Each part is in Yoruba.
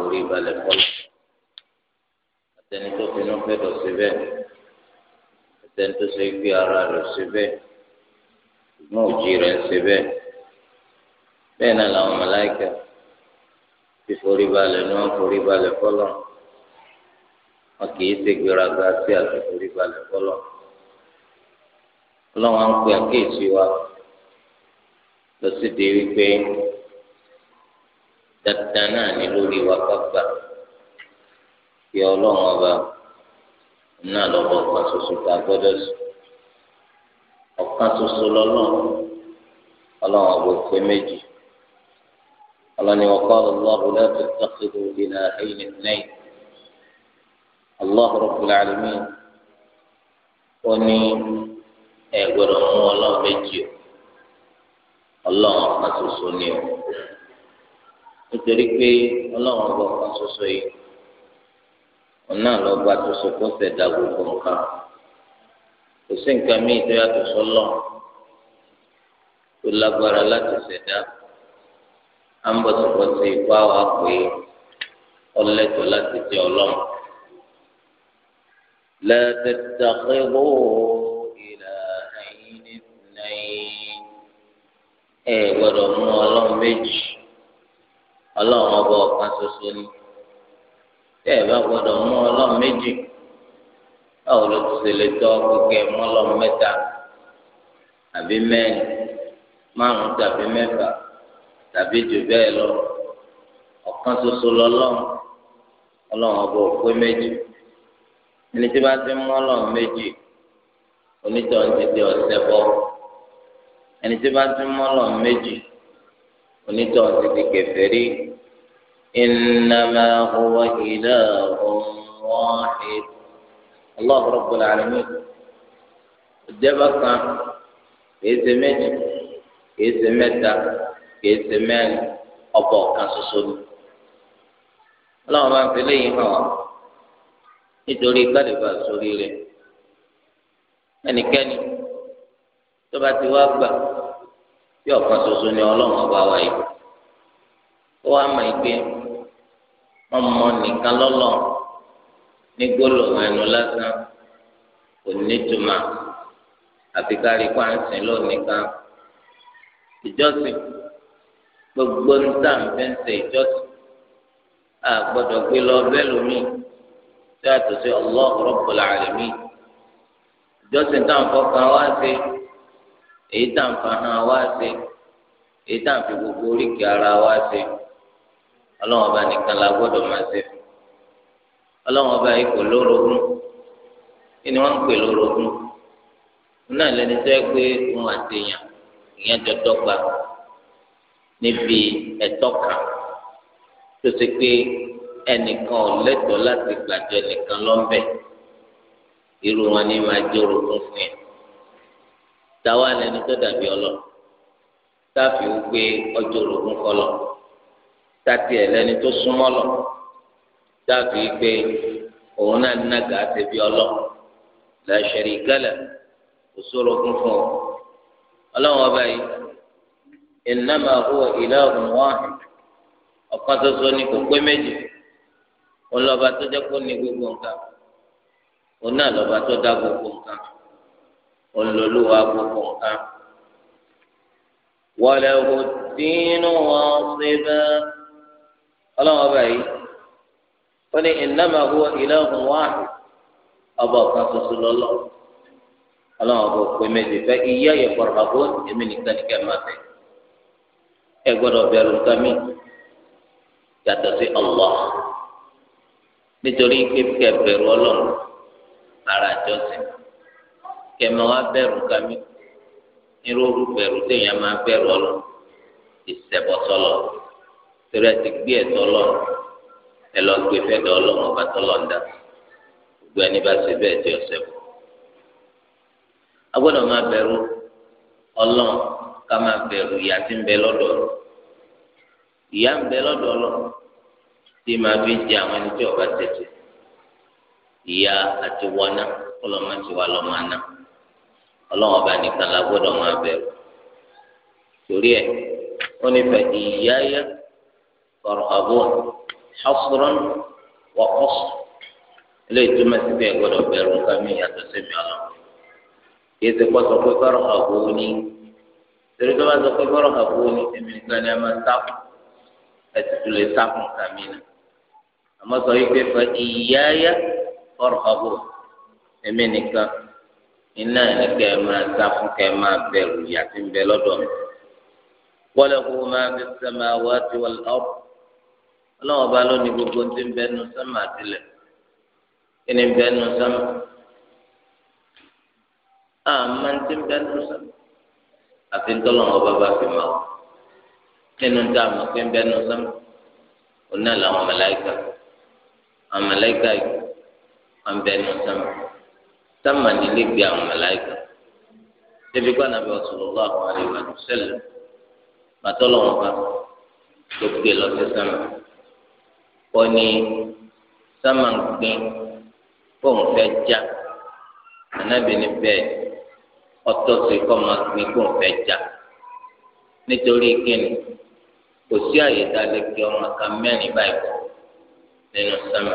forí balẹ̀ kọ́lá àtẹni tó finú fẹ́ dọ̀ síbẹ̀ àtẹni tó ṣe gbé ara rẹ̀ síbẹ̀ ṣùgbọ́n òjì rẹ̀ ń síbẹ̀ bẹ́ẹ̀ náà làwọn mọ̀láìkà ti forí balẹ̀ ni wọ́n forí balẹ̀ kọ́lá wọn kì í ṣe gbéraga sí àti forí balẹ̀ kọ́lá ọlọ́wọ́n á ń pè àkéèsí wa lọ sí di wípé. dandan náà ní lórí wa gbàgbà kí ọlọ́run ọba náà lọ́wọ́ ọ̀kan ṣoṣo tá a gbọ́dọ̀ sùn ọ̀kan ṣoṣo lọ́lọ́run ọlọ́run ọba òkè méjì ọlọ́ni ọkọ ọlọ́run lẹ́tọ̀ tẹ́kìlú ìlà ẹ̀yìn ọlọ́run ọlọ́run ọ̀kan ṣoṣo nítorí pé ọlọ́run ọba kan ṣoṣo yìí ọ̀nà lọ́ba tó ṣokó ṣẹ̀dá gbogbo nǹkan kò sí nǹkan míì tó yàtọ̀ sọ́lọ́ tó lágbára láti ṣẹ̀dá à ń bọ̀tọ̀bọ̀ sí ipá wa pé ọlẹ́tọ̀ láti jẹ́ ọlọ́run la tattakhidhu ilahayn ithnayn ẹ̀ gbọ́dọ̀ mú ọlọ́run ọba ọ̀kan ṣoṣo ni tẹ́ ẹ bá gbọ́dọ̀ mú ọlọ́run méjì báwo ló ti ṣe lè tọ́ kíkẹ́ mú ọlọ́run mẹ́ta àbí mẹ́rin márùn tàbí mẹ́fà tàbí jù bẹ́ẹ̀ lọ ọ̀kan ṣoṣo lọ́lọ́run ọlọ́run ọba òpé méjì ẹni tí bá ti mú ọlọ́run méjì onítọ̀ ti di ọ̀sẹ̀ bọ́ ẹni tí bá ti mú ọlọ́run méjì onítọ̀ ti di kèfèrí. إنما هو إله واحد الله رب العالمين الدبقة إزمت إزمت إزمت أبو كاسوسون اللهم أنت لي هوا nítorí kálífà sórí rẹ̀ ẹnikẹ́ni tó bá ti wá gbà bí ọ̀kan ó wá mọ̀ ìgbé ọmọ nìkan lọ́lọ́ ní gbólóhùn ẹnu lásán kò ní tuma àfi kárí pàǹsì lónìkan ìjọsìn gbogbo níta nfẹ́ ń ṣe ìjọsìn a gbọ́dọ̀ gbé lọ bẹ́ẹ̀ lómi tí a tó ṣe Allah Rabbul Alamin ìjọsìn tá à ń fọkàn wá ṣe èyí tá à ń fa hàn wá ṣe èyí tá à ń fi gbogbo oríkèé ara wá ṣe ọlọ́run ọba nìkan la gbọ́dọ̀ máa ṣe fún ọlọ́run ọba yìí kò lórogún kí ni wọ́n ń pè lórogún náà lẹni tó yẹ pé òun àti èèyàn ìyẹn jọ dọ́gba níbi ẹ̀tọ́ kan tó ṣe pé ẹnìkan ò lẹ́tọ̀ọ́ láti gbàjọ ẹnìkan lọ́nbẹ̀ irú wọn ni máa jẹ́ orogún fún yẹn táwa lẹni tó dàbí ọlọ́run táàfin wípé ọjọ́ orogún kọlọ́ọ̀. tati ẹ tó súnmọ́ lọ dáàbì pé òun náà nàgà àtẹbí ọlọ la sharika la kò sóró kún fún ọ Ọlọ́run ọba yìí innama huwa ilahun ọ̀kan ṣoṣo méjì òun tó jẹ́ kó ní gbogbo nǹkan òun náà tó dá gbogbo nǹkan òun gbogbo nǹkan wọlé wọn ṣe bẹ́ẹ̀. ọlọ́run ọba yìí ó ní innama huwa ilahun wahid ọba ọ̀kan ṣoṣo lọ́lọ́ ọlọ́run ọba òpè méjì fẹ́ iyá yẹ farhabun èmi nìkan ní kẹ́ẹ̀ máa bẹ̀ ẹ gbọ́dọ̀ bẹ̀rù nǹkan mi yàtọ̀ sí Allah nítorí pé kẹ́ bẹ̀rù ọlọ́run ara àjọsìn kẹ́mẹ́ wá bẹ̀rù nǹkan mi bẹ̀rù téèyàn máa bẹ̀rù ọlọ́run ìṣẹ̀bọ̀sọ́lọ́run. torí ẹ ti gbé ẹ̀tọ́ lọ ẹ lọ gbé fẹdọ Ọlọ́run ọba ń dá gbogbo ẹni bá ṣe bẹ́ẹ̀ di ọ̀sẹ̀ a gbọ́dọ̀ máa bẹ̀rù Ọlọ́run ká máa bẹ̀rù ìyá tí ń bẹ lọ́dọ̀ tètè ìyá àti ọlọmọ ti wà àná Ọlọ́run ọba nìkan la gbọ́dọ̀ máa bẹ̀rù torí ترغبون حصرا وقصر ليتو مسيبي يقول بيرو كامي يا تسمي على الله إذا قلت قل ترغبوني تريد ما تقول ترغبوني من كان يا مساق أتتو لساق كامينا أما صحيح فإيايا ترغبون إمينك إنا إنك يا مساق كما بيرو يعتم بيرو دوم وله ما في السماوات والأرض ọlọ́run ọba ló ní gbogbo tí ń bẹ nu sánmà àtìlẹ̀ kí ni ń bẹ nu sánmà àmọ́ tí ń bẹ nu sánmà àfi ńtọ́lọ́run ọba bá fi mọ́ nínú tá a mọ̀ pé ń bẹ nu sánmà òun náà làwọn màláíkà àwọn màláíkà yìí wọ́n bẹ sánmà sánmà nílé gbé àwọn màláíkà débi kó anabi sallallahu alaihi wa sallam bàtọ́lọ́run ọba ló gbé lọ sánmà ó ní sámàgbín kóun fẹ́ já ànábì ní bẹ́ẹ̀ ọtọ́ sí kọ́ máa gbin kóun fẹ́ já nítorí kíni kò sí àyè dalẹ̀ kí ọmọ kan mẹ́rin báyìí bọ̀ nínú sámà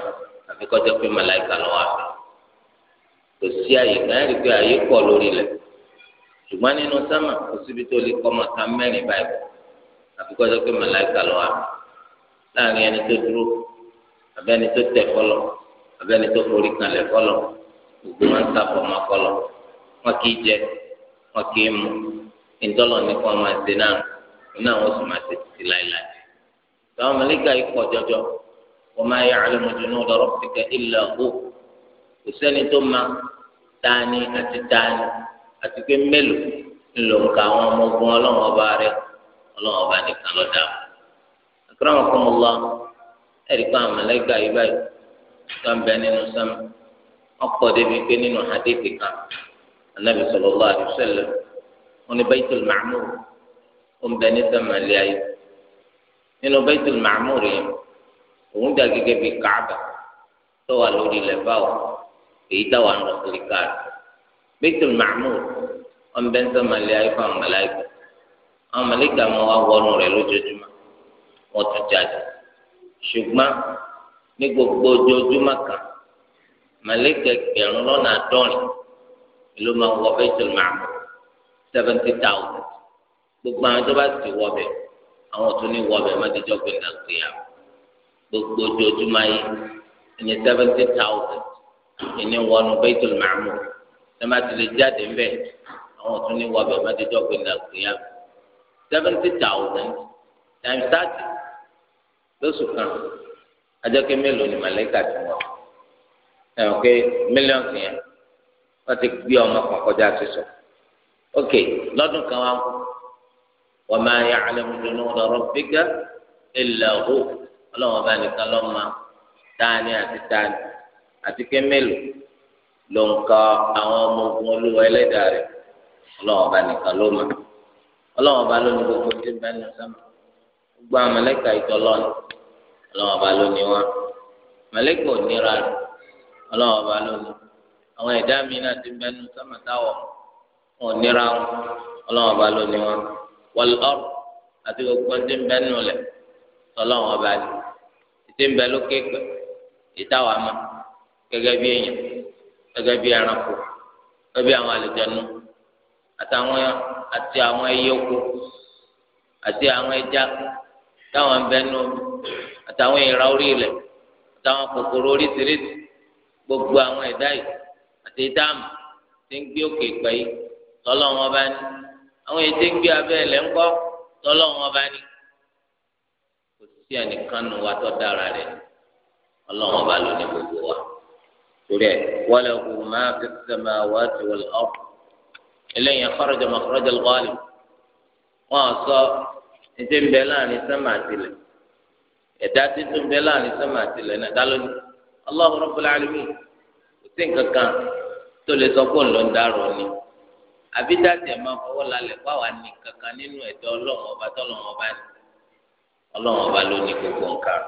àfi kọjá pé màláìka lọ́wọ́ àbẹ̀ kò sí àyè kan ẹ̀rí pé àyè pọ̀ lórí rẹ̀ ṣùgbọ́n nínú sámà kò síbi tó lè kọ́ ọmọ kan mẹ́rin báyìí bọ̀ àfi kọjá pé màláìka lọ́wọ́ àbẹ̀. láàrin ẹni tó dúró abẹ́ni tó tẹ̀ fọlọ́ abẹ́ni tó forí kanlẹ̀ fọlọ́ gbogbo wọn ń sábọ̀ máa fọlọ́ wọn kì í jẹ wọn kì í mu ìdọ́lọ̀ ní máa ṣe náà iná wọn sì máa ṣe títí jọjọ wọ́n máa yẹ àlẹ́ ilẹ̀ kò sẹ́ni tó àti àti pé mélòó ńlò àwọn ọmọ ogun ọlọ́run ọba rẹ ọlọ́run ọba nìkan lọ́dà wọn. akramakumullah ẹ̀rí pa àwọn màláíkà yìí báyìí tó ń bẹ nínú sánmà ọ̀pọ̀ débi pé nínú hadithi kan anabi sallallahu alaihi wasallam wọn ni baitul ma'mur ó ń bẹ ní sánmà lé ayé nínú baitul ma'mur yẹn òun dà gẹ́gẹ́ bí káàbà tó wà lórí ilẹ̀ báwò èyí táwa ń lọ sílẹ̀ káàdì baitul ma'mur ó ń bẹ ní sánmà lé ayé fún àwọn màláíkà àwọn màláíkà máa wá wọnú rẹ̀ lójoojúmọ́ wọ́n tún jáde ṣùgbọ́n ní gbogbo ojoojúmọ́ kan màlẹ́kẹ̀ ẹgbẹ̀rún lọ́nà àádọ́rin ló máa wọ bẹ́tẹ̀lì màmú seventy thousand gbogbo àwọn tó bá ti wọ bẹ̀ àwọn tó ní wọ bẹ̀ mọ́tẹ́jọ́ pé náà pé àwọn gbogbo ojoojúmọ́ ayé ẹni seventy thousand ẹni wọnú bẹ́tẹ̀lì màmú ẹ má ti lè jáde ńbẹ àwọn tó ní wọ bẹ̀ mọ́tẹ́jọ́ pé seventy thousand times thirty lóṣù kan ajọ́kẹ́ mélòó ni màlẹ́kà ti wọ̀ ẹ̀ ọ̀kẹ́ mílíọ̀nù yẹn wọ́n ti gbé ọmọ kan kọjá sísọ ok lọ́dún kan wá wa ma ya'lamu junuda rabbika illa hu ọlọ́wọ́n bá nìkan lọ́ ma tani àti tani àti ké mélòó ló ń ka àwọn ọmọ ogun olúwa ẹlẹ́dàá rẹ̀ ọlọ́wọ́n bá nìkan ló ma ọlọ́wọ́n bá lónìí gbogbo tí ń bá nínú sámà gbogbo àwọn mẹlẹka ìtọlọni Ọlọ́run ọba ló ní wọn mẹlẹka ò níra rẹ Ọlọ́run ọba ló ní àwọn ẹ̀dá mi náà ti bẹnu sọmọtàwọ ò níra wọn Ọlọ́run ọba ló ní wọn wọlọr àti gbogbo ti bẹnu lẹ Ọlọ́run ọba lè ti bẹ lókè ìtawà mọ gẹ́gẹ́ bí èèyàn gẹ́gẹ́ bí ẹranko gẹ́gẹ́ bí àwọn àlejànú àtàwọn àti àwọn ẹyẹ oko àti àwọn ẹja táwọn bẹnu àtàwọn ìran orí ilẹ̀ àtàwọn kòkòrò oríṣiríṣi gbogbo àwọn ẹ̀dá yìí àti dáàmù ti ń gbé òkè pẹ yìí tọlọ́run ọba ni àwọn èyí ti ń gbé abẹ́ ẹlẹ ńkọ tọlọ́run ọba ni kò sí ẹnìkan nù wa tó dára rẹ̀ Ọlọ́run ọba ló ní gbogbo wa torí ẹ wọlé òkú máa fi sẹmà wá ti wọlé ọkọ eléyìí akọrọjọ mọ akọrọjọ lọwọlì wọn sọ. ètè ń bẹ láàrin sánmà tilẹ ẹ̀dá títún ń bẹ láàrin sánmà àtìlẹ̀ náà dálóni Allahu Rabbul Alamin kò sí nǹkan kan tó lè sọ pé ni àbí dáàtì máa fọwọ́ lálẹ́ pàwọn ní kankan nínú ẹ̀dọ́ ọlọ́run ọba tọ́lọ́run ọba ni ọlọ́run ọba ló ní gbogbo nǹkan.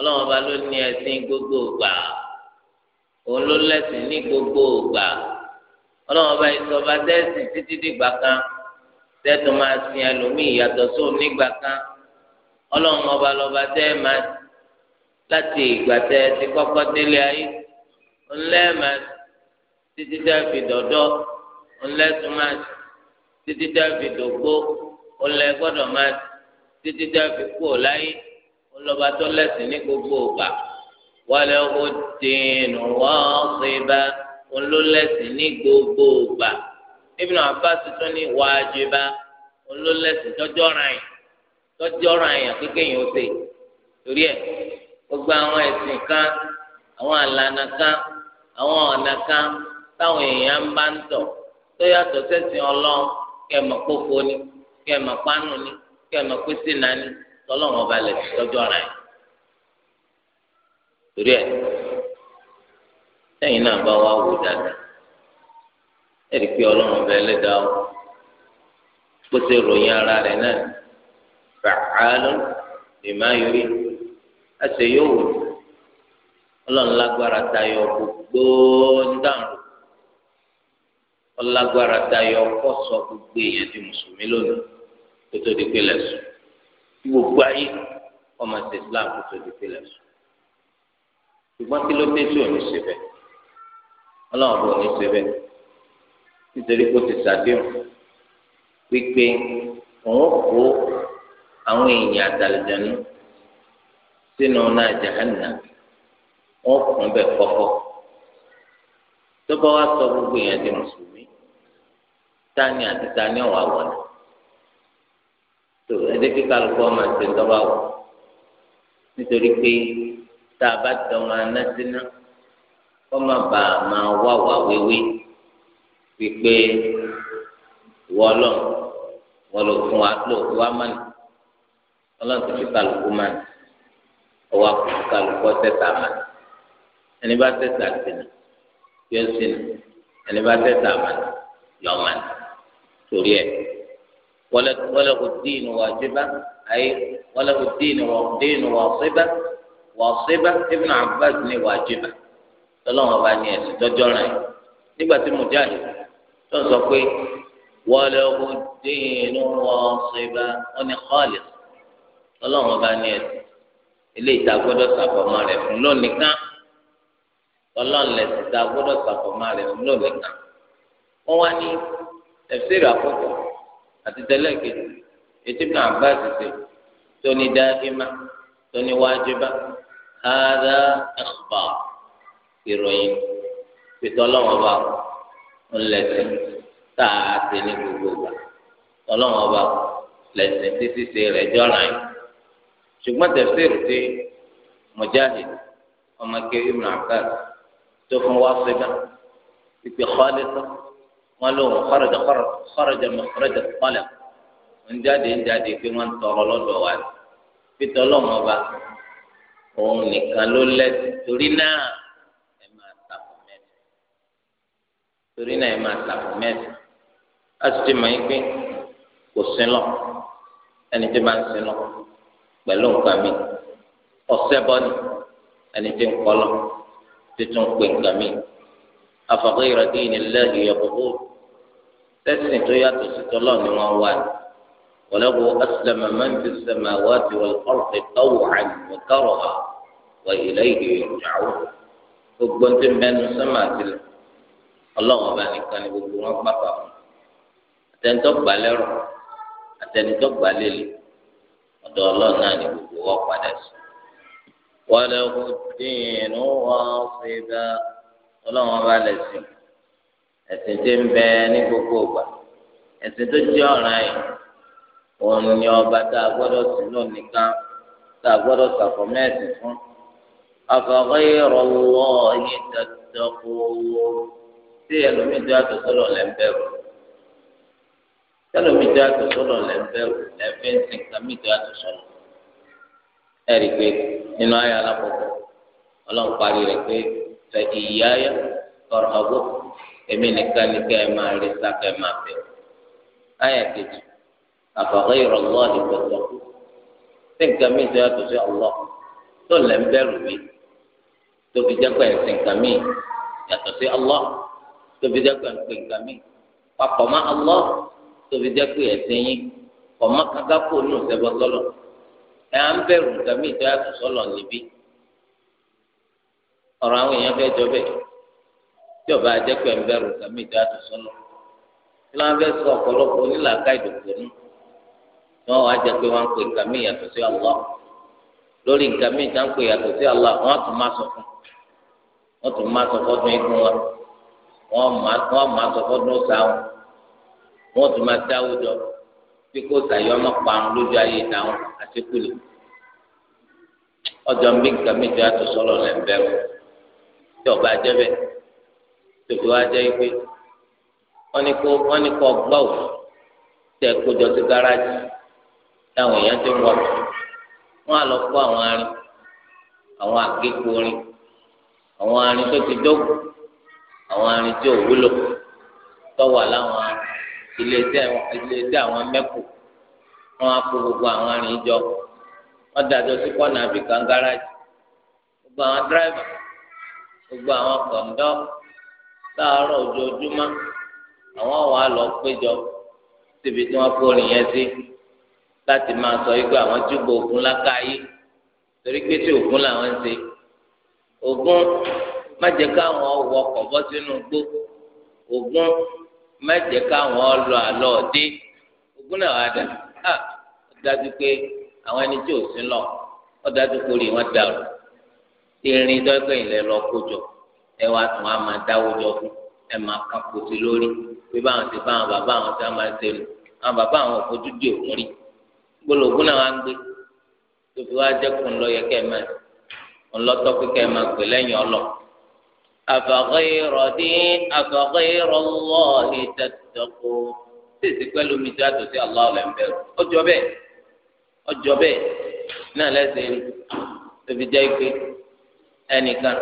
ọlọ́run ọba ló ní ẹ̀sìn gbogbo ògbà òun ló lẹ́sìn ní gbogbo ògbà ọlọ́run ọba ìsọba dẹ́sìn títí dìgbà kan tẹ́tù máa sin ẹlòmíì yàtọ̀ sóun nígbà kan ọlọ́run ọba lọ́ba tẹ́ ẹ máa láti ìgbà tẹ́ ẹ ti kọ́kọ́ délé ayé ńlẹ́ máa títí tẹ́ fi dọ̀dọ́ ńlẹ́ tún máa títí tẹ́ fi dògbó ńlẹ́ gbọ́dọ̀ máa títí tẹ́ fi kú ọ̀ lọba tó lẹ́sìn ní gbogbo ògbà wọlé ó dènù wọ́n ṣe bá olólẹ́sìn ní gbogbo ògbà Ibn Abbas tuntun ní wájibá olólẹ́sìn tọ́jọ́ ra yẹn ra yẹn yẹn ó kan àwọn àlànà kan àwọn ọ̀nà kan táwọn èèyàn ń bá ń tọ̀ tó yàtọ̀ sẹ́sìn ọlọ́run kófó ni ni tọ́lọ́run ọba lè tọ́jú ara ẹ̀ torí ẹ̀ sẹ́yìn náà bá wà wò dáadáa ẹ̀rí pé ọlọ́run ọba ẹlẹ́dàá ó pèsè ròyìn ara rẹ̀ náà fàálù lè má yọrí ẹsẹ̀ yóò wò ọlọ́run lágbára tayọ gbogbo dáhùn ọlágbára tayọ kọ́sọ̀ gbogbo èèyàn di mùsùlùmí lónìí tó tó di pé lẹ́sùn tí gbogbo ayé ọmọ ẹsẹ islam kò tó di pélé sùn ṣùgbọ́n kí ló dé tí òní ṣe bẹ́ẹ̀ ọlọ́run kò ní ṣe bẹ́ẹ̀ nítorí kó ti ṣàdéhùn wípé òun kó àwọn èèyàn àtàlẹ́jẹ̀nu sínú náà jahanna wọn kún bẹ́ẹ̀ kọ́kọ́ tó bá wá sọ gbogbo èèyàn di mùsùlùmí tani àti tani ọ̀wà wọ̀nyí tó ẹdẹ kíkà lùkọ́ ọmọ ẹsẹ̀ ńdọ́gba wò nítorí pé tá a bá tẹ ọmọ anásínà kọ́ má bà á máa wá wà wéwé wípé wọ́lọ́ wọ́n fún wa lò fún wa mánì ọlọ́run ti fi kálukú mánì ọwọ́ àkùkù kálukú ọ̀tẹ̀tà mánì ẹni bá tẹ̀tà sínú yóò sínú ẹni bá tẹ̀tà mánì yọ̀ mánì torí ẹ̀. وله الدين واجبا أي وله الدين دين واصبا واصبا ابن عباس ní واجبا tọ́lọ́wọ́n bá ní ẹ̀sìn tọ́jọ́ rẹ̀ nígbà tí mujahid tó ń sọ pé وله الدين واصبا wọ́n ní khalis tọ́lọ́wọ́n bá ní ẹ̀sìn ilé ìta gbọ́dọ̀ sàfọ̀mọ́ rẹ̀ fún lónìí kan tọ́lọ́wọ́n lẹ̀sìn ìta gbọ́dọ̀ sàfọ̀mọ́ rẹ̀ fún lónìí kan wọ́n wá ní tafsir àkọ́kọ́ àti tẹ́lẹ̀ kejì etí kan àgbà tètè tóní dáhìmá tóní wájúbá hàdá ẹ̀kpà ìròyìn pètè ọlọ́wọ́n bá ńlẹ̀sìn tá a ti ní gbogbo gbà ọlọ́wọ́n bá lẹ̀sìn títí ṣe rẹ̀ jọ́ra yìí ṣùgbọ́n tẹ̀síìrì tí mujahid ọmọ kẹ́ ibùnà àbáyé tó fún wá síbẹ̀ ìpè kọ́lẹ́tọ̀ wọn lò wọn kọrọjà kọrọjà mọkọrọjà kọlẹ ń jáde ń jáde pé wọn ń tọrọ lọ́dọ̀ wa ni pété Ọlọ́run ọba òun nìkan ló lẹsí torí náà ẹ máa tàkùn mẹ́ta torí náà ẹ máa tàkùn mẹ́ta a sì ti mọ yín pé kò sin lọ ẹni tí máa ń sin lọ pẹ̀lú nǹkan mi ọsẹ bọ ẹni tí ń kọ lọ títún pé nǹkan mi. أفغير دين الله يبغون تسن توياتو ستولون وانوان وله أسلم من في السماوات والأرض طوعا وكرها وإليه يرجعون gbogbo ntẹ mbẹnu sọmọ àtìlẹ Ọlọ́run ọba nìkan ni gbogbo wọn pàpà fún àtẹnitọ gbalẹrọ àtẹnitọ gbalẹlẹ ọ̀dọ̀ Ọlọ́run náà ni gbogbo wọn padà sí. wàlẹ̀ kò dín in wọ́n ṣe bá ọlọ́run ọba lẹ̀sìn ẹ̀sìn tí ń bẹ ní gbogbo ògbà ẹ̀sìn tó jẹ́ ọ̀ràn yìí òun ni ọba tá a gbọ́dọ̀ sìn náà nìkan tá a gbọ́dọ̀ sàfọ̀ mẹ́sìn fún. أفغير الله تتقون tí ẹlòmíì tó yàtọ̀ sọ́lọ̀ lẹ́ ń bẹ̀rù ẹlòmíì tó yàtọ̀ sọ́lọ̀ lẹ́ ń bẹ̀rù lẹ́fẹ́ ń sìn kàmí tó yàtọ̀ sọ́lọ̀ ẹ̀rí pé nínú ayé alákọ̀ọ́kọ́ ọlọ́run parí rẹ̀ pé fẹ ìyáyá ọ̀rọ̀ ọgbọ èmi nìkan ni kẹ ẹ máa rí sá kẹ ẹ máa bẹ ayà kejì àfàkọ ìrọlọ ìgbọtọ sí nǹkan mi ìjọba tó fi ọlọ tó lẹ ń bẹ̀rù mi tó fi jẹpẹ ẹsìn nǹkan mi yàtọ̀ sí ọlọ tó fi jẹpẹ ẹsìn nǹkan mi papọ̀ mọ́ ọlọ tó fi jẹpẹ yín ọmọ kankan kò nù sẹbọ sọlọ ẹ à ń bẹ̀rù nǹkan mi ìjọba tó sọlọ níbí. ọ̀rọ̀ àwọn èèyàn fẹ́ẹ́ jọ bẹ́ẹ̀ tí ọba àjẹpẹ ń bẹ̀rù sàmì ìjọ àtúnṣọlọ tí wọn fẹ́ẹ́ sọ ọ̀pọ̀lọpọ̀ onílàáká ìdòkò wọn wàá jẹ pé wọn sí Allah lórí ń pè sí Allah wọn tún má sọ fún wọn tún má sọ fọdún igun wọn wọn má sọ fọdún wọn tún má jọ ọjọ́ tí ọba jẹ bẹ tòbí wa jẹ ipe wọn ni kó wọn ni kó gbọ òfin tẹ kójọ sí gáràjì táwọn èèyàn ti ń wọ wọn á lọ kó àwọn arin àwọn akéko àwọn arin tó ti dógùn àwọn arin tí ò wúlò tọwọ láwọn iléeṣẹ́ àwọn mẹkù wọn á kó gbogbo àwọn arin jọ wọn sí kọnà gáràjì gbogbo àwọn dírẹ́fà. gbogbo àwọn kọ̀ǹdọ́ láàárọ̀ ojoojúmọ́ àwọn wà lọ péjọ síbi tí wọ́n kórin yẹn sí láti máa sọ wípé àwọn júbọ Ògún lákàáyé torí pé tí Ògún làwọn ń ṣe Ògún má jẹ́ káwọn wọkọ̀ bọ́ sínú gbó Ògún má jẹ́ káwọn lọ àlọ́ dé Ògún náà wà dà á ah, dájú pé àwọn ẹni tí ò sí lọ ọ dájú pé orí wọn dàrú irin dọ́gbẹ́ ilẹ̀ lọ kójọ ẹ wá tún wá máa dáwọ́ jọ fún ẹ máa ká kòtì lórí pé báwọn ti bá àwọn bàbá àwọn tí wọ́n máa ṣe lò àwọn bàbá àwọn òfojú di òkun rí gbólógún náà wá ń gbé tó fi wá jẹ́kùn lọ́yẹ kẹ́ ẹ máa ńlọ́tọ́ pé kẹ́ ẹ máa pè lẹ́yìn ọlọ́ àfàkẹ́rọ̀dé àfàkẹ́rọ̀lọ́ ìtẹ̀tẹ̀kọ́ mi tí a tò sí aláwọ̀ lẹ́ ń bẹ̀rù ọjọ́ bẹ́ẹ̀ náà lẹ́sẹ̀ rí tó fi ẹnìkan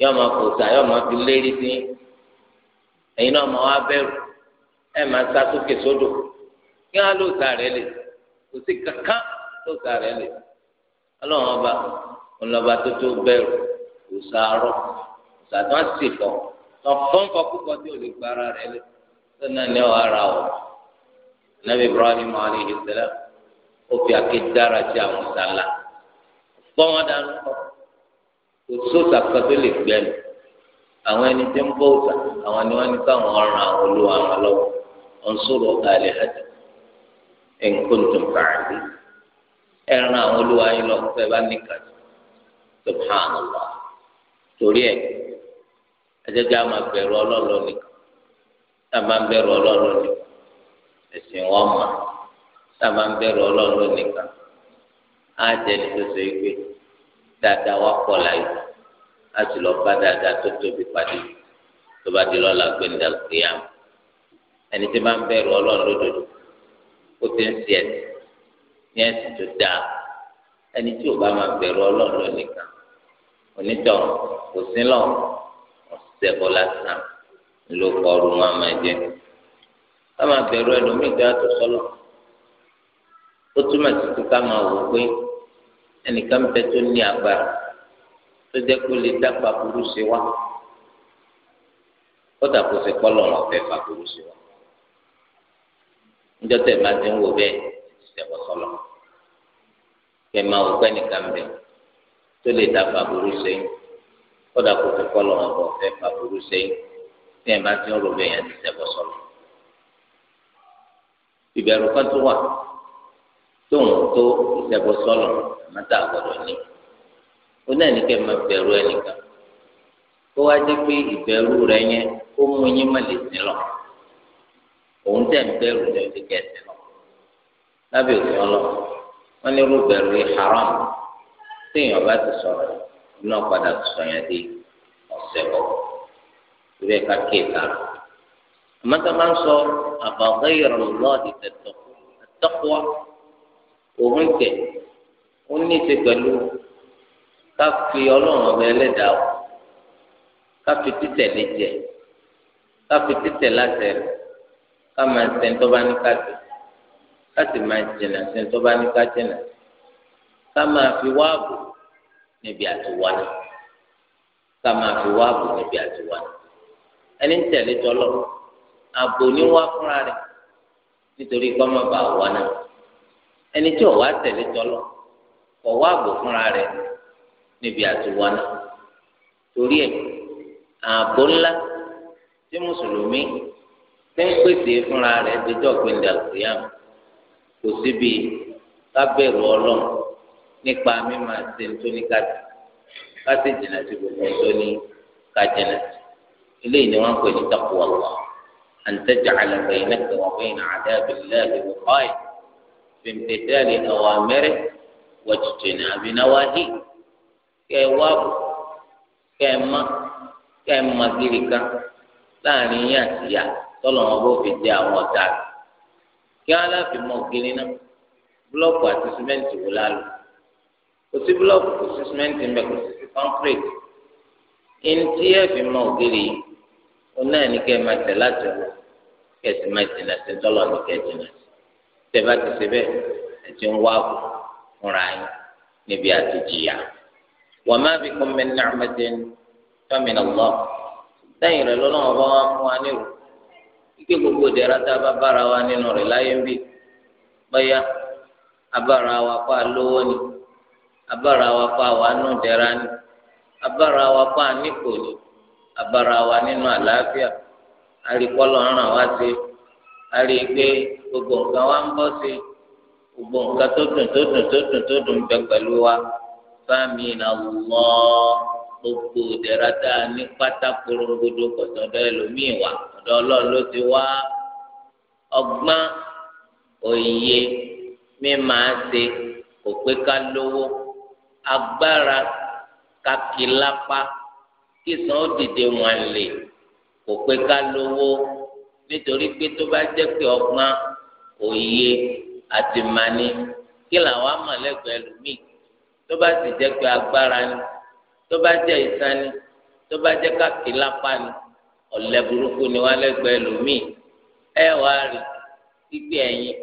yóò máa fòsà yóò máa fi lérí sí ẹ̀yin náà máa wá bẹ̀rù ẹ máa sá sókè sódò kí wọn lò sá rẹ lè kò sí kankan lò sá rẹ lè ọba ọlọba tó tó bẹ̀rù kò sá rọ kò sá tó ń sì fọ tí lè gba ara rẹ lè ní ọ ara ọ nàbí Ibrahim ó fi àwọn fọwọn dànù kọ. kò sóòtà kan tó lè gbẹ mi àwọn ẹni tí ń bọ òòtà àwọn ni wọn ní káwọn ọràn àwọn olúwa wọn lọ́wọ́ ọ̀nsọ̀rọ̀ ọ̀gá ilẹ̀ hajj ẹ̀ńkóńtùm káàdì ẹ̀ràn àwọn olúwa yín lọ fẹ́ bá torí nìkan ń nìkan wọn ń nìkan á ní dáadáa wá pọ̀ láyé láti lọ bá dáadáa tó tóbi pàdé tó bá di lọ́la gbẹ̀ndà kéèyàn ẹni tí máa ń bẹ̀rù ọlọ́run lódodo ó ti ń ṣe ẹ̀sìn ní ẹ̀sìn tó dáa ẹni tí ò bá máa bẹ̀rù ọlọ́run lónìí kan onítọ̀ kò sí lọ́n ọ̀sẹ̀ bọ́ ló kọrù wọn máa jẹ ká máa bẹ̀rù ẹlòmíì tó yàtọ̀ ó túmọ̀ sí ká máa wò pé ẹnìkan bẹ tó ní agbára tó jẹ́ kó lè dá pàkúrú sí wa kódà kó sì kpọ́lọ̀ wọn fẹ́ pàkúrú sí wa níjọ́ tẹ̀ máa ti ń wò bẹ́ẹ̀ ìṣẹ̀wọ̀ sọ̀lọ̀ kẹ́ máa wò pé ẹnìkan bẹ tó lè dá pàkúrú sí kódà kó sì kpọ́lọ̀ wọn fẹ́ pàkúrú sí tẹ̀ máa ti ń rò bẹ́ẹ̀ yẹn ìṣẹ̀wọ̀ sọ̀lọ̀ kan tó wà. tóun tó ìṣẹ́bọ sọ́nà mọ́tà gbọ́dọ̀ ní. ó náà ní kẹ́ máa bẹ̀rù ẹnìkan kó wá jẹ́ pé ìbẹ̀rù rẹ yẹn ó mú yín má lè sí òun tẹ̀ ń bẹ̀rù ní ojú ọlọ haram téèyàn bá ti sọ̀rọ̀ iná padà yẹn dé ọ̀sẹ̀ bọ̀ ká e àmọ́tá máa ń sọ àbàgbé òun tẹ ó ní ká fi o ká fi títẹ̀ lé jẹ ká fi títẹ̀ láti rẹ ká máa ṣe ń tọ́ba ní káàkiri ká sì máa jìnnà ṣe ń tọ́ba ní kájìnnà ká máa fi wáàbò níbi àtiwáni ká máa fi níbi ẹni ń tẹ̀lé àbò ní wá fúnra nítorí kọ́ máa bá ẹni tí ọwọ́ àtẹ̀lé tọ́lọ̀ ọwọ́ àbò fúnra rẹ̀ níbi àtiwọ́nà torí ẹ̀ ààbò ńlá tí mùsùlùmí ti ń pèsè fúnra rẹ̀ dídọ́ gbẹ̀ndà òkúyàm kò síbi kábẹ̀rù ọlọ́run nípa mímọ̀ àti ntóníkàtì káti jìnnà sí gbogbo ntóníkàjìnnà eléyìí ni wọ́n ń pè ní takuwa lọ àǹtẹ̀jà àlàfẹ́ yìí náà kẹwàá bẹ́yìn àdá abilá ìwọ̀kọ́ yìí bimtitali awamere wajutena abinawahi kẹ́ wáàbò kẹ́ má kẹ́ má girika láàrin yín àti yá tọ́lọ̀ wọn bó fi jẹ àwọn ọ̀tá rẹ̀ kí aláàfin mọ ògiri náà búlọ́ọ̀kù àti símẹ́ǹtì wò lálù kò sí búlọ́ọ̀kù kò sí símẹ́ǹtì mbẹ kò sí sí kọ́ńkírẹ́tì ẹni tí fi mọ ògiri yìí ó náà ní kẹ́ máa tẹ̀ láti ọ̀rọ̀ kẹ́ sì máa jìnà sí tọ́lọ̀ ní kẹ́ jìnà sí. tẹ̀bá ti ṣe bẹ́ẹ̀ ti ń wá fúnra yín níbi àti jìyà. wa ma bikum min ni'matin famin lọ lẹ́yìn rẹ̀ lọ́nà ọba wa fún wa nírò ike gbogbo ìdẹ̀ra tá a bá bára wa nínú rẹ̀ láyé ń bì bóyá abára wa pa lówó ni abára wa nù dẹ̀ra ni abára wa ni abára gbogbo nǹkan wa ń bọ́ sí gbogbo nǹkan tó dùn tó dùn tó dùn tó dùn bẹ pẹ̀lú wa fáàmì ìnáwó gbogbo ìdẹ̀ra tá a ní pátá korongodo kọ̀tọ̀dọ̀ ẹlòmíì wà ọ̀dọ̀ ọlọ́run ló ti wá ọgbọ́n òye mi ṣe kò pé ká lówó agbára kakilapa kí sàn ó dìde wọn lè kò pé ká lówó nítorí pé tó bá jẹ́ pé ọgbọ́n òye àti mani kí làwọn amọ̀lẹ́gbẹ̀ẹ́ lòmíì tó bá sì jẹ́ pé agbára ni tó bá jẹ́ ìsan ni tó bá jẹ́ káàkiri lápá ni ọ̀lẹ́ burúkú ni wọ́n lẹ́gbẹ̀ẹ́ lòmíì ẹ wá rí gbígbé ẹ̀yìn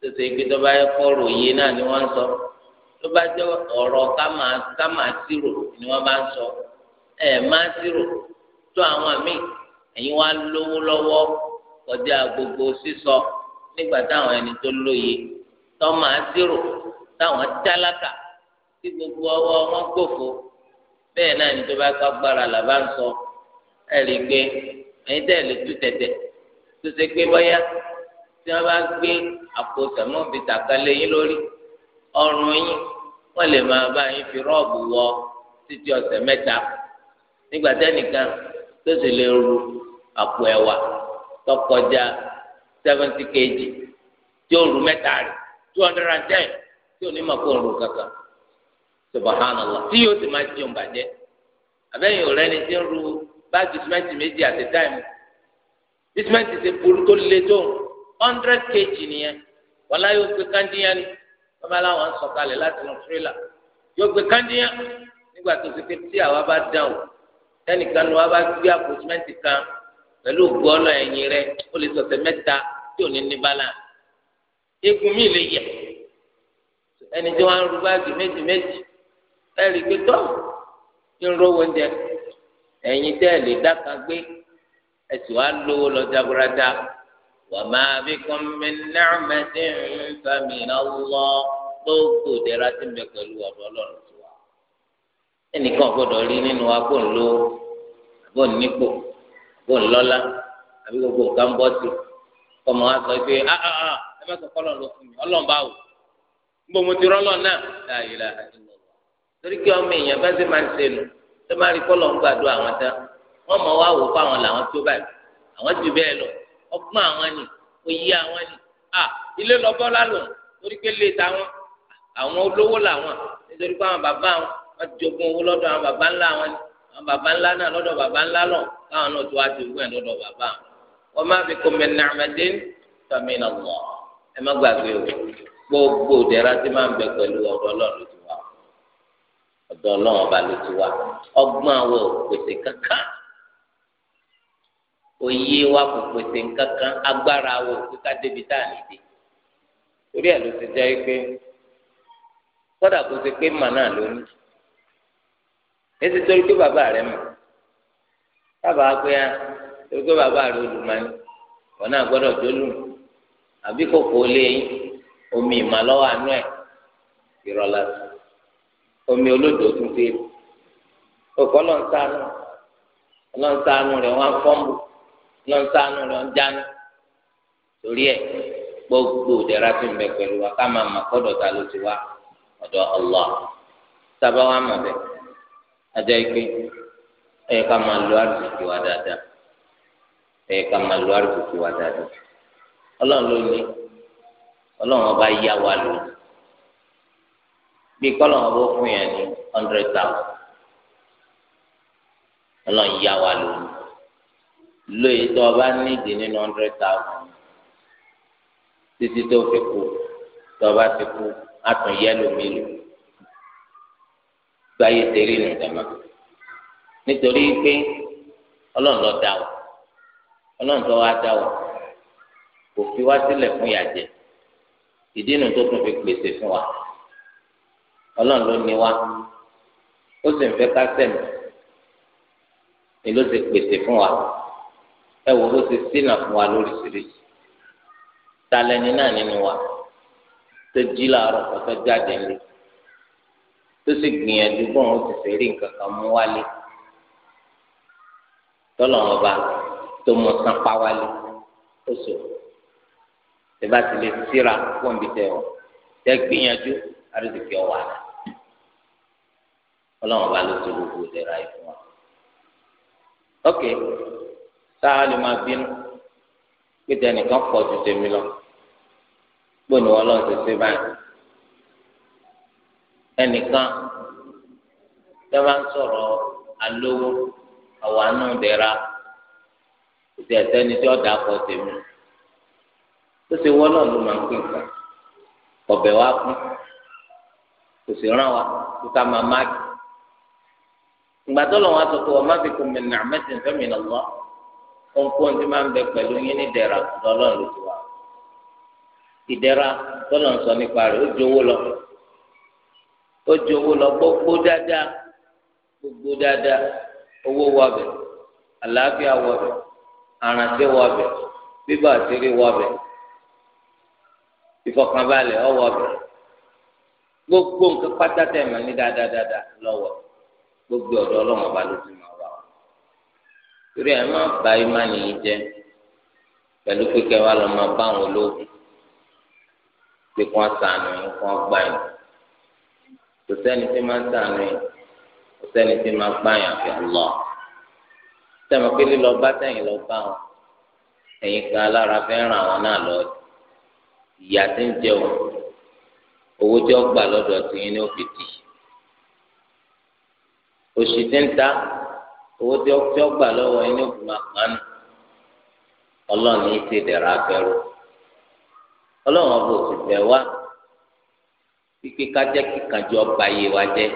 tètè ibi tó bá yẹ kọ́rọ̀ òye náà ni wọ́n ń sọ tó bá jẹ́ ọ̀rọ̀ kámà sírò ni wọ́n bá ń sọ ẹ̀ má sírò tó àwọn míì ẹ̀yin wá lówó lọ́wọ́ kọjá gbogbo sísọ. So nígbà táwọn ẹni tó lóye tọ́mọ àdérò táwọn tálákà tí gbogbo ọwọ́ wọn gbòfo bẹ́ẹ̀ náà ní tó bá kọ́ agbára làbá ń sọ ẹ̀ lè gbé ẹ̀yin tẹ́ ẹ̀ lè tú tẹ̀tẹ̀ tó ṣe pé bọ́yá tí wọ́n bá gbé àpò tẹ̀mọ́bìtà kan lé yín lórí ọrùn yín wọ́n lè máa bá yín fi rọ́ọ̀bù wọ títí ọ̀sẹ̀ mẹ́ta nígbà tẹ́nìkan tó sì lè ru àpò ẹ̀wà tọkọjá seventy kg tí ó rú mẹ́ta rẹ̀ two hundred and ten tí ò ní mọ̀ kó ń ro kankan subahánàlá tí yóò ti máa jẹun bàjẹ́ abẹ́yìn ọ̀rẹ́ ni ti ń ru báàgì símẹ́ǹtì méjì àti táìmù bí símẹ́ǹtì ti burú tó le tó hundred kg nìyẹn wọn láyé ó gbé kandíyàn ni wọn bá láwọn ń sọ̀kalẹ̀ láti nu tírélà yóò gbé kandíyàn nígbà tó ti pé tí àwa bá dán o tẹnìkan ni wọn bá gbé àpò símẹ́ǹtì kan pẹ̀lú ògbọ́nà ẹ̀yìn rẹ ó lè sọ̀tẹ̀ mẹ́ta tí ò ní ní balance egun mi lè yẹ ẹni tí wọn ń ru báàgì méjì méjì ẹ rí i pé tọ́ kí n rówó oúnjẹ ẹ̀yin tẹ́ ẹ lè dáka gbé ẹ sì wá lówó lọ jaburata wa ma bikum min ni'matin famin Allah gbogbo ìdẹ́ra tí ń bẹ pẹ̀lú ọ̀dọ́ ọlọ́run tó wà ẹnìkan gbọ́dọ̀ rí nínú agbóhùn lówó agbóhùn nípò agbóhùn lọ́lá àbí gbogbo nǹkan bọ́ sí i kọmọ wa sọ pé a ah, a ah, a ah, ẹ má sọ kọlọ ló fún mi Ọlọ́run bá wò níbo mo ti rọlọ náà láàyè la torí kí ọmọ èèyàn bá ṣe máa ń ṣe nù tó máa rí kọlọ ń gbàdúrà àwọn tán wọn mọ wá wò fún àwọn làwọn tó báyìí àwọn ti bẹ́ẹ̀ lọ ọgbọ́n àwọn ni òye àwọn ni a ilé lọbọ lálọ torí pé lè ta wọn àwọn olówó làwọn nítorí pé àwọn bàbá wọn wọn jogún owó lọ́dọ̀ àwọn bàbá ńlá wọn ni àwọn bàbá ńlá náà lọ́dọ̀ bàbá ńlá lọ káwọn náà tó wá ti wú ẹ lọ́dọ̀ bàbá wọn wa ma bikum min ni'matin famin Allah ẹ má gbàgbé o gbogbo ìdẹ̀ra tí máa ń bẹ pẹ̀lú ọ̀dọ̀ Ọlọ́run ló ti wá ọ̀dọ̀ Ọlọ́run ọba ló ti wá ọgbọ́n àwọn òpèsè kankan òye wa kò pèsè nǹkankan agbára wa kò ká débi tá a lè dé ẹ̀ ló ti jẹ́ pé kódà kó ṣe pé màná lónìí èsì torí pé bàbá rẹ̀ mọ̀ bàbá pé torí bàbá rẹ olùmọ̀ọ́ni wọn náà gbọ́dọ̀ jólù àbí kòkó lé, omi ìmàlọ́wọ́ àánú ẹ̀ ìrọ̀lá omi olódò tún dé òkò lọ́nsánu lọ́nsánu rẹ̀ wọ́n rẹ̀ wọ́n jánu torí ẹ̀ gbogbo ń bẹ pẹ̀lú wa ká máa kọ́dọ̀ ta ló ti wá ọ̀dọ̀ sábà wà bẹ́ẹ̀ ajá ikpe ká máa lo dáadáa. ẹ̀yẹ ká máa lo àrùkùkù wa dáadáa ọlọ́run ló ní ọlọ́run ọba yá wa lò bí kọ́lọ́run ọba fún yẹn ní hundred thousand ọlọ́run yá wa lò lóye tó ọba nídìí nínú hundred thousand títí tó fi kú tó ọba ti kú àtún yẹ́lò mi lò gbáyé tẹ̀lé nù nítorí pé ọlọ́run ló dá wa ọlọ́run tó wá dá wa kò fi wá sílẹ̀ fún yàjẹ́ ìdí inú tó tún fi pèsè fún wa ọlọ́run ló ní wa ó sì ń fẹ́ ká sẹ̀mí ni ló ti pèsè fún wa ẹ wo ló ti ṣínà fún wa lóríṣiríṣi talẹ́ni náà nínú wa tó jí làárọ̀ kọ́tọ́ jáde ńlẹ̀ tó sì gbìyànjú bọ́n ó ti fẹ́ rí nǹkan kan mú wálé tọ́lọ́run ọba tó mọ̀ tán pawálé ó sọ tẹ́bá ti lè síra fún ibi tẹ́ ọ tẹ́ gbìyànjú àdúgbò ọwọ́ àná ọlọ́run bá ló tó gbogbo ìdẹ̀ra yìí fún wa. ok sáà lè máa bínú pé tẹnìkan pọ̀ ju tèmi lọ gbóni wọn lọ́ọ́ tètè báyìí ẹnìkan tẹ́ bá ń sọ̀rọ̀ alówó àwọn àánú ìdẹ̀ra. kò sí ẹsẹni tí ọdà kọ tèmi tó ṣe wọ náà ló máa ń pè nǹkan ọbẹ wa kún kò sì ràn wá kó ká máa máàkì ìgbà tó lọ wọn sọ pé wọn má fi kún mi nà fẹmi nà lọ ohunkóhun tí máa ń bẹ yín ní ló ti wà tọlọ ń sọ nípa ó ju owó lọ ó ju owó lọ gbogbo dáadáa gbogbo dáadáa owó wọbẹ àràǹtẹ wọ ọbẹ bíbá àtẹrẹ wọ ọbẹ ìfọkànbalẹ̀ ọwọ ọbẹ gbogbo nǹkan pátá tẹ mọ ní dáadáa lọ́wọ́ gbogbo ọ̀dọ̀ Ọlọ́run ọba ló ti máa wà ó torí ẹ má bà ìmánìyí jẹ́ pẹ̀lú pípẹ wa lọ máa bá àwọn olóògùn pé kí wọn sànù yín kí wọn gbà yín kò tí máa sànù yín kò tí máa gbà yín àfi Allah sẹ́mi pé lílọ bá sẹ́yìn lọ bá wọn ẹ̀yin kan alára fẹ́ ràn àwọn náà lọ ìyá tí ń jẹ wọn owó tí ó gbà lọ́dọ̀ tìyín ni ó fi dì òṣì tí ń ta owó tí ó gbà lọ́wọ́ yín ni ó fi máa pàánù ọlọ́run yìí ti dẹ̀ra abẹ́rù ọlọ́run ọba òsì fẹ́ wá kíkí kájẹ́ kíkanjú ọba yìí wá jẹ́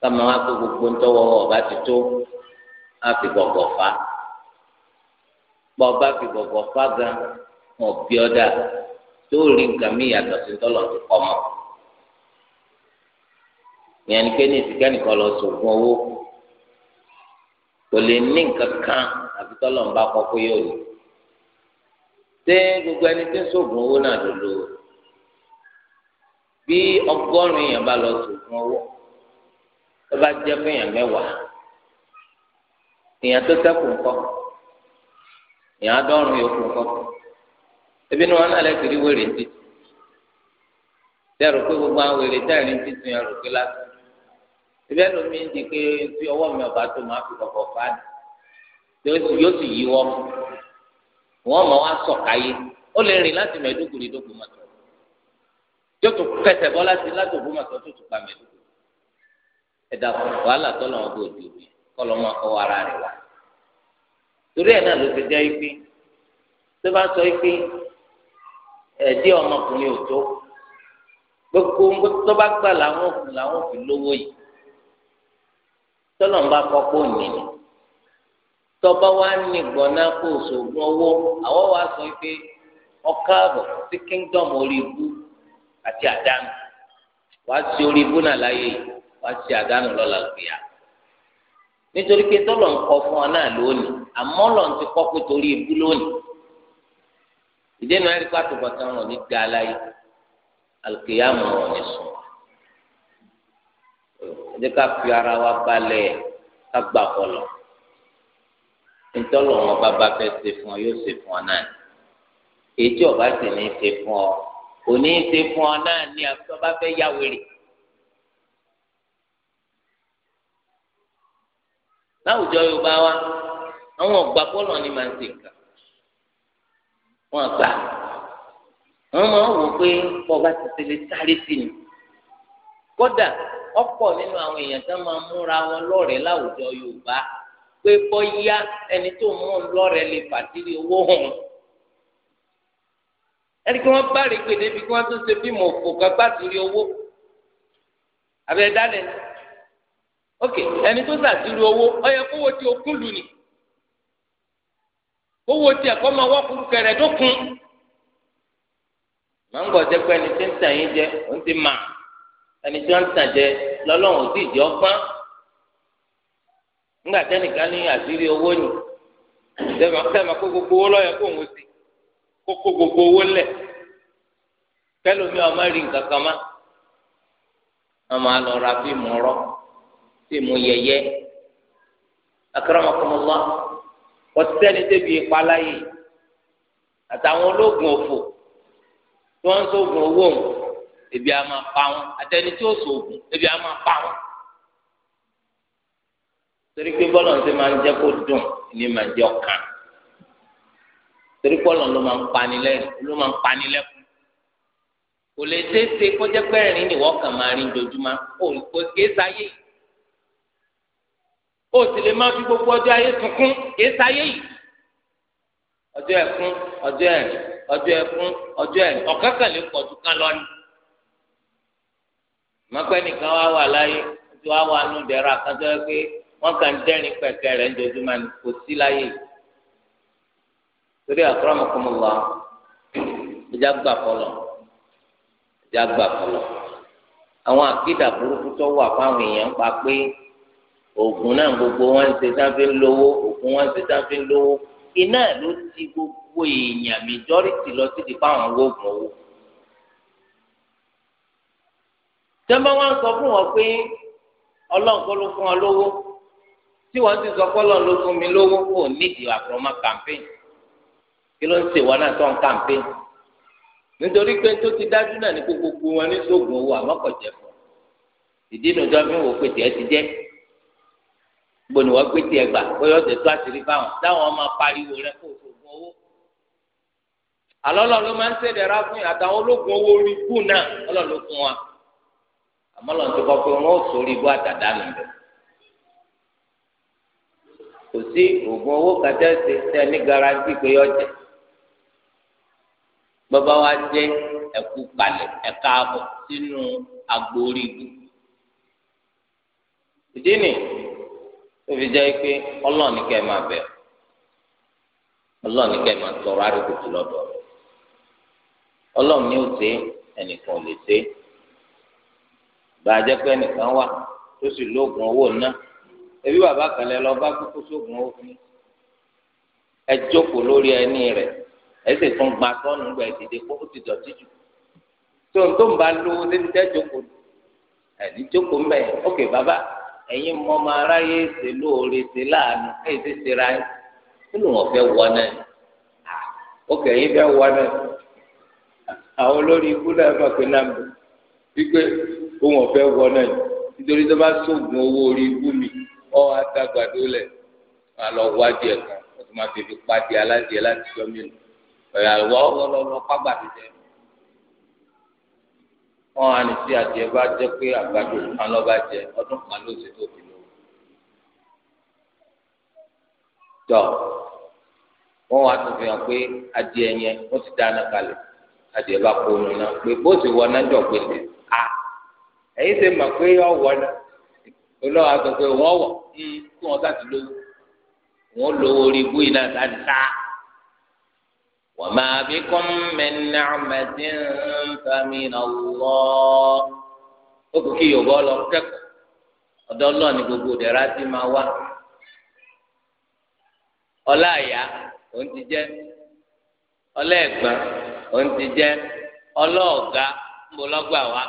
ká wá pé gbogbo ń tọ́wọ́ ọba ti tó á fi gbọ̀gbọ̀ fa bọ́ọ̀ bá fi gbọ̀gbọ̀ fa gan wọn bí ọ dáa tó rí nǹkan mí yàtọ̀ sí tọ́lọ̀ ti kọ́ mọ́ ìyẹn ni pé ní ìsìnkẹ́ nìkan lọ sògùn owó kò lè ní nǹkan kan àfi tọ́lọ̀ ń bá kọ́ pé yóò lò ṣé gbogbo ẹni tí sògùn owó náà ló lò bí ọgọ́rùn-ún bá lọ sògùn owó tó bá jẹ́ fún èèyàn mẹ́wàá èèyàn tó sẹ́kù ńkọ́ èèyàn adọ́rùn yòókù ńkọ́ ebi ni wọn náà lẹ́sìn rí wèrè ti dẹ́rù pé gbogbo àwọn wèrè dẹ́rìn ti sìn ẹrù pé lásán ebi ẹ̀rọ mi ń di pé tí ọwọ́ mi ọba tó máa fi kọ̀kọ̀ fà á tí yóò sì yí wọ́n wọ́n mọ̀ wá sọ̀káyé ó lè rìn láti mẹ́ẹ̀dógùnrin dógùn mọ́tò tí tún kẹsẹ̀ bọ́ láti látòkú mọ́tò tó tún pa mẹ́ẹ̀dógùn ẹ̀dá wàhálà tọ́lọ̀ wọn bó di kọlọ máa kọ ara rẹ̀ wá torí ẹ̀ náà ló ti jẹ́ ipi tó bá sọ ipi ẹdí ọmọkùnrin ò tó gbogbo tó bá gbà làwọn òfin làwọn òfin lówó yìí tọlọ ń bá kọ pé ni tọba wa ní gbọnà kó sògùn owó àwọn wa sọ pé ọkààbọ̀ sí kingdom orí ibú àti àdánù wàá sí orí ibú náà láyé wàá sí àdánù lọ́la lóya nítorí pé tọ́lọ̀ ń kọ fún ọ náà lónìí àmọ́ lọ́n ti kọ́ pé torí ibú lónìí ìdènà ẹ̀rí pàtó bàtà wọn ní ga aláyé alùkìyàmù wọn ní sùn ẹ ká fi ara wa balẹ̀ ká gbà kọlọ̀ ntọ́lọ̀ wọn bàbá fẹ́ ṣe fún ọ yóò ṣe fún ọ náà èyí tí ọba sì ní ṣe fún ọ òní ṣe fún ọ náà ní àtọ́bá fẹ́ yá wèrè. láwùjọ yorùbá wa àwọn ọgbà kọlọ ni màá ti kà wọn gbà wọn máa wò pé bọba ti tẹ́lẹ̀ sáré sí ni kódà ọ̀pọ̀ nínú àwọn èèyàn tó máa múra wọn lọ́rẹ̀ẹ́ láwùjọ yorùbá pé bóyá ẹni tó mú un lọ́rẹ̀ẹ́ lè fàtírí owó hàn ẹni kí wọ́n bá rí pé débi kí wọ́n tún ṣe fíìmù òfò kan gbàtírí owó abẹ dálẹ náà. ok ẹni tó sàtìrì owó ó yẹ kówó tí o kún lù ní kówó tí ẹ̀kọ́ máa wọ́ kúrú kẹrẹ tó kún máa ń gbọ́ jẹ́ pé ẹni tí ń tàn yín òun ti mà ẹni tí wọ́n ń tàn ni kó gbogbo owó lọ́yọ̀ kó òun sí kó kó gbogbo owó lẹ̀ tẹ́lẹ̀ ọmọ rí nǹkan má ọmọ tí mo yẹyẹ akaramakumọlá ọtẹni débi ìpaláyé àtàwọn ológun òfò tí wọn ń sóògùn owó òun ebi a máa pa wọn àtẹni tí ó sóògùn ebi a máa pa wọn torí pé bọ́lá ń ṣe máa ń jẹ́ kó dùn ní máa jẹ́ ọ̀kan torí bọ́lá ló máa ń panilẹ́ ló máa ń panilẹ́ kò lè ṣeé ṣe kó jẹ́ pẹ́ẹ́rín ni wọ́n kàn máa rìn jojúmọ́ kò kéésà yìí ó sì lè máa fi gbogbo ọjọ́ ayé sunkún kìí sáyé yìí ọjọ́ ẹkún ọjọ́ ẹ̀rín ọjọ́ ẹkún ọjọ́ ẹ̀rín ọ̀kánkànlé pọ̀jù kan lọ ni. mọ̀pẹ́ nìkan wá wà láyé tí wàá wà nù dẹ́ra kájọ́ pé wọ́n kàn ń dẹ́rìn pẹ̀kẹ́ rẹ̀ ńdojúmọ́ ni kò sí láyé. torí akramakumullah ìjà gbà fọlọ ìjà gbà fọlọ àwọn àkídà burúkú tó wà fáwọn èèyàn pa pé oògùn náà gbogbo wọn ṣe sáfẹ́ lówó oògùn wọn ṣe sáfẹ́ lówó iná ló ti gbogbo èèyàn majority lọ sí ti fáwọn oògùn owó. tẹ́lẹ̀ wọ́n sọ fún wọn pé ọlọ́nkọ́ ló fún ọ lówó tí wọ́n ti sọ pọ́lọ́ ló fún mi lówó kò nídìí àfọ̀mọ́ campaign kí ló ń ṣe wọn náà tó ń campaign nítorí pé tó ti dájú náà ní gbogbo wọn ní sóògùn owó àmọ́kọ̀jẹ̀ fún ìdí ìnùjọ́ fi ń wò pé tiẹ̀ ti jẹ́ gbóni wọ́n pé tiẹ̀ gbà bóyá ọ̀sẹ̀ tó àṣírí fáwọn táwọn máa pariwo rẹ kó oògùn owó. àlọ́lọ́ ló máa ń ṣèdẹ̀ra fún yàrá àtàwọn ológun owó orí kù náà ọlọ́lọ́kùn wa àmọ́ lọ́n ti kọ́ pé wọ́n ó sórí ibú àtàdá nù bẹ́ẹ̀. kò sí oògùn owó kàtẹ́ ṣe tẹ́ ní garanti pé yọ jẹ bàbá wa jẹ ẹkú palẹ̀ ẹ̀ka àbọ̀ sínú agbo ìdí nìyí ebi jẹ́ pé ọlọ́ọ̀ni kẹ́ máa bẹ̀ ọlọ́ọ̀ni kẹ́ máa tọrọ àríkùtù lọ́dọ̀ ọlọ́ọ̀ni ò ṣe ẹnìkan ò lè ṣe bàjẹ́ pé ẹnìkan wà tó sì lóògùn owó ná ebi bàbá kan lẹ lọ bá kókó sóògùn owó fún mi ẹ jókòó lórí ẹni rẹ ẹ sì tún gba sọ́ọ̀nù gbà ìdìde kó o ti dọ̀tí jù tó ń tó ń bá lówó débi tẹ́ jókòó ẹ̀ ní jókòó ń bẹ̀ bàbá ẹ̀yin mọ ọmọ aráyé ṣe lóore ṣe láàánú ẹ̀yin ti ṣe ra ẹ̀ kí ló wọ́n fẹ́ wọ náà ó kẹ̀yìn fẹ́ wọ náà àwọn olórí ikú náà mọ̀ pé náà bẹ̀ wípé òun ọ̀fẹ́ wọ náà nítorí tó bá sóògùn owó orí ikú mi ọ́ àtàgbàdo lẹ̀ máa lọ wádìí ẹ̀ kan ó ti máa fi fi pàdé aládìẹ láti jọ mí lọ ọ̀yà wọ́ wọ́ pàgbà tó jẹ́ wọn á ní tí adìẹ bá jẹ pé àgbàdo kan lọ jẹ ọdún kan ló ṣe tó fi tọ wọn wá tó fi hàn pé adìẹ yẹn wọn ti dáná kalẹ̀ adìẹ bá kó nu náà pé bó ti wọ náà jọ pé a ẹ̀yin ṣe mọ̀ pé ọwọ náà olóòwò àgbẹ̀ wọn wọ kí wọn bá ti wọn lówó orí وما بكم من نعمة فمن الله ó kí yorùbá lọ kẹ́kọ̀ọ́ ọ̀dọ̀ Ọlọ́run ni gbogbo ìdẹ̀ra ti máa wá ọlá àyà òun ti jẹ ọlá ẹ̀gbọ́n òun ti jẹ ọlọọgá ńbọ lọgbà wá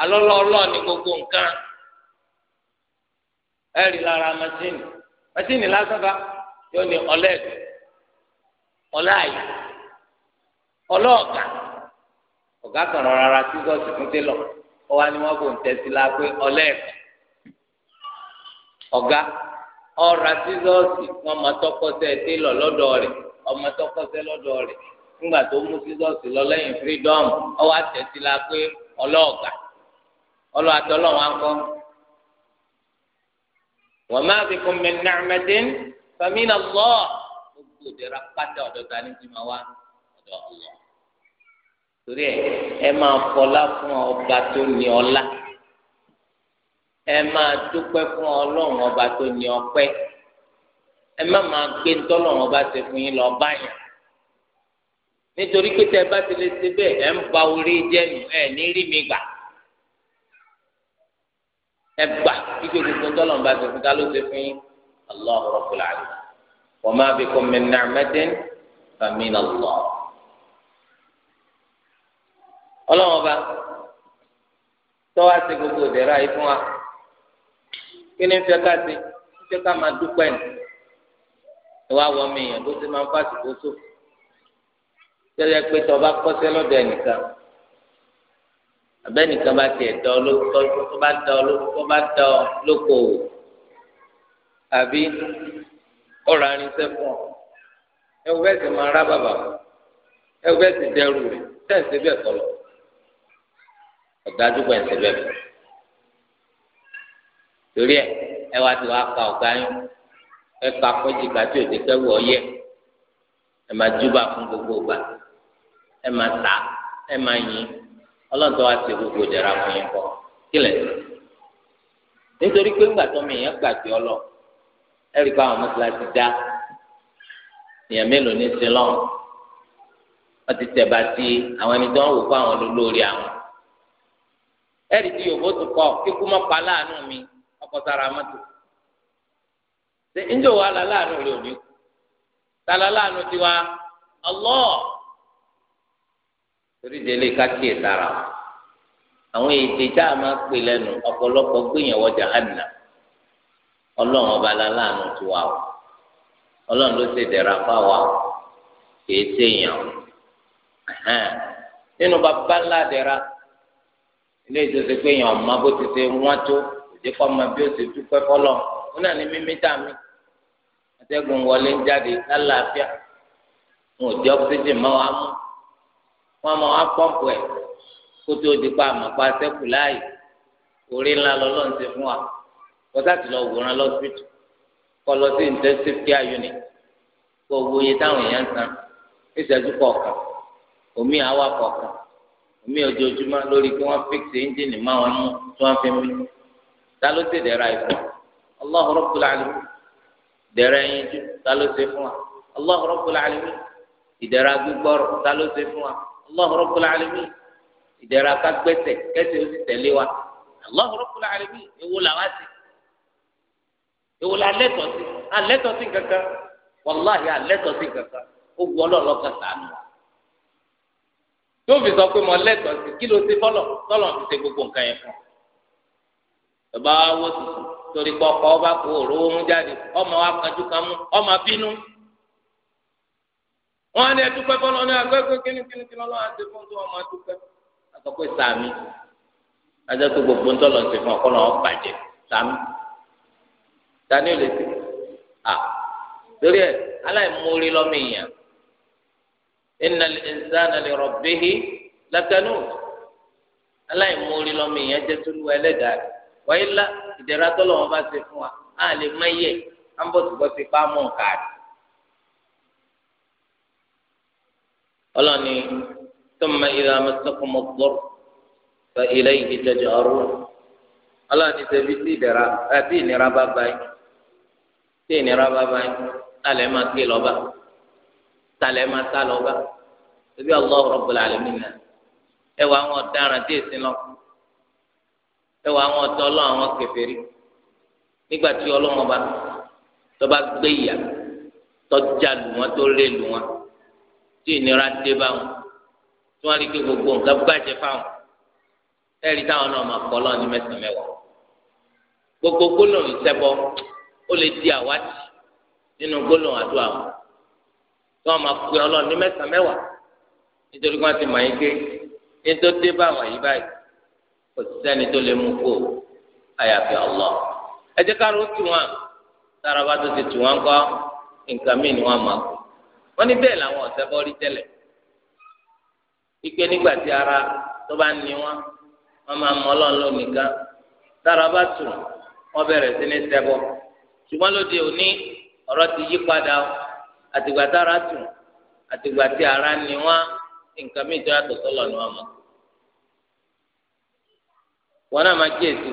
alọlọ gbogbo ọláyé ọlọ́ọ̀gá ọ̀gá kan rọra tí gọ́ọ̀sì fún télọ̀ ó wá ní wọ́n kò ń tẹ́sí la pé ọlẹ́ẹ̀kọ́ ọ̀gá ọ̀ra sísọ́ọ̀sì wọn máa lọ́dọ̀ rẹ̀ ọmọ lọ́dọ̀ rẹ̀ nígbà tó mú sísọ́ọ̀sì lọ lẹ́yìn freedom wá tẹ́sí la pé ọlọ́ọ̀gá akọ́ wọ́n fi kún gbogbo dẹ̀ra pátá ọ̀dọ̀ ta ní ti máa wá ọ̀dọ̀ ọ̀lọ́. torí ẹ ẹ máa fọlá fún ọba tó ní ọlá ẹ máa dúpẹ́ fún ọlọ́run ọba tó ní ọpẹ́ ẹ má máa gbé ntọ́lọ́run ọba ṣe fún yín lọ báyìí nítorí pé tẹ bá ti lè ṣe bẹ́ẹ̀ ẹ ń ba orí jẹ́ nù ẹ ní rí mi gbà ẹ gbà kíkó gbogbo ntọ́lọ́run ọba ṣe fún ká ló ṣe fún yín Allah Rabbul Alamin. وما بكم من min فمن الله. min Allah. ọlọ́run ọba tọ́wá sí gbogbo ìdẹ̀ra yìí fún wa kí ni ń fẹ́ ká sí ń fẹ́ ká máa dúpẹ́ ní ìwà wọ́ọ̀mì yẹn bó ti máa ń fàṣìkò sófò tẹ́lẹ̀ pé tọ́ba kọ́sẹ́ lọ́dọ̀ ẹnìkan abẹ́nìkan bá tiẹ̀ dọ́ lóko tó bá lóko àbí ọrọ arinṣẹ́ fún ọ ẹ wọ́n fẹ́ẹ́ sì máa bàbà ẹ dẹrù rẹ̀ tẹ̀sí kọlọ fún torí ẹ ẹ wá ti wá pa ọ̀gá yín ẹ tí òde kẹ́rù ọyẹ ẹ máa júbà fún gbogbo gbogbo fún yín kílẹ̀ nítorí pé ńgbà tó mi yẹn gbàgbé ẹ̀rí pa àwọn mọ́sálásí dá èèyàn mélòó ní sílọ́ọ̀n wọ́n ti awọn sí àwọn ẹni tó ń wò fún àwọn olólórí àwọn ẹ̀rí tí yòówó tó kọ kíkú mọ́ pa láàánú mi ọkọ̀ sára mọ́tò ṣe ń jò la láàánú rẹ̀ òní kú tala láàánú tiwa àwọn èdè tá a máa pè lẹ́nu ọ̀pọ̀lọpọ̀ gbìyànjú ọlọ́run ọba láàánú ti wà o ọlọ́run ló ṣe dẹ̀ra fáwa o kìí ṣèyàn o nínú bàbá ńlá dẹ̀ra ilé ìjọsìn pé èèyàn ọ̀ma bó ti ṣe wọ́n tó òjì fọ́ọ̀mà bí ó ṣe dúpẹ́ fọ́lọ́ ó náà ní mímí dà mí atẹ́gùn wọlé ń jáde lálàáfíà wọn ò jẹ́ ọ́kísíjìn mọ́ wa mú wọn mọ wá pọ́ǹpù ẹ̀ kó tó di pa àmọ́pá sẹ́kù láàyè orí ńlá lọ́lọ́run ṣe fún wa kọ́tà tí lọ wòran lọ́sibítù kọ́ lọ sí intensive care unit kó owó iye táwọn èèyàn ń san ìṣẹ́jú kọ̀ọ̀kan omi àwa kọ̀ọ̀kan omi ojoojúmọ́ lórí kí wọ́n fix engine má wọn mú tí wọ́n fi mí ta ló ti dẹ̀ra ìfọ̀ Allahu Rabbul Alamin dẹ̀ra ẹyin jù ta ló ṣe fún wa Allahu Rabbul Alamin ìdẹ̀ra gbígbọ́rọ̀ ta ló ṣe fún wa Allahu Rabbul Alamin ìdẹ̀ra kágbẹ́sẹ̀ kẹ́sẹ̀ ó sì tẹ̀lé wa Allahu Rabbul Alamin ewu làwa ti èwo la lẹ́tọ̀ sí alẹ́tọ̀ sí kankan wàláhì alẹ́tọ̀ sí kankan ó wu ọlọ́ọ̀lọ́ kan sànù tó fi sọ pé mo lẹ́tọ̀ sí kí ló ti fọlọ̀ tọ́lọ̀ fi ṣe gbogbo nǹkan yẹn fún ọba kò mú jáde ọmọ wa kanjú ọmọ bínú wọn ni ní agbẹ́gbẹ́ kíni kíni kíni ọlọ́wọ́ ọmọ ti fún tani lè ti à torí ẹ aláìmoore lọ́mọ èèyàn innal insana li rabbihi lakanut aláìmoore lọ́mọ èèyàn jẹ́ tó lu ẹlẹ́dàá rẹ̀ wáyé la ìdẹ̀ra tó lọ́wọ́ bá ṣe fún wa á lè má yẹ á ń bọ̀ tó bọ́ sí pa mọ́ nǹkan rẹ̀ ọlọ́ni thumma idha massakum ad-darr fa ilayhi taj'arun ọlọ́ni tẹ̀bí sí ìdẹ̀ra àti ìnira bá báyìí tí ìnira bá bá yín tálẹ̀ máa ké lọ́ba tálẹ̀ máa sá lọ́ba ebi Allah Rabbul Alamin náà ẹ wọ àwọn ọ̀daràn tí èsì lọ ẹ wọ àwọn ọ̀tọ́ ọlọ́run àwọn kèfèrí nígbà tí ọlọ́run ọba tọ́ba gbé ìyà tọ́jà lù wọ́n tó lé lù wọ́n tí ìnira dé bá wọn tí wọ́n rí pé gbogbo nǹkan bàjẹ́ fáwọn ẹ̀rí táwọn náà máa kọ́ lọ́ọ̀ ní mẹ́sàn-án mẹ́wàá gbogbo gbólóhùn ìṣẹ́bọ ó lè di àwátì nínú gbólóhùn àdúrà wọn tí wọn máa pe Ọlọ́run ní mẹ́sàn mẹ́wàá nítorí wọn ti mọ yín pé ní tó dé bá wọn yìí báyìí kò sí sẹ́ni tó lè mú kó àyàfi Allah ẹ ti tù wọn nǹkan míì ni wọn máa wọn ní làwọn ike nígbà tí ara tó bá ní wọn wọn máa mọ Ọlọ́run lónìí kan sára tù wọn sí ní ṣùgbọ́n lóde òní ọ̀rọ̀ ti yí padà o àtìgbà tára tù àtìgbà tí ara ni wọn nǹkan mi ìjọra tó sọlọ ni wọn mọ. wọn náà máa kíyèsí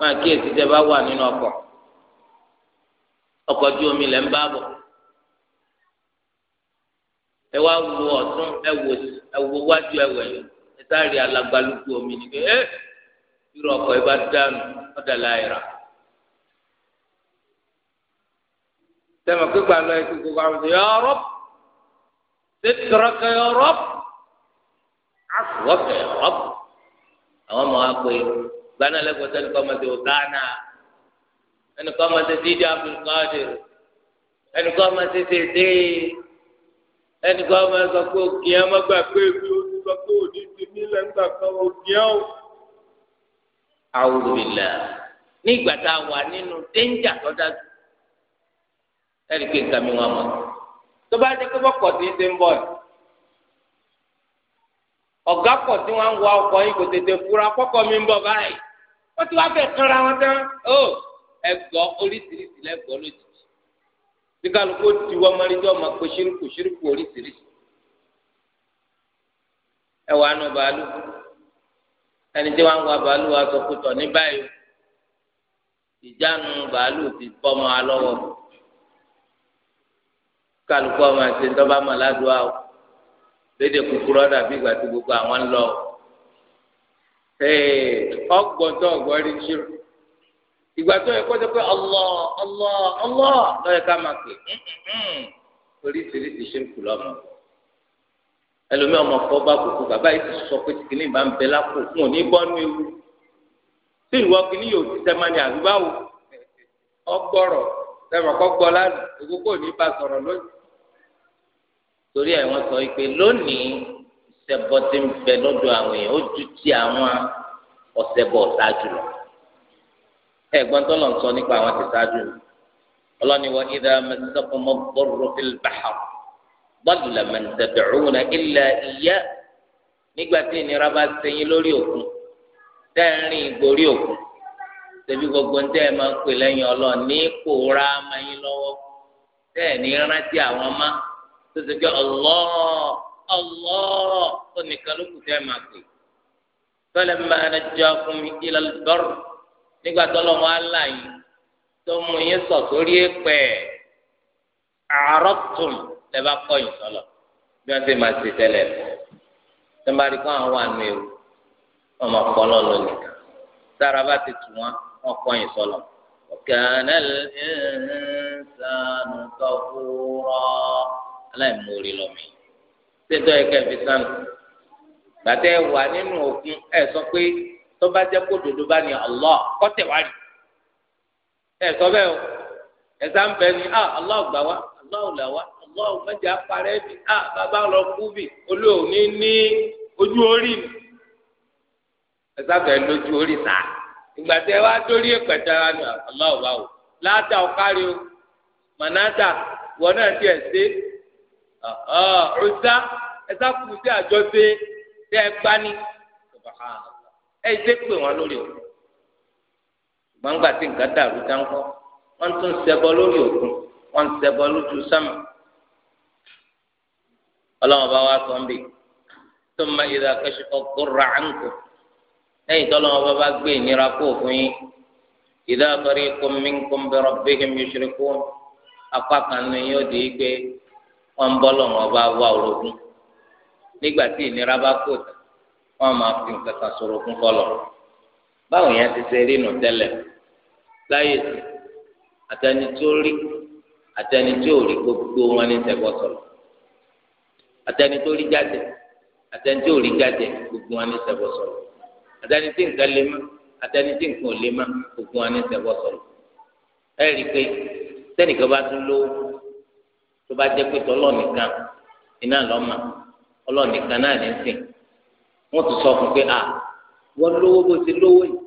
máa kíyèsí tẹ bá wà nínú ọkọ̀ ọkọ̀ ojú omi lẹ ń bá bọ̀ ẹ wá wo ọ̀tún ẹ wò ẹ wò wájú ẹ wẹ̀ ẹ sáré alagbalùkù omi ni ẹ irú ẹ bá dànù ọdà láyìí sẹ́mi pé gbàlọ́ ẹ̀ kí gbogbo àwọn ọ̀dọ́ yọ rọ́p tẹ́tìrọ́kẹ́ yọ rọ́p àfọwọ́kẹ́ yọ rọ́p àwọn ọmọ wa pé gbaná lẹ́kọ̀ọ́ sẹ́ni kọ́ ọmọdé ò dáná ẹnì kọ́ ọmọdé dídí abdulkadì ẹnì kọ́ ọmọdé tètè ẹnì kọ́ ọmọdé sọ pé òkè ẹ má gbà pé ebi ó sọ pé òní ti nílẹ̀ ń gbà òkè ẹ ò. àwùjọ ìlà ní ìgbà tá a wà nínú déńjà tó ẹ̀rí pé nǹkan mi wọn mọ̀ tó bá dé pé bọ́kọ̀ tí ń ṣe ń bọ̀ ẹ̀ ọ̀gá pọ̀ tí wọ́n ń wa ọkọ̀ yìí kò tètè fura kọ́kọ́ mi ń bọ̀ báyìí wọ́n ti wá fẹ́ kanra wọn tán ó ẹgbọ́ oríṣiríṣi lẹ́gbọ́ lójijì tí kálukú ti wọ́n mọ́lẹ́jọ́ máa pe ṣírùkù ṣírùkù oríṣiríṣi ẹ wàá nù bàálù ẹni tí wọ́n ń wa bàálù wa sọ pé tọ̀ ní báyìí ìjánu bàálù ti bọ́ mọ́ kálukú ọmọ ẹsẹ ńdọba mọ ládùú àwọn lédè kúkúrú ọdà bí ìgbà tí gbogbo àwọn ń lọ ọgbọntọ ọgbọrí ṣírò ìgbà tó yẹ kó tó pé ọlọ ọlọ ọlọ lọyẹ ká máa pè oríṣiríṣi ṣírùkù lọmọ ẹlòmíì ọmọ fọ bá kókó bàbá yìí ti sọ pé tìkínní bá ń bẹ lápò fún òní bọ́nú ewu tí ìwọ kìíní yóò ti sẹ́mọ́ ni àbí báwo ọgbọ́rọ̀ sẹ́mọ̀ kọ́ gbọ́ lánàá òkókó òní bá sọ̀rọ̀ lónìí torí ẹ̀ wọ́n sọ pé lónìí ìṣẹbọ ti ń bẹ lọ́dọ̀ àwọn èèyàn ó ju ti àwọn ọ̀ṣẹbọ ṣáájú lọ ẹ̀gbọ́n tó lọ sọ nípa àwọn ti ṣáájú mi ọlọ́ni wa idha massakumu ad-darru fil bahri dalla man tad'una illa iyyah nígbà tí ìnira bá ṣẹyìn lórí òkun tẹ́ ń rìn ìgbórí òkun tẹbi gbogbo ń tẹ ẹ máa ń pè lẹ́yìn ọlọ́ọ̀ ní kóra máa yín lọ́wọ́ tẹ́ ẹ̀ ní rántí àwọn máa tó ti gbé Allah Allah ó nìkan ló kù fẹ́ máa pè falamma najjakum ilal barr nígbà tó lọ́mọ aláyé tó mú yín sọ̀ sórí èpè àárọ̀tùm lẹ́bà kọ́yìn sọ̀lọ̀ bí wọ́n ti máa ṣe tẹ́lẹ̀ tẹ́mbàrí kan àwọn àmì ewu wọ́n máa kọ́ lọ́lọ́ nìkan sára bá ti tù wọ́n wọ́n kọ́yìn sọ̀lọ̀ kana al insanu kafura aláìmoore lọ́mọ yìí ṣètò ẹ̀kẹ́ fi sánù gbàtẹ́ wà nínú òkun ẹ̀ sọ pé tó bá kó dodo bá ní Allah kọ́tẹ̀ wá rí ẹ̀ sọ bẹ́ẹ̀ o ẹ̀ sá ń bẹ ní ah Allah gbà wá Allah ò là wá Allah ò mẹ́jẹ̀ apárẹ́ bì ah bàbá lọ kú bì olóòní ní ojú orí mi ẹ̀ sábẹ̀ lójú orí sáà ìgbà wá dórí ìpẹ̀tẹ̀ ara ni Allah wà o látà ọ̀kárí o mànátà wọ náà tiẹ̀ ṣe ọ̀sá ẹ̀sá kù sí àjọṣe tẹ́ ẹ gbá ní ẹ̀ ṣe pé wọn lórí òkun gbangba tí nǹkan dàrú dáńkọ́ wọ́n tún ṣẹbọ lórí òkun wọ́n ṣẹbọ lójú sámà ọlọ́wọ́n bá wá sọ ń bì tó ń bá ìdá kẹ́sìkọ́ kó ra àǹkó lẹ́yìn tó lọ́wọ́ bá bá gbé ìnira kó fún yín ìdá àtọ́rí kó mí kó ń bẹ̀rọ̀ bí kí mi ṣe kó apá kan ní yóò di gbé wọn ń bọ́ lọ́wọ́ ọba wá orogún nígbà tí ìnira bá kò wọn máa fi nǹkan kan sọ̀rọ̀ fún kọlọ̀ báwo yẹn ti ṣe rí nù tẹ́lẹ̀ láyé sí àtẹni tó rí àtẹni tí ò rí gbogbo wọn ní sẹ́gbọ́ sọ̀rọ̀ àtẹni tó rí jáde àtẹni tí ò rí jáde gbogbo wọn ní sẹ́gbọ́ sọ̀rọ̀ àtẹni tí nǹkan lè má àtẹni tí nǹkan ò lè má gbogbo wọn ní sẹ́gbọ́ sọ̀rọ̀ ẹ rí i pé sẹ́nìkan bá tún lówó tó bá jẹ́ pé tọ́lọ́ nìkan iná lọ́mà ọlọ́ọ̀ nìkan náà ní sìn wọ́n tún sọ fún pé a, wọ́n lówó bó ti lówó yìí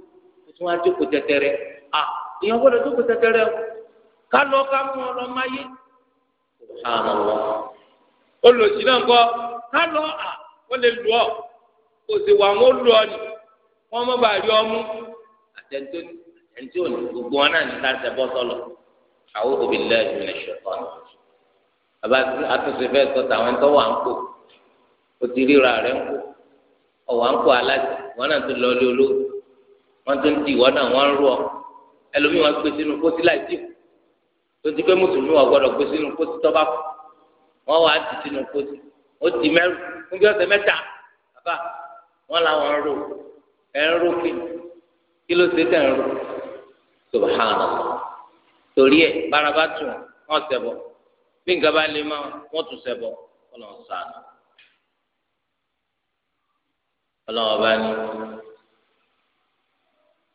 ó tún wá jókòó tẹ́tẹ́rẹ́ à ìyẹn gbọ́dọ̀ jókòó tẹ́tẹ́rẹ́ o ká lọ ká mú ọ lọ má yé àmọ́ olùsí náà kọ́ ká lọ à wọ́n lè lù ọ́ kò sì wà wọ́n lù ọ́ ni wọ́n mọ̀ bá rí ọ mú àtẹ̀ntó àtẹ̀ntó gbogbo wọn náà ní ká sẹ́bọ́ sọ́lọ̀ àwọn òbí lẹ́yìn ìṣẹ̀kọ́ ni bàbá àtúnṣe fẹ́ sọ tàwọn tó wà ń kó o ti ríra rẹ̀ ń kó ọ̀wà ń kó aláṣẹ wọn náà tó lọ lé olówó wọn tó ń di ìwọ náà wọn ń rú ọ ẹlòmíì wọn gbé sínú kó sí láì dìbò tó ti pé mùsùlùmí wọn gbọ́dọ̀ gbé sínú kó sí tọ́ba kù wọn wà á ti sínú kó sí ó ti mẹ́rù fún bí ọ̀sẹ̀ mẹ́ta bàbá wọn làwọn ń rò ẹ̀ ń rò kí kí ló ṣe tẹ̀ ń rò subahana torí ẹ̀ bárabá tù wọn ọ̀sẹ̀ bọ̀ bí nǹkan bá lè máa wọ́n tún ṣẹbọ ọlọ́run sànù ọlọ́run ọba ní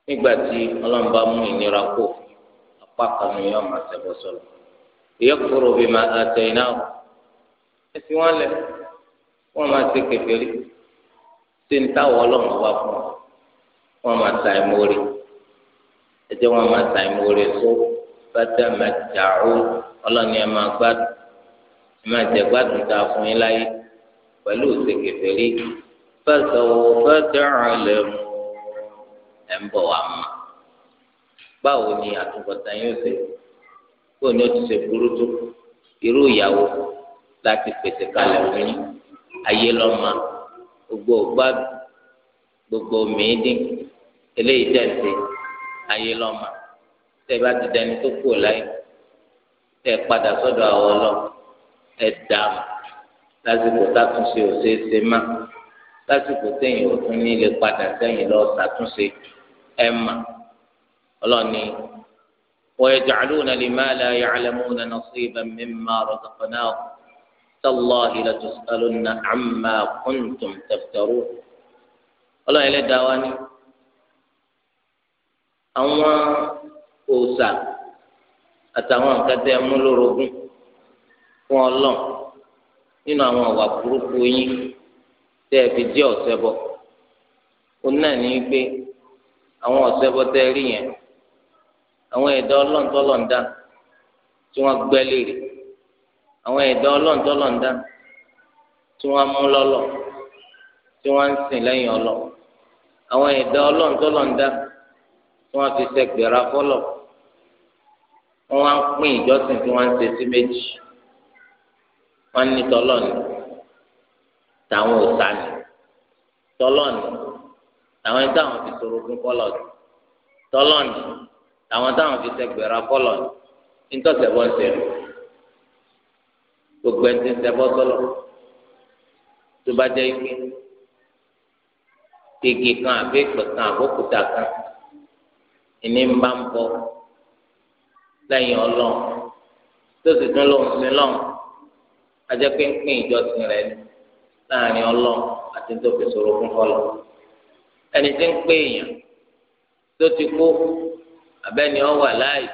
nígbà tí ọlọ́run bá mú ìnira kó apá kan ní yọ máa ṣẹbọ sọlọ ìyẹ́kùrọ̀ bíi máa àtẹ iná ẹ fi wọ́n lẹ̀ wọ́n máa ṣe kẹfẹ́rí ṣe ń táwọ̀ ọlọ́run ọba fún wọn wọ́n máa ta ìmórí ẹ̀jẹ̀ wọ́n máa ta ìmórí só bàtà mẹ́ta ọ̀hún ọlọ́ni ẹ máa gbádùn ẹ máa jẹ gbádùn tá a fún yín láyé pẹ̀lú òsèké fèrè fẹsẹ̀ wò fẹsẹ̀ rẹ̀ mú ẹ̀ ń bọ̀ wá mọ́ báwo ni àtúbọ̀tá yóò ṣe kó ní o ti ṣe burú tó irú ìyàwó láti pèsè kalẹ̀ fún yín ayé lọ́mọ gbogbo gbádùn gbogbo mìíndín eléyìí tẹ̀sí ayé lọ́mọ tẹ̀ bá ti dẹni tó kú láyé ẹ padà sọ́dọ̀ àwọn ọlọ́run ẹ dààmú lásìkò tàtúnṣe ò ṣeé ṣe má lásìkò téèyàn ò ní lè padà sẹ́yìn lọ ṣàtúnṣe ẹ mà ọlọ́ni ويجعلون لما لا يعلمون نصيبا مما رزقناهم تالله لتسألن عما كنتم تفترون ọlọ́run ẹlẹ́dàá wa ni àwọn òòṣà àtàwọn nǹkan tẹ mú lórogún fún ọlọ́n nínú àwọn ọ̀wà burúkú yín tẹ fi jẹ́ ọ̀sẹ́bọ ó náà ní àwọn ọ̀sẹ́bọ tẹ rí yẹn àwọn ẹ̀dá ọlọ́ntọ́lọ́ndá tí wọ́n gbẹ́ léèrè àwọn ẹ̀dá tí wọ́n mú lọ́lọ́ tí wọ́n ń sìn lẹ́yìn ọlọ́ àwọn ẹ̀dá tí wọn wá ń pín ìjọsìn tí wọn ń ṣe sí méjì wọn ní tọlọ́ọ̀nì táwọn ò sá ni tọlọ́ọ̀nì táwọn ẹni táwọn fi sorogún kọlọ̀ ni tọlọ́ọ̀nì táwọn táwọn fi sẹgbẹ̀rà kọlọ̀ ni nítòsẹ̀ bọ́ ń ṣe rẹ̀ gbogbo ẹni tí ń sẹ́bọ́ sọ́lọ̀ tó bá jẹ́ ike igi kan àbí ìpè kan àbókúta kan ìní ń bá ń bọ́. lẹ́yìn ọlọ́run tó sì tún lòun sí lọ́run ajẹ́ pé ìjọsìn rẹ̀ láàrin ọlọ́run àti tó sọ̀rọ̀ fún ẹni tí ń pè èèyàn tó ti kú abẹ́ni ọ wà láàyè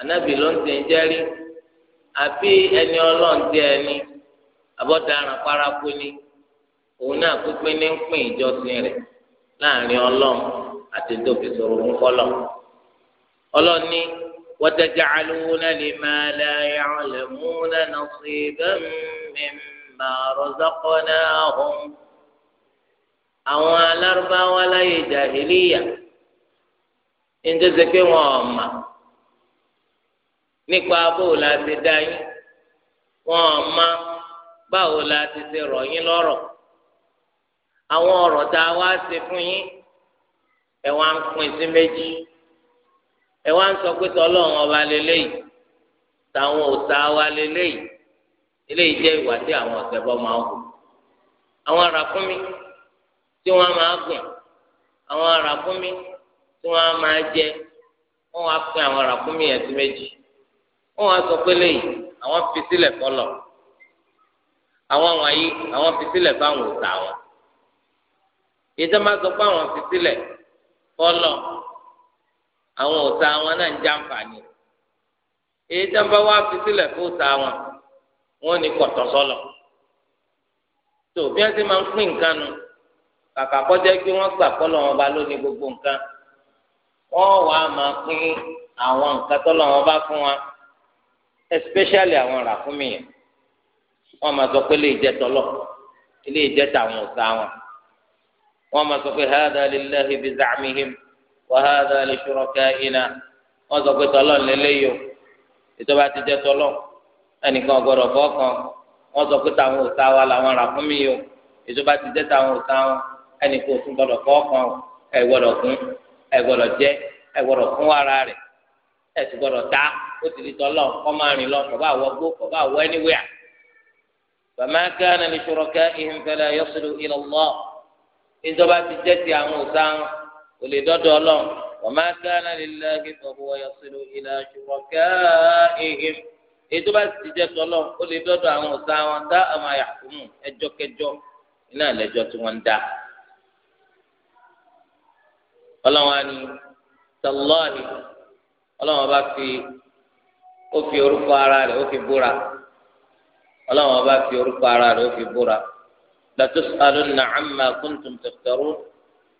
ẹni ọlọ́run ẹni ni òun náà pínpín ní ń pín ìjọsìn rẹ̀ láàrin ọlọ́run àti tó fi وتجعلون لما لا يعلمون نصيبا مما رزقناهم àwọn alárúbáwá láyé jàhìlíyà ńdẹ́sẹ̀ pé wọn ò mà nípa bóò la ti dá yín wọn ò mà báwo la ti ti rọ̀ yín lọ́rọ̀ àwọn ọ̀rọ̀ tá a wá ṣe fún yín ẹ̀ wá ń pín sí méjì ẹ wá ń sọ pé tọlọ́run ọba lélẹ́yìí táwọn òòtá wa lélẹ́yìí eléyìí jẹ́ ìwà tí àwọn ọ̀sẹ̀bọ máa ń wò àwọn àràkúnmí tí wọ́n máa gùn àwọn àràkúnmí tí wọ́n máa jẹ wọ́n wá pín àwọn àràkúnmí yẹn sí méjì wọ́n wá sọ pé léyìí àwọn fi sílẹ̀ fọlọ̀ àwọn wọ̀nyí àwọn fi sílẹ̀ fáwọn òòtá wọn ìjọba sọ pé àwọn fi sílẹ̀ fọlọ̀ àwọn ọ̀tá wọn náà ń jàǹfààní èyí tí wọn bá wá fi sílẹ̀ fún ọ̀tá wọn wọn ní kọ̀tọ̀ sọ́lọ̀ tó bí wọn ti máa ń pín nǹkan nu kàkà kọjá pé wọn gbà kọ́lọ̀ wọn bá lónìí gbogbo nǹkan wọn wàá máa pín àwọn nǹkan tọ́lọ̀ wọn bá fún wa especially àwọn ràkúnmí yẹn wọn máa sọ pé lè jẹ tọ́lọ̀ lè jẹ tàwọn ọ̀tá wọn wọn máa sọ pé hada lillahi bi za'mihim. وهذا لشركائنا wọ́n sọ pé tọ́lọ́ lélẹ́yìí o ìjọba ti jẹ́ tọ́lọ́ ẹnìkan ọ̀gọ́dọ̀ fọ́ọ̀kan wọ́n sọ pé tàwọn òòtá wa làwọn rà fún mi o ìjọba ti jẹ́ tàwọn òòtá wọn ẹnìkan òsùn gbọ́dọ̀ fọ́ọ̀kan o ẹ gbọ́dọ̀ fún ẹ gbọ́dọ̀ jẹ ẹ gbọ́dọ̀ fún ara rẹ̀ ẹ sì gbọ́dọ̀ ta ó ti di tọ́lọ́ kọ́ máa rìn lọ kọ́ bá wọ gbó kọ́ bá wọ anywhere. فما كان لشركائهم فلا يصل إلى الله ìjọba ti jẹ́ ti àwọn òòtá wọn kò lè dọ́dọ̀ ọlọ́run wa ma kana lillahi fa huwa yasilu ila shurakaihim ètò bá ti jẹ́ tọ́lọ́ ó lè dọ́dọ̀ àwọn ọ̀sá wọn dá àwọn àyàkùnmù ẹjọ́ kẹjọ́ iná ìlẹ́jọ́ tí wọ́n ń dá. ọlọ́run á ní sàlọ́ọ̀lì ọlọ́run bá fi ó fi orúkọ ara rẹ̀ ó fi búra ọlọ́run bá fi orúkọ ara rẹ̀ ó fi búra latus'alunna amma kuntum taftarun.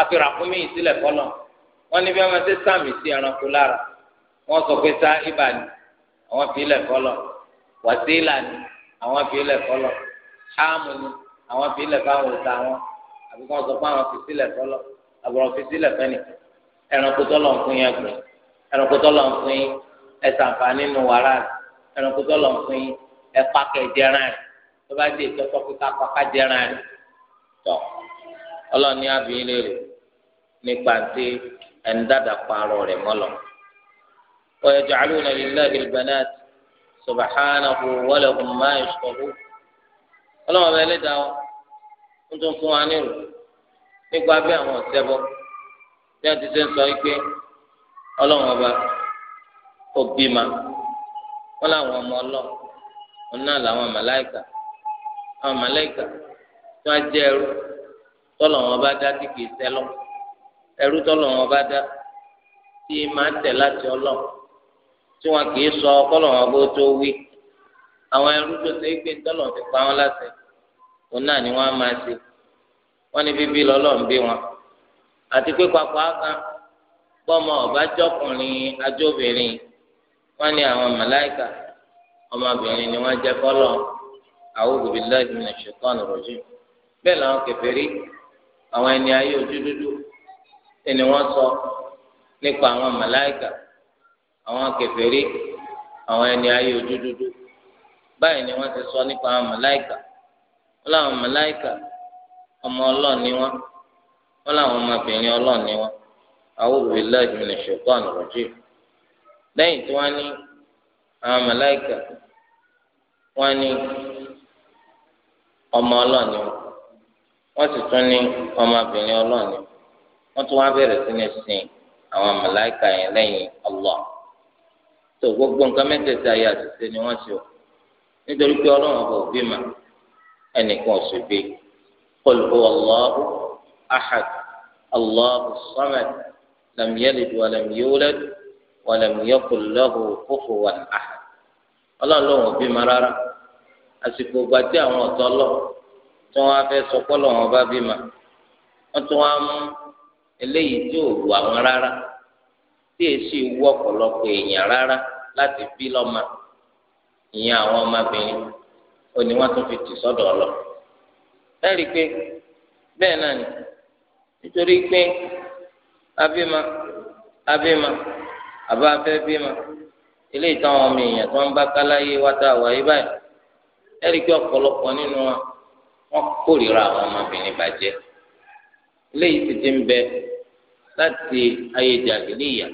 àfihàn àkúnmí ìsílẹ̀ fọlọ́ wọn ní bí wọn ṣe sàmì sí ẹranko lára wọn sọ pé sá ibà ni àwọn fi ilẹ̀ fọlọ́ wàsílà ni àwọn fi ilẹ̀ fọlọ́ háàmù ni àwọn fi ilẹ̀ fáwọn òòtà wọn àbí wọn sọ pé àwọn fi sílẹ̀ fọlọ́ àbúrò fi sílẹ̀ fẹ́ni ẹranko tọ́lọ̀ ń fún yẹn gbìn ẹranko tọ́lọ̀ ń fún yín ẹ̀sàǹfà nínú wàrà ẹranko tọ́lọ̀ ń fún yín ẹ̀pá kẹ̀jẹ̀rán rẹ̀ tó bá dé ìtọ́tọ́ kíkà pàkà jẹ̀rán rẹ̀ tọ́ ọlọ́ọ̀ni àbí ilé rẹ̀ nípa ti ẹni dáadáa parọ́ rẹ̀ mọ́lọ̀. ويجعلون لله البنات سبحانه ولهم ما يشتهون ọlọ́wọ́n bẹ́ẹ̀ lé da ọ ń tún fún wa nírò nípa bí àwọn ọ̀sẹ́bọ bí wọ́n ti ṣe ń sọ pé ọlọ́wọ́n ọba kò bímọ wọn làwọn ọmọ ọlọ́ wọn náà làwọn màláìkà àwọn màláìkà tí wọ́n jẹ́ ẹrú tọ́lọ̀ wọn bá dá tí máa tẹ̀ láti ọlọ́ tí wọn kì í sọ kọ́lọ̀ wọn bó tó wí àwọn ẹrú tó ṣe é gbé tọ́lọ̀ ti pa wọn láti ni wọ́n máa ṣe wọ́n ní bíbí lọ́lọ́ ń bí wọn àti pé papọ̀ ágán bọ́mọ ọ̀bá ajóbìnrin ni wọ́n jẹ́ kọ́lọ̀ a'udhu billahi minash bẹ́ẹ̀ làwọn kèfèrí àwọn ẹni ayé ẹni wọ́n sọ nípa àwọn màláìkà àwọn kèfèrí àwọn ẹni ayé ojú dúdú báyìí ni wọ́n ti sọ nípa àwọn màláìkà wọ́n làwọn ọmọ Ọlọ́run ni wọ́n wọ́n làwọn ọmọbìnrin ni lẹ́yìn tí wọ́n ní àwọn màláìkà wọ́n ní ọmọ ni wọ́n wọ́n sì tún ní ọmọbìnrin ni wọ́n tún wá bẹ̀rẹ̀ sí ní sin àwọn màláìka yẹn lẹ́yìn Allah tó gbogbo nǹkan mẹ́tẹ̀ẹ̀ta yà àtúnṣe ni wọ́n ṣe o nítorí pé ọlọ́run ọba òbí mà ẹnìkan ọ̀sẹ̀ bí qul huwa Allahu ahad Allahu samad lam yalid wa lam yulad wa lam yakul òbí mà rárá àsìkò ìgbà àwọn ọ̀tọ́ lọ tí wọ́n á fẹ́ sọ pé ọba bí mà wọ́n tún wá mú eléyìí tí ò wù àwọn rárá tí èsì wú ọ̀pọ̀lọpọ̀ èèyàn rárá láti bí lọ́mọ ìyẹn àwọn ọmọbìnrin ó ní wọ́n tún fi tì sọ́dọ̀ ọ lọ. lẹ́rìí pé bẹ́ẹ̀ náà ni nítorí pé abímọ abímọ àbá afẹ́ bímọ eléyìí táwọn ọmọ èèyàn tó ń bá káláyé wá tá a wà yí báyìí lẹ́rìí pé ọ̀pọ̀lọpọ̀ nínú wọn wọ́n kórìíra àwọn ọmọbìnrin bàjẹ́ eléyìí ti ti ń bẹ láti ayé jàgìlìyà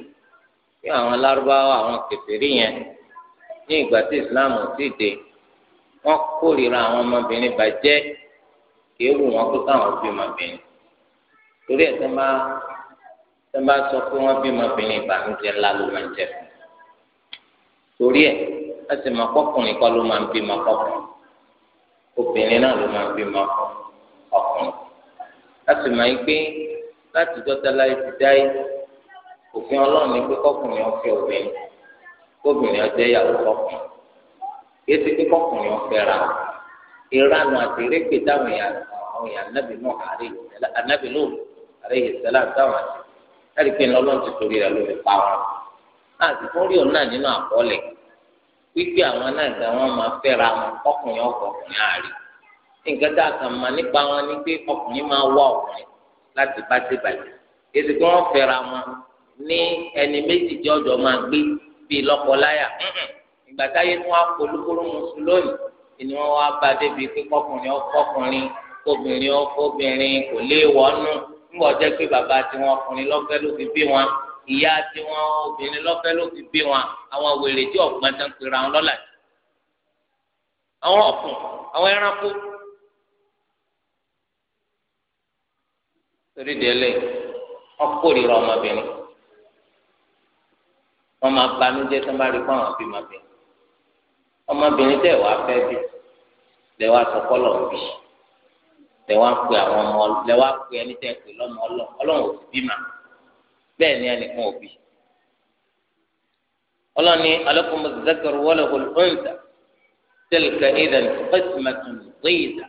kí àwọn lárúbáwá àwọn kẹfìrí yẹn ní ìgbà tí islam ti dé wọn kórìíra àwọn ọmọbìnrin bàjẹ́ kìí wù wọn kó táwọn bí ọmọbìnrin torí ẹ̀ tẹ́ bá tẹ́ bá sọ pé wọ́n bí ọmọbìnrin ìbànújẹ́ ńlá ló máa ń jẹ torí ẹ̀ láti máa kọkùnrin kọ́ ló máa ń bí máa obìnrin náà ló máa ń bí máa ọkùnrin láti máa ń gbé láti dọ́tàlá ti dáì òfin ọlọ́run ní pé kọkùnrin ọ̀fẹ́ obìnrin kóbìnrin ọjọ́ ìyàwó kọkùnrin kìí ṣe pé kọkùnrin ọ̀fẹ́ ra ìranù àti ìrẹ́pẹ̀ táwọn èèyàn anábì náà anábì náà àríyè sẹ́lá táwọn àti láti pé ọlọ́run ti torí rẹ̀ lórí pa wọn láti fún rí òun náà nínú àkọọ́lẹ̀ wípé àwọn náà gbà wọn máa fẹ́ra wọn ọkùnrin ọkùnrin àárín nǹkan tá a kàn máa nípa wọn ni pé ọkùnrin máa wá ọkùnrin láti bá ṣe bàjẹ́ èsì kí wọ́n fẹ́ra wọn ní ẹni méjì tí ọjọ́ máa gbé bíi lọ́kọláya ìgbà táyé tí wọ́n á polúkúrú mùsùlùmí ni wọ́n wá bá débi pé kọkùnrin ọkọkùnrin obìnrin ọkọbìnrin kò lè wọnú níwọ̀n jẹ́ pé bàbá tiwọn ọkùnrin lọ́fẹ́ ló fi bí wọn ìyá tiwọn obìnrin lọ́fẹ́ ló fi bí wọn àwọn wèrè tí ọ̀gbọ́n tán pera wọn lọ́la àwọn ọ̀fun àwọn ẹranko torí délé ọkùnrin ọmọbìnrin wọn máa banújẹ́ tó bá rí fún àwọn abìmọbìnrin ọmọbìnrin tẹ wàá fẹ́ bí lẹ wàá sọ kọlọ bí lẹ wàá pe àwọn ọmọ lẹ wàá pe ẹni tẹ pé lọmọ Ọlọ́run Ọlọ́run ò sì bímọ bẹ́ẹ̀ ni ẹnìkan ò bí Ọlọ́run ni alẹkùnmọ zẹkẹrù wọlé olùkọyìntà tẹlifẹ ìdánilẹ fẹsùmẹtùn gbẹyìntà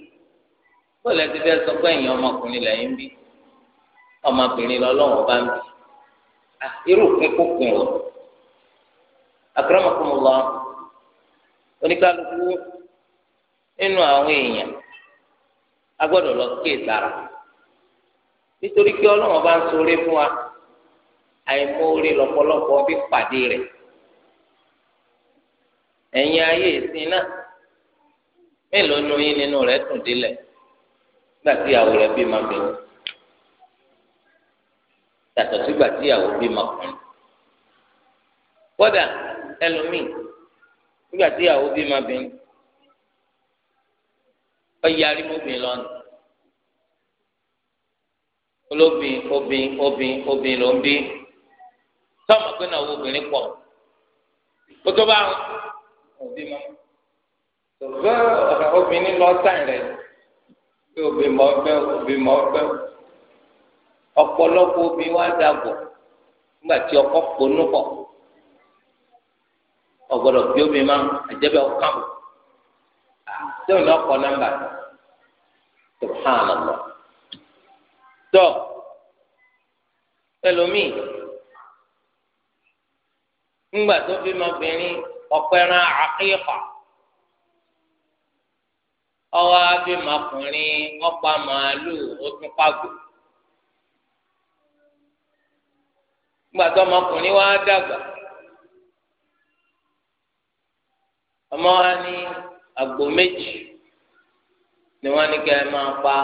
bọlẹ ti fẹ́ sọ pé ẹ̀yin ọmọkùnrin lẹ́yìn bí. ọmọbìnrin lọ́lọ́run bá ń bì irú kíkókun o akramakumullah oníkálukú nínú àwọn èèyàn a gbọ́dọ̀ lọ kí ìtara nítorí Ọlọ́run bá ń ṣoore fún wa àìmọore lọ́pọ̀lọpọ̀ bí pàdé ayé ìsìn náà mélòó nu yín nínú tún nígbà tí ìyàwó bí máa bẹ̀rẹ̀ yàtọ̀ sígbà tí ìyàwó bímọ kùn kódà ẹlòmíì nígbà tí ìyàwó bímọ bín ọ̀yàrí mọ́bìn lọ́nà olóbìn obìn obìn obìn ló ń bí tọ́mọ̀ pé náà obìnrin pọ̀ kó tó bá òbí mọ́ tòbẹ́ obìnrin lọ sáìn rẹ̀ pé obìnrin mọ́ bẹ́ẹ̀ obìnrin mọ́ bẹ́ẹ̀. Ọpọlọpọ obìnrin wa dàgbọ̀ nígbà tí ọkọ ponú pọ̀ ọ̀gbọ́dọ̀ bí obìnrin máa àjẹbẹ́ ọkàn bò tí òun náà kọ nọ́mbà subhanallah tó tó fi gbàtọ́ ọmọkùnrin wa dàgbà ọmọ wa ní àgbò méjì ni wọ́n ní kẹ́ ẹ máa pa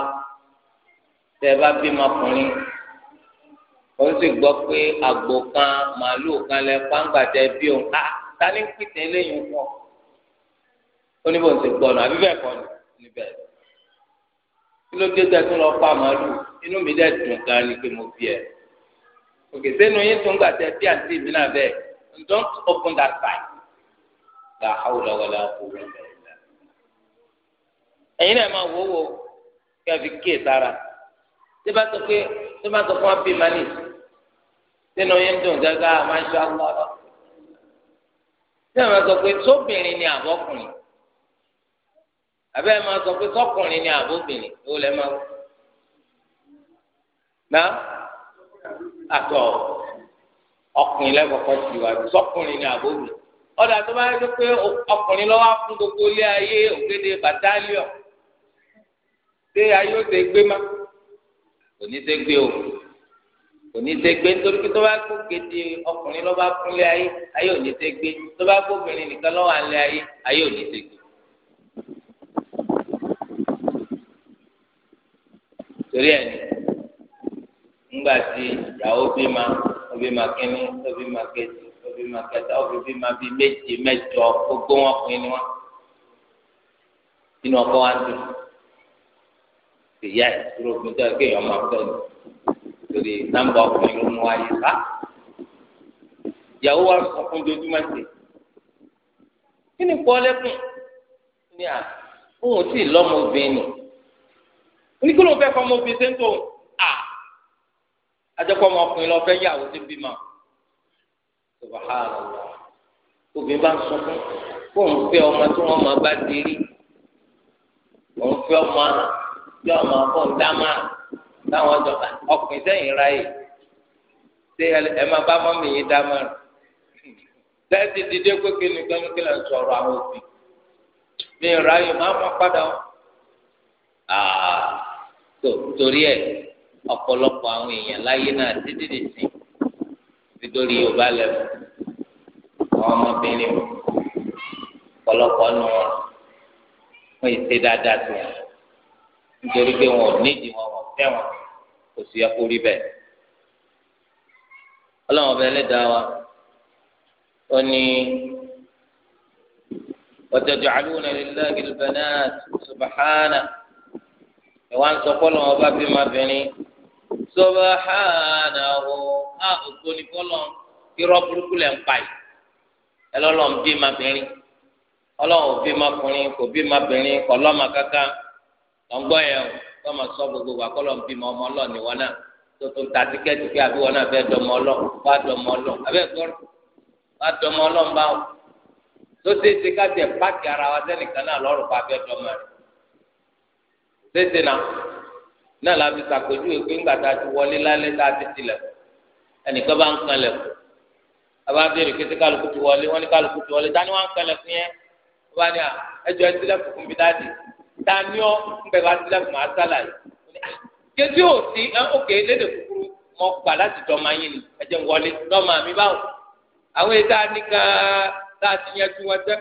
tẹ́ ẹ bá bí ọmọkùnrin ó sì gbọ́ pé àgbò kan màálù kan lẹ pàǹgbà tẹ́ bí òun ká ah, ta ní pìtẹ́ lẹ́yìn fún ó ní bó ń ṣe gbọ́ ọ̀nà àbí bẹ́ẹ̀ kọ́ ni níbẹ̀ kí ló dé tẹ́ tún lọ pa màálù inú mi dẹ̀ dùn gan ni pé mo bí ẹ òkè sẹ́nu yín tó ń gbà tẹ bí àti ìbí náà bẹ́ẹ̀ don't open that side. la hawla wala quwwata illa ẹ̀yin náà máa wò ó wò kí a fi kíyè sára tí bá sọ pé tí bá sọ fún wa bí mani sẹ́nu yín dùn gẹ́gẹ́ masha Allah lọ. tí a máa sọ pé sóbìnrin ni àbọ̀kùnrin àbẹ́ máa sọ pé sọ́kùnrin ni àbóbìnrin ó lẹ́ máa wò àtọ ọkùnrin lẹ́kọ̀ọ́kọ́ ti wà bí sọkùnrin ni àbóbi ọ̀dà tó bá yẹ pé ọkùnrin lọ́wọ́ fún gbogbo ilé ayé ògèdè bàtálíọ̀ ṣé ayé ó ṣe gbé má kò ní ṣe gbé o kò ní ṣe gbé nítorí pé tó bá kó gèdè ọkùnrin lọ́wọ́ fún ilé ayé ayé ò ní ṣe gbé tó bá kó obìnrin nìkan lọ́wọ́ alẹ́ ayé ayé ò ní ṣe gbé. torí ẹ̀ ńgbà tí ìyàwó bímọ obìmọ kínní obìmọ kejì obìmọ kẹta obìmọ bíi méje mẹ́jọ gbogbo wọn pin ni wọn inú ọkọ wa ń dùn ìyá ìṣòro òfin tó kéèyàn máa fẹ́ ni torí nọ́mbà ọkùnrin ló mú wáyé bá ìyàwó wa sọ fún dojúmọ sí kí ni kọ́ lẹ́kùn ní à ń wò sí ìlọ́mọbìnrin ni oníkóló fẹ́ fọmọbìnrin sẹ́ńtò ajẹ́kọ́ ọmọkùnrin lọ fẹ́ yàwó tí bima. subahana obìnrin bá ń sunkún kó ń fẹ́ ọmọ tí wọ́n máa bá ti rí kó ń fẹ́ ọmọ tí ọmọ kó ń dá máa táwọn jọba ọkùnrin sẹ́yìn ráyè ṣé ẹ máa bá mọ́mì yín dá máa tẹ́tí dídé pé kí ni kí lè àwọn òbí mi ráyè máa mọ́ padà ọ́ torí ẹ̀ ọ̀pọ̀lọpọ̀ àwọn èèyàn láyé náà títí dì sí nítorí yorùbá lẹ́nu ọmọbìnrin ọ̀pọ̀lọpọ̀ nù wọn wọn yìí ṣe dáadáa sí wọn nítorí pé wọn ò nídìí wọn wọn fẹ́ wọn kò sí ẹkú rí bẹ́ẹ̀ ọlọ́run ọba ẹlẹ́dàá wa ó ní. وتجعلون لله البنات سبحانه وان تقولوا وباب ما بني subahánàwó á ògbó ni fọlọ irọ́ burúkú lẹ̀ ń pa yìí ẹ ń bí ma bìnrin ọlọ́run ò bí ma kùnrin kò bí ma bìnrin kò lọ́mọ kankan lọ́ngbọ́n yẹn o lọ́mọ sọ gbogbo wa kọ́lọ́ ń bí ma ọmọ ọlọ́ọ̀ni wọn náà tuntun ta tíkẹ́ẹ̀tì pé àbí wọn náà fẹ́ dọmọ ọlọ́ wá dọmọ ọlọ́ abẹ́ gbọ́rọ̀ wá dọmọ ọlọ́ ń bá wọn tó ṣeéṣe ká tẹ̀ páàkì ara wa sẹ́nìkan náà lọ́rùn pa abẹ́ dọmọ rẹ̀ ṣeéṣe náà náà la fi sàpèjúwe pé ńgbà tá a ti wọlé lálẹ́ tá a ti tilẹ̀ ẹnìkan bá ń kanlẹ̀ fún a bá béèrè pé tí kálukú ti wọlé wọ́n ní kálukú ti wọlé dání wọ́n ń kanlẹ̀ fún yẹn wọ́n bá ní à ẹjọ́ ẹ tilẹ̀ fún mi dáàdì dání ọ́ ń bẹ̀ bá tilẹ̀ fún máa sálàyé kéde ò sí ẹ òkè lédè kúkúrú mọ gbà láti dọ́mọ ayé ni ẹjẹ ń wọlé dọ́mọ mi báwò àwọn èyí tá tá a ti yanjú wọn tẹ́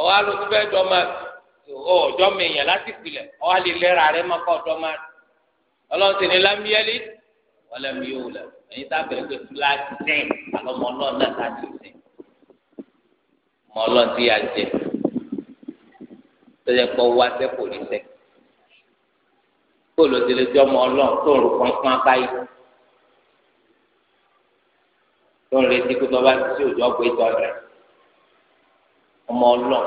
ọ̀ ó ọjọ́ mẹ̀yàn láti pilẹ̀ ọ̀hà lè lẹ́ra rẹ mọ́ kọ́ ọ̀dọ́ máa ọlọ́run sì ní lámúyẹ́lì ọlọ́run yóò lẹ̀ ẹ̀yin tá a bẹ̀rẹ̀ pé fúláàtì sẹ́yìn àlọ́mọ ọlọ́run náà tá a ti sẹ́yìn mọ ọlọ́run tí a jẹ tẹ́lẹ̀ pọ̀ wá sẹ́kọ̀ọ́ ní sẹ́kọ̀ọ́ kóòlù ti lè jọ ọmọ ọlọ́run tó ń ro pọnpọn báyìí tó ń retí kó tó bá ti sí òjò ọgbẹ ìtọ rẹ ọmọ ọlọ́run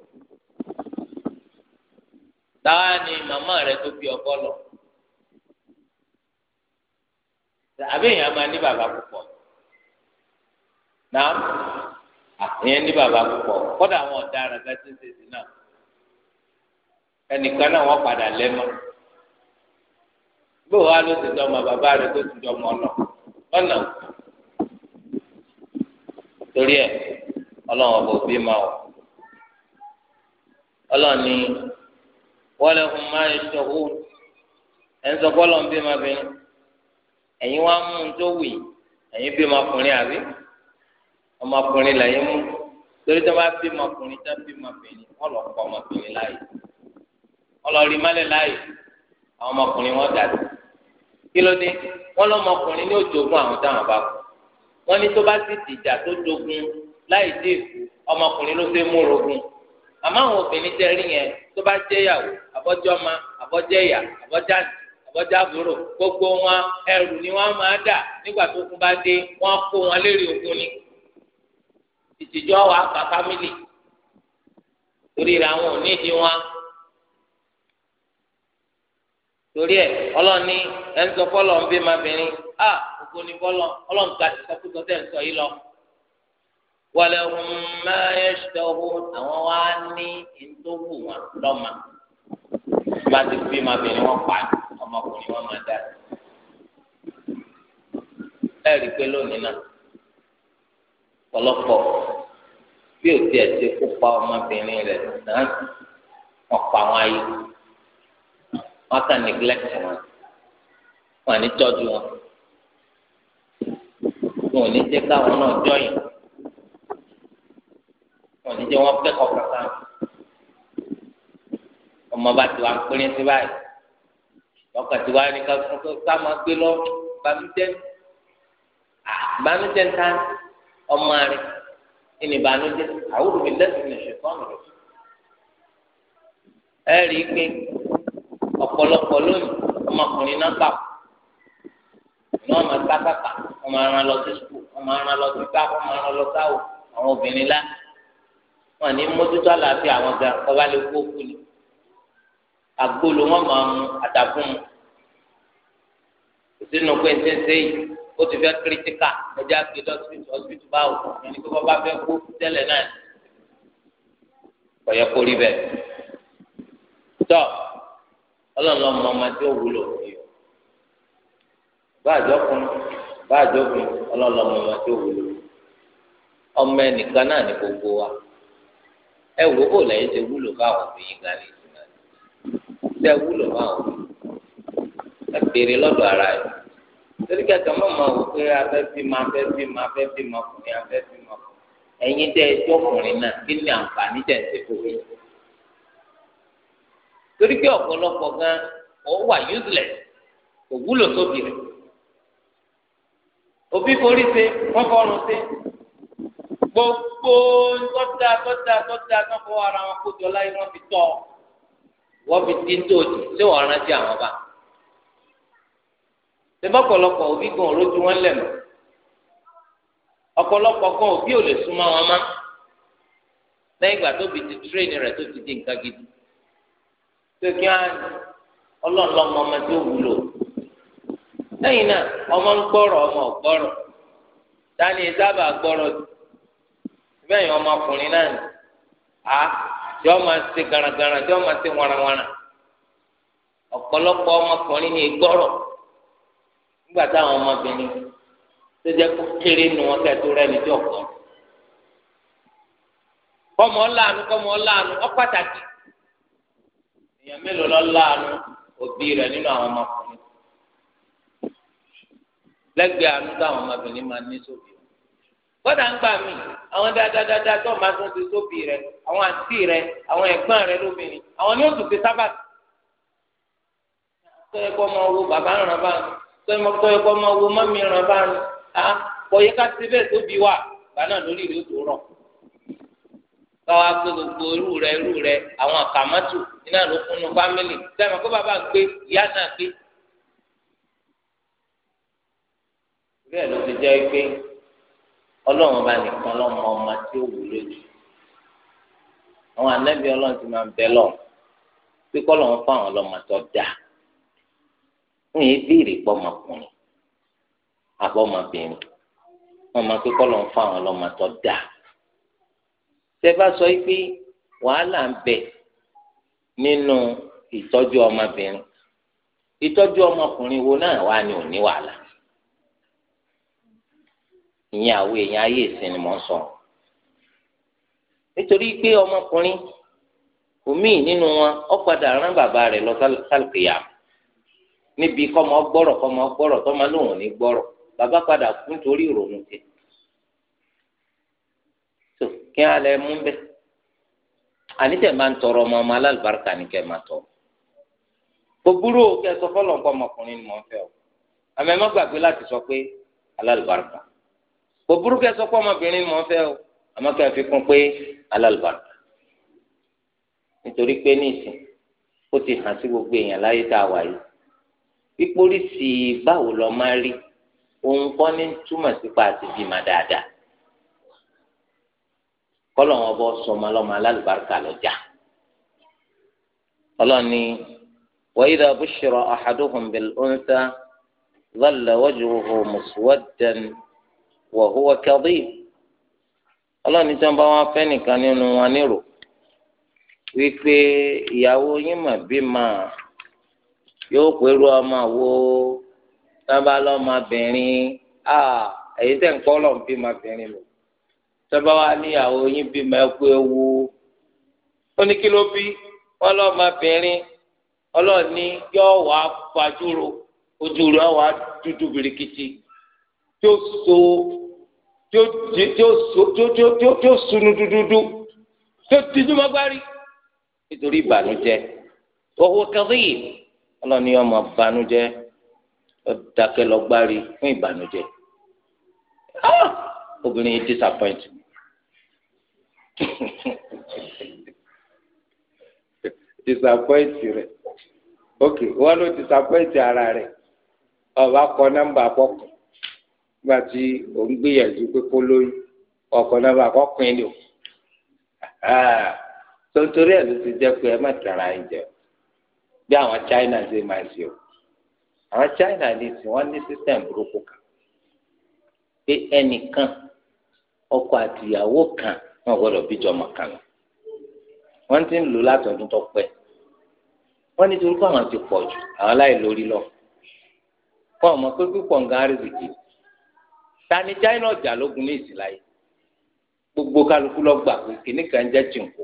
táwa ni màmá rẹ tó bí ọkọ lọ àbí èèyàn máa ní bàbá púpọ̀ náà èèyàn ní bàbá púpọ̀ kọ́dà àwọn ọ̀daràn bá ti ń ṣèṣì náà ẹnìkan náà wọ́n padà lẹ́mọ́ bó wa ló ti dọ́mọ bàbá rẹ tó ti dọ́mọ lọ lọ́nà torí ẹ ọlọ́run ọba òbí máa wọ̀ ọlọ́run ní walahum ma yashtahun ẹ̀ ń sọ bọ́lọ̀ ń bí ma bìnrin ẹ̀yin wá mú un tó wì ẹ̀yin bí ọmọkùnrin àbí ọmọkùnrin lẹ́yìn mú torí tó bá bí ọmọkùnrin tó bí ọmọbìnrin wọ́n lọ kọ́ ọmọbìnrin láàyè wọ́n lọ rí mọ́lẹ̀ láàyè àwọn ọmọkùnrin wọn dà sí kí ló dé wọ́n lọ́mọkùnrin ní òjòògùn àwọn táwọn bá kú wọ́n ní tó bá sì dìjà tó jogun láì dé ìkú ọmọkùnrin ló fẹ́ mú rogun àmọ́ àwọn obìnrin tẹ́ rí yẹn tó bá jẹ́ ìyàwó àbọ́jọ́mọ àbọ́jẹ́yà àbọ́jáde àbọ́jábúrò gbogbo wọn ẹrù ni wọ́n máa dà nígbà tó kún wọn lérí ogun ni ìtìjọ́ wa fámìlì torí ra wọn ò wọn torí ẹ ní ẹ̀ ń sọ ń bí mabìnrin a ah, ogun ni bọ́lọ́ ọlọ́run ga ti sọ lọ. wàlẹ́hùn máa yẹ ṣẹ́wó àwọn wá ní ìtòwò wọn lọ́mà bá ti fi máa bẹ̀rẹ̀ wọn pa ọmọkùnrin wọn máa dá ẹ rí i pé lónìí náà pọ̀lọpọ̀ bí o tiẹ̀ ti kópa ọmọbìnrin rẹ̀ náà wọ́n pa wọn ayé wọ́n kàn neglect wọn wọ́n ní tọ́jú wọn wọn ò ní jẹ́ káwọn náà jọyìn wọn ti jẹ wọn kẹ́kọ̀ọ́ kankan ọmọ bá ti wá pínrín sí báyìí ọkọ ti wá ní ká máa gbé lọ bàmídẹ bàmídẹ ká ọmọ rẹ ẹni bàmídẹ àwùjọ mi lẹsìn ní ṣùgbọ́n rẹ ẹ rí i pé ọ̀pọ̀lọpọ̀ lónìí ọmọkùnrin náà kà ní ọmọ sákàkà ọmọ aràn lọ sí sùkúl ọmọ aràn lọ sí sáà ọmọ aràn lọ sáà àwọn obìnrin láti wọn ní mójútó àlàáfíà àwọn gan ọba lè kó kú ni agbolo wọn máa mu àtàkùn mu sínú pé ní ṣe yìí ó ti fẹ́ kírítíkà ẹjẹ́ àgbélé ọsibítù báwò ẹni pé wọ́n bá fẹ́ kó tẹ́lẹ̀ náà kọ̀yẹ́ kó rí bẹ́ẹ̀. tọ́ ọlọ́run ọmọ ọmọ tí ó wúlò yìí bá àjọkùnrin bá àjọkùnrin ọlọ́run ọmọ ọmọ tí ó wúlò ọmọ ẹnìkan náà ní gbogbo wa ẹ wò ó lẹ́yìn tẹ wúlò fáwọn obìnrin gan ní ìsúná tẹ wúlò fáwọn obìnrin ẹ béèrè lọ́dọ̀ ara ẹ torí kẹkẹ mọ mọ wò pé afẹ́ bí ma afẹ́ bí ma afẹ́ bí ma ọkùnrin afẹ́ bí ma ẹ̀yin tẹ ẹjọ́ ọkùnrin náà kí ni àǹfààní tẹ ń ṣe fún mi torí pé ọ̀pọ̀lọpọ̀ gan ọ wà useless kò wúlò sóbì rẹ̀ òbí forí ṣe wọ́n fọ́rùn ṣe. gbogbo tọ́ta tọ́ta tọ́ta tó fọwọ́ ara wọn kójọ láyé wọn fi tọ́ wọ́n fi dín tóòjì tí wọ́n rántí àwọn bá. ṣèbọ́pọ̀lọpọ̀ òbí gan òrójú wọn lẹ̀ mọ́ ọ̀pọ̀lọpọ̀ gan òbí ò lè súnmọ́ wọn má lẹ́yìn ìgbà tó fi di rẹ̀ tó fi di nǹkan bẹ́ẹ̀ ọmọkùnrin náà ni a jọ máa ṣe garagara jọ máa ṣe wàràwàrà ọ̀pọ̀lọpọ̀ ọmọkùnrin ni gbọ́rọ̀ nígbà táwọn ọmọbìnrin tó jẹ́ kó kéré nu wọn kẹ́ẹ̀ tó tí kọ́mọ kọ́mọ èèyàn mélòó òbí rẹ̀ nínú àwọn ọmọkùnrin lẹ́gbẹ̀ẹ́ àánú táwọn ọmọbìnrin máa ní bọ́dà ń gbà mí àwọn dáadáa tó máa tún ti tóbi rẹ àwọn àǹtí rẹ àwọn ẹ̀gbọ́n rẹ lóbìnrin àwọn ni ó tún ti sábà. tọ́yẹ kọ́ ọmọ wo bàbá ràn bá mi tọ́yẹ kọ́ ọmọ wo mọ́mí ràn bá ká ti bẹ́ẹ̀ tóbi wà bá náà lórí ìlú tó rọ̀. pé gbogbo irú rẹ irú rẹ àwọn àkàmọ́tò bàbá gbé ìyá náà gbé. ọlọ́run bá nìkan lọ́mọ ọmọ tí ó wúlò jù àwọn anábì ọlọ́run ti máa ń bẹ lọ pé kọ́lọ́run fún àwọn ọlọ́mọ tó dà ń yé béèrè pọ̀ ọmọkùnrin àbọ̀ ọmọbìnrin wọn máa pé kọ́lọ́run fún àwọn ọlọ́mọ tó dà tẹ́ bá sọ pé wàhálà ń bẹ nínú ìtọ́jú ọmọbìnrin ìtọ́jú ọmọkùnrin wo náà wà ní òní wàhálà ìyẹn àwọn èèyàn ayé ìsìn ni mò ń sọ nítorí pé ọmọkùnrin omi nínú wọn ó padà rán bàbá rẹ̀ lọ sálùkìyà níbi kọmọ gbọ́rọ̀ kọmọ gbọ́rọ̀ tọmọ lòun ní gbọ́rọ̀ bàbá padà kú nítorí ìrònú tẹ tó kí á lẹ mú bẹ àní tẹ máa ń tọrọ ọmọ ọmọ alálùbáríkà ní kẹ máa tọrọ gbogbo kẹsọ fọlọ nǹkan ọmọkùnrin ni mò ń fẹ́ o àmọ́ ẹ má gbàgbé láti sọ pé alálùbáríkà kò burúkú ẹ sọ pé ọmọbìnrin mọ̀ fẹ́ o àmọ́ kí n fi kún pé alálùbáràkà nítorí pé ní ìsìn ó ti hàn sí gbogbo èèyàn láyé tá a wà yìí pípólísì báwo lọ máa rí ohun kọ́ ní túmọ̀ sípa àti bímọ dáadáa kọ́lọ̀ wọn sọmọ lọ́mọ alálùbáràkà lọ́jà ọlọ́ni wàyídà bùṣọ̀rọ̀ àhàdùhùn bẹ̀lẹ́ ọ̀nsá ظل وجهه مسودا wa huwa kadhib ọlọ́ọ̀ni tí wọ́n bá wọn fẹ́ nìkan nínú wọn nírò wípé ìyàwó yín mà bí mà yóò pẹ̀lú ọmọ wo tábà lọ́mọbìnrin à èyí tẹ̀ ń kọ́ lọ́n bí màbìnrin lò tábà wà níyàwó yín bí mà ẹkú ewu ó ní kí ló bí wọn lọ́mọbìnrin ọlọ́ọ̀ni yóò wá fajúro ojú rẹ̀ wá dúdú birikiti tó so tí ó tí ó tí ó tí ó tí ó tí ó sunu dúdúdú tí ó tijú mọ́ gbárí nítorí ìbànújẹ́ owó kẹfì ọlọ́ni ọmọ ìbànújẹ́ ó dákẹ́ lọ gbárí fún ìbànújẹ́ ah! obìnrin yìí disappoint disappoint rẹ ok wọn ló disappoint ara rẹ ọba kọ nọ́mbà àkọ́kọ́ nígbà tí ò ń gbìyànjú pé kó lóyún ọkọ náà bá kọ́ pin ni o tó torí ẹ̀ ló ti jẹ́ pé ẹ má tara ẹ jẹ bí àwọn China ṣe máa ṣe o àwọn China ní tí wọ́n ní system burúkú kan pé ẹnìkan ọkọ àtìyàwó kan wọn gbọ́dọ̀ bí jọmọ kan lọ wọ́n ti ń lò látọdún tó pẹ́ wọ́n ní torí kó àwọn ti pọ̀ jù àwọn aláìlórí lọ kọ ọmọ pé pípọ̀ ń gan arìsìkì tani china ọjà lógun ní ìsìláyé gbogbo kálukú lọgbà pé kìnnì kan jẹ tìǹkù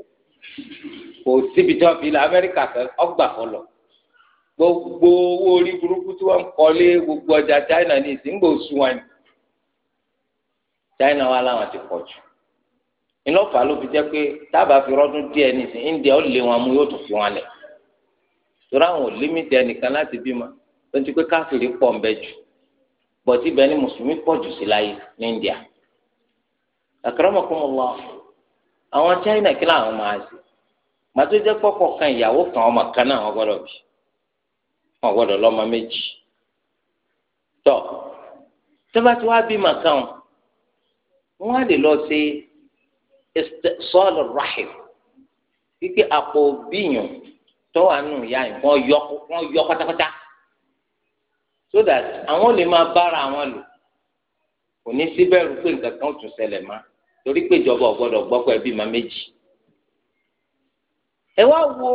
kò síbi tí wọn fi amẹríkà kan ọgbà gbogbo owó orí burúkú tí wọn kọlé gbogbo ọjà china ní ìsìngbò suwọn ni china wa làwọn ti pọ̀ jù ìlọ́fà ló fi jẹ́ pé tábà fi india ó lé wọn mú yóò tún fi wọn ò ẹnìkan láti bímọ tó pé káfíìrì pọ̀ bọ̀tí bẹ́ẹ̀ ni mùsùlùmí pọ̀ jù sí láyé ní India akramakumullah àwọn China kí làwọn máa ṣe màtó jẹ́ pọ́pọ̀ kan ìyàwó kan ọmọ kan náà wọ́n gbọ́dọ̀ bí wọ́n gbọ́dọ̀ lọ́mọ méjì tọ́ tẹ́bàtí wàá bí màkà wọn wọ́n á lè lọ sí sọ́ọ̀lù rahim wípé àpò bíyàn tó wà nù yìí wọ́n yọ pátápátá so that àwọn lè máa bára àwọn lò kò ní síbẹ̀rù pé nǹkan kan tún ṣẹlẹ̀ má torí pé ìjọba ò gbọ́dọ̀ gbọ́pọ̀ ẹbí máa méjì. ẹ wá wo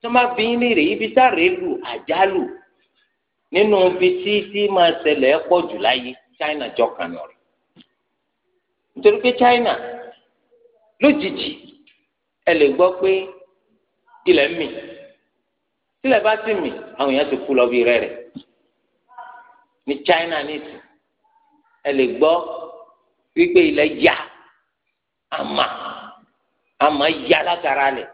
tó máa bí yín léèrè ibi tá rèé àjálù nínú ibi tí tí máa ṣẹlẹ̀ pọ̀ jù láyé China jọ kànú rẹ̀ nítorí pé China lójijì ẹ lè gbọ́ pé ilẹ̀ ń mì tílẹ̀ bá sì mì àwọn èèyàn ti kú lọ bí rẹ̀ rẹ̀ ní China nìsín ẹ lè gbọ́ wípé ilẹ̀ ya àmà àmà ya látara lẹ̀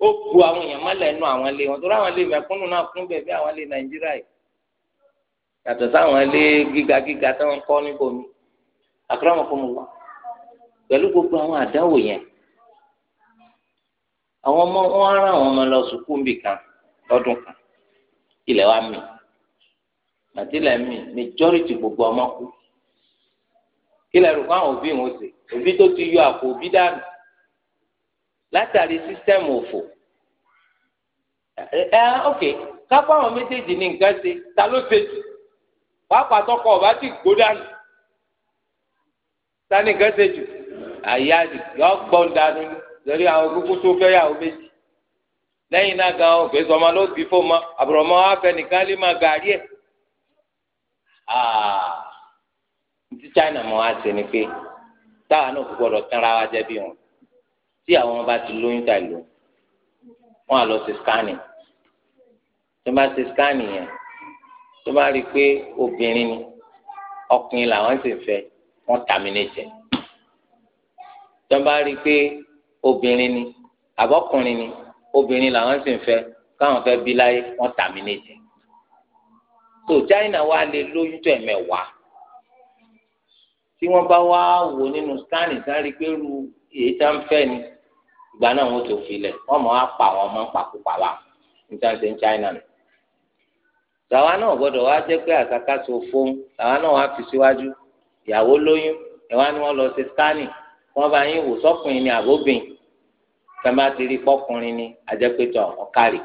ó bu àwọn èèyàn mọ́lẹ̀ nù àwọn ilé wọn torí àwọn ilé mẹ̀kúnnù náà kún bẹ́ẹ̀ bí àwọn ilé Nàìjíríà yìí yàtọ̀ sáwọn ilé gíga gíga tó ń kọ́ níbomi àkàràmọ̀kọ́mọ̀wá pẹ̀lú gbogbo àwọn àdáwò yẹn àwọn ọmọ wọn rán àwọn ọmọ lọ sùkúù nbì kan lọ́dún kan ilẹ̀ wa mìíràn àti lẹ́mí majority gbogbo ọmọ kú kí lẹ́rù kó àwọn òbí wọn ṣe òbí tó ti yọ àpò òbí dànù látàrí sísẹ́mù òfò ẹ ẹ ok kápá àwọn méjèèjì ní nǹkan ṣe ta ló ṣe jù pápá tọkọ ọba ti gbó dànù ta ní nǹkan ṣe jù àyà yọ gbọ́n dànù lórí àwọn kúkú tó fẹ́ yàwó méjì lẹ́yìn náà gan òfin sọmọ ló bí fóun mọ́ àbùrọ̀mọ́ afẹnìkan lè máa gàrí ẹ̀. Ah, ti China mọ wá ṣe ni pé táwa náà kò gbọdọ̀ tán ra wa jẹ́ bí wọn tí àwọn ọba ti lóyún tà lóyún wọn á lọ ṣe scanning tó bá ṣe scanning yẹn tó bá rí i pé obìnrin ni ọkùnrin làwọn sì fẹ́ wọn terminate ẹ̀ tó bá rí i pé obìnrin ni àbọ̀kùnrin ni obìnrin làwọn sì fẹ́ káwọn fẹ́ bí láyé wọn terminate ẹ̀ tó China wá lè lóyún tó ẹ̀mẹ̀wàá tí wọ́n bá wá wò nínú scanning sáré pé ru èyí tá ń fẹ́ ni ìgbà náà wọ́n tó filẹ̀ wọ́n mọ̀ á pa àwọn ọmọ pàkópa wa ní sáńsẹ̀ ní China nù. tàwa náà gbọ́dọ̀ wá jẹ́ pé àkàkàsọ fóun tàwa náà wá fi síwájú ìyàwó lóyún ẹ̀wá ni wọ́n lọ ṣe scanning wọ́n bá yín wò sọ́kùnrin ni àbóbìn tẹ́lẹ̀ bá ti rí pọ́kùnrin ni àjẹpẹ́tọ̀ ọ̀kárì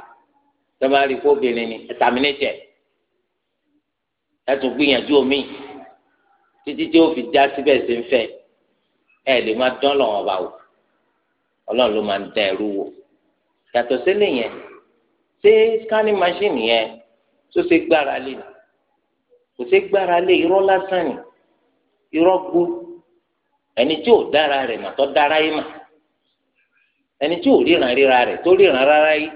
tẹ́lẹ̀ bá rí pọ́bìnrin ni ẹ̀tàmínẹ́tẹ̀ẹ́ ẹ tún gbìyànjú omi títí tí ó fi já síbẹ̀ sí ń fẹ́ ẹ lè má dán lọ́wọ́ bá wò ọlọ́run ló máa ń dán ẹrú wò yàtọ̀ sílẹ̀ yẹn ṣé scanning machine yẹn tó ṣe gbára lé ni kò ṣe gbára lé irọ́ lásán ni irọ́ gbó ẹni tí ò dára rẹ̀ mà tó dára yìí mà ẹni tí ò ríran ríra rẹ̀ tó ríran rárá yìí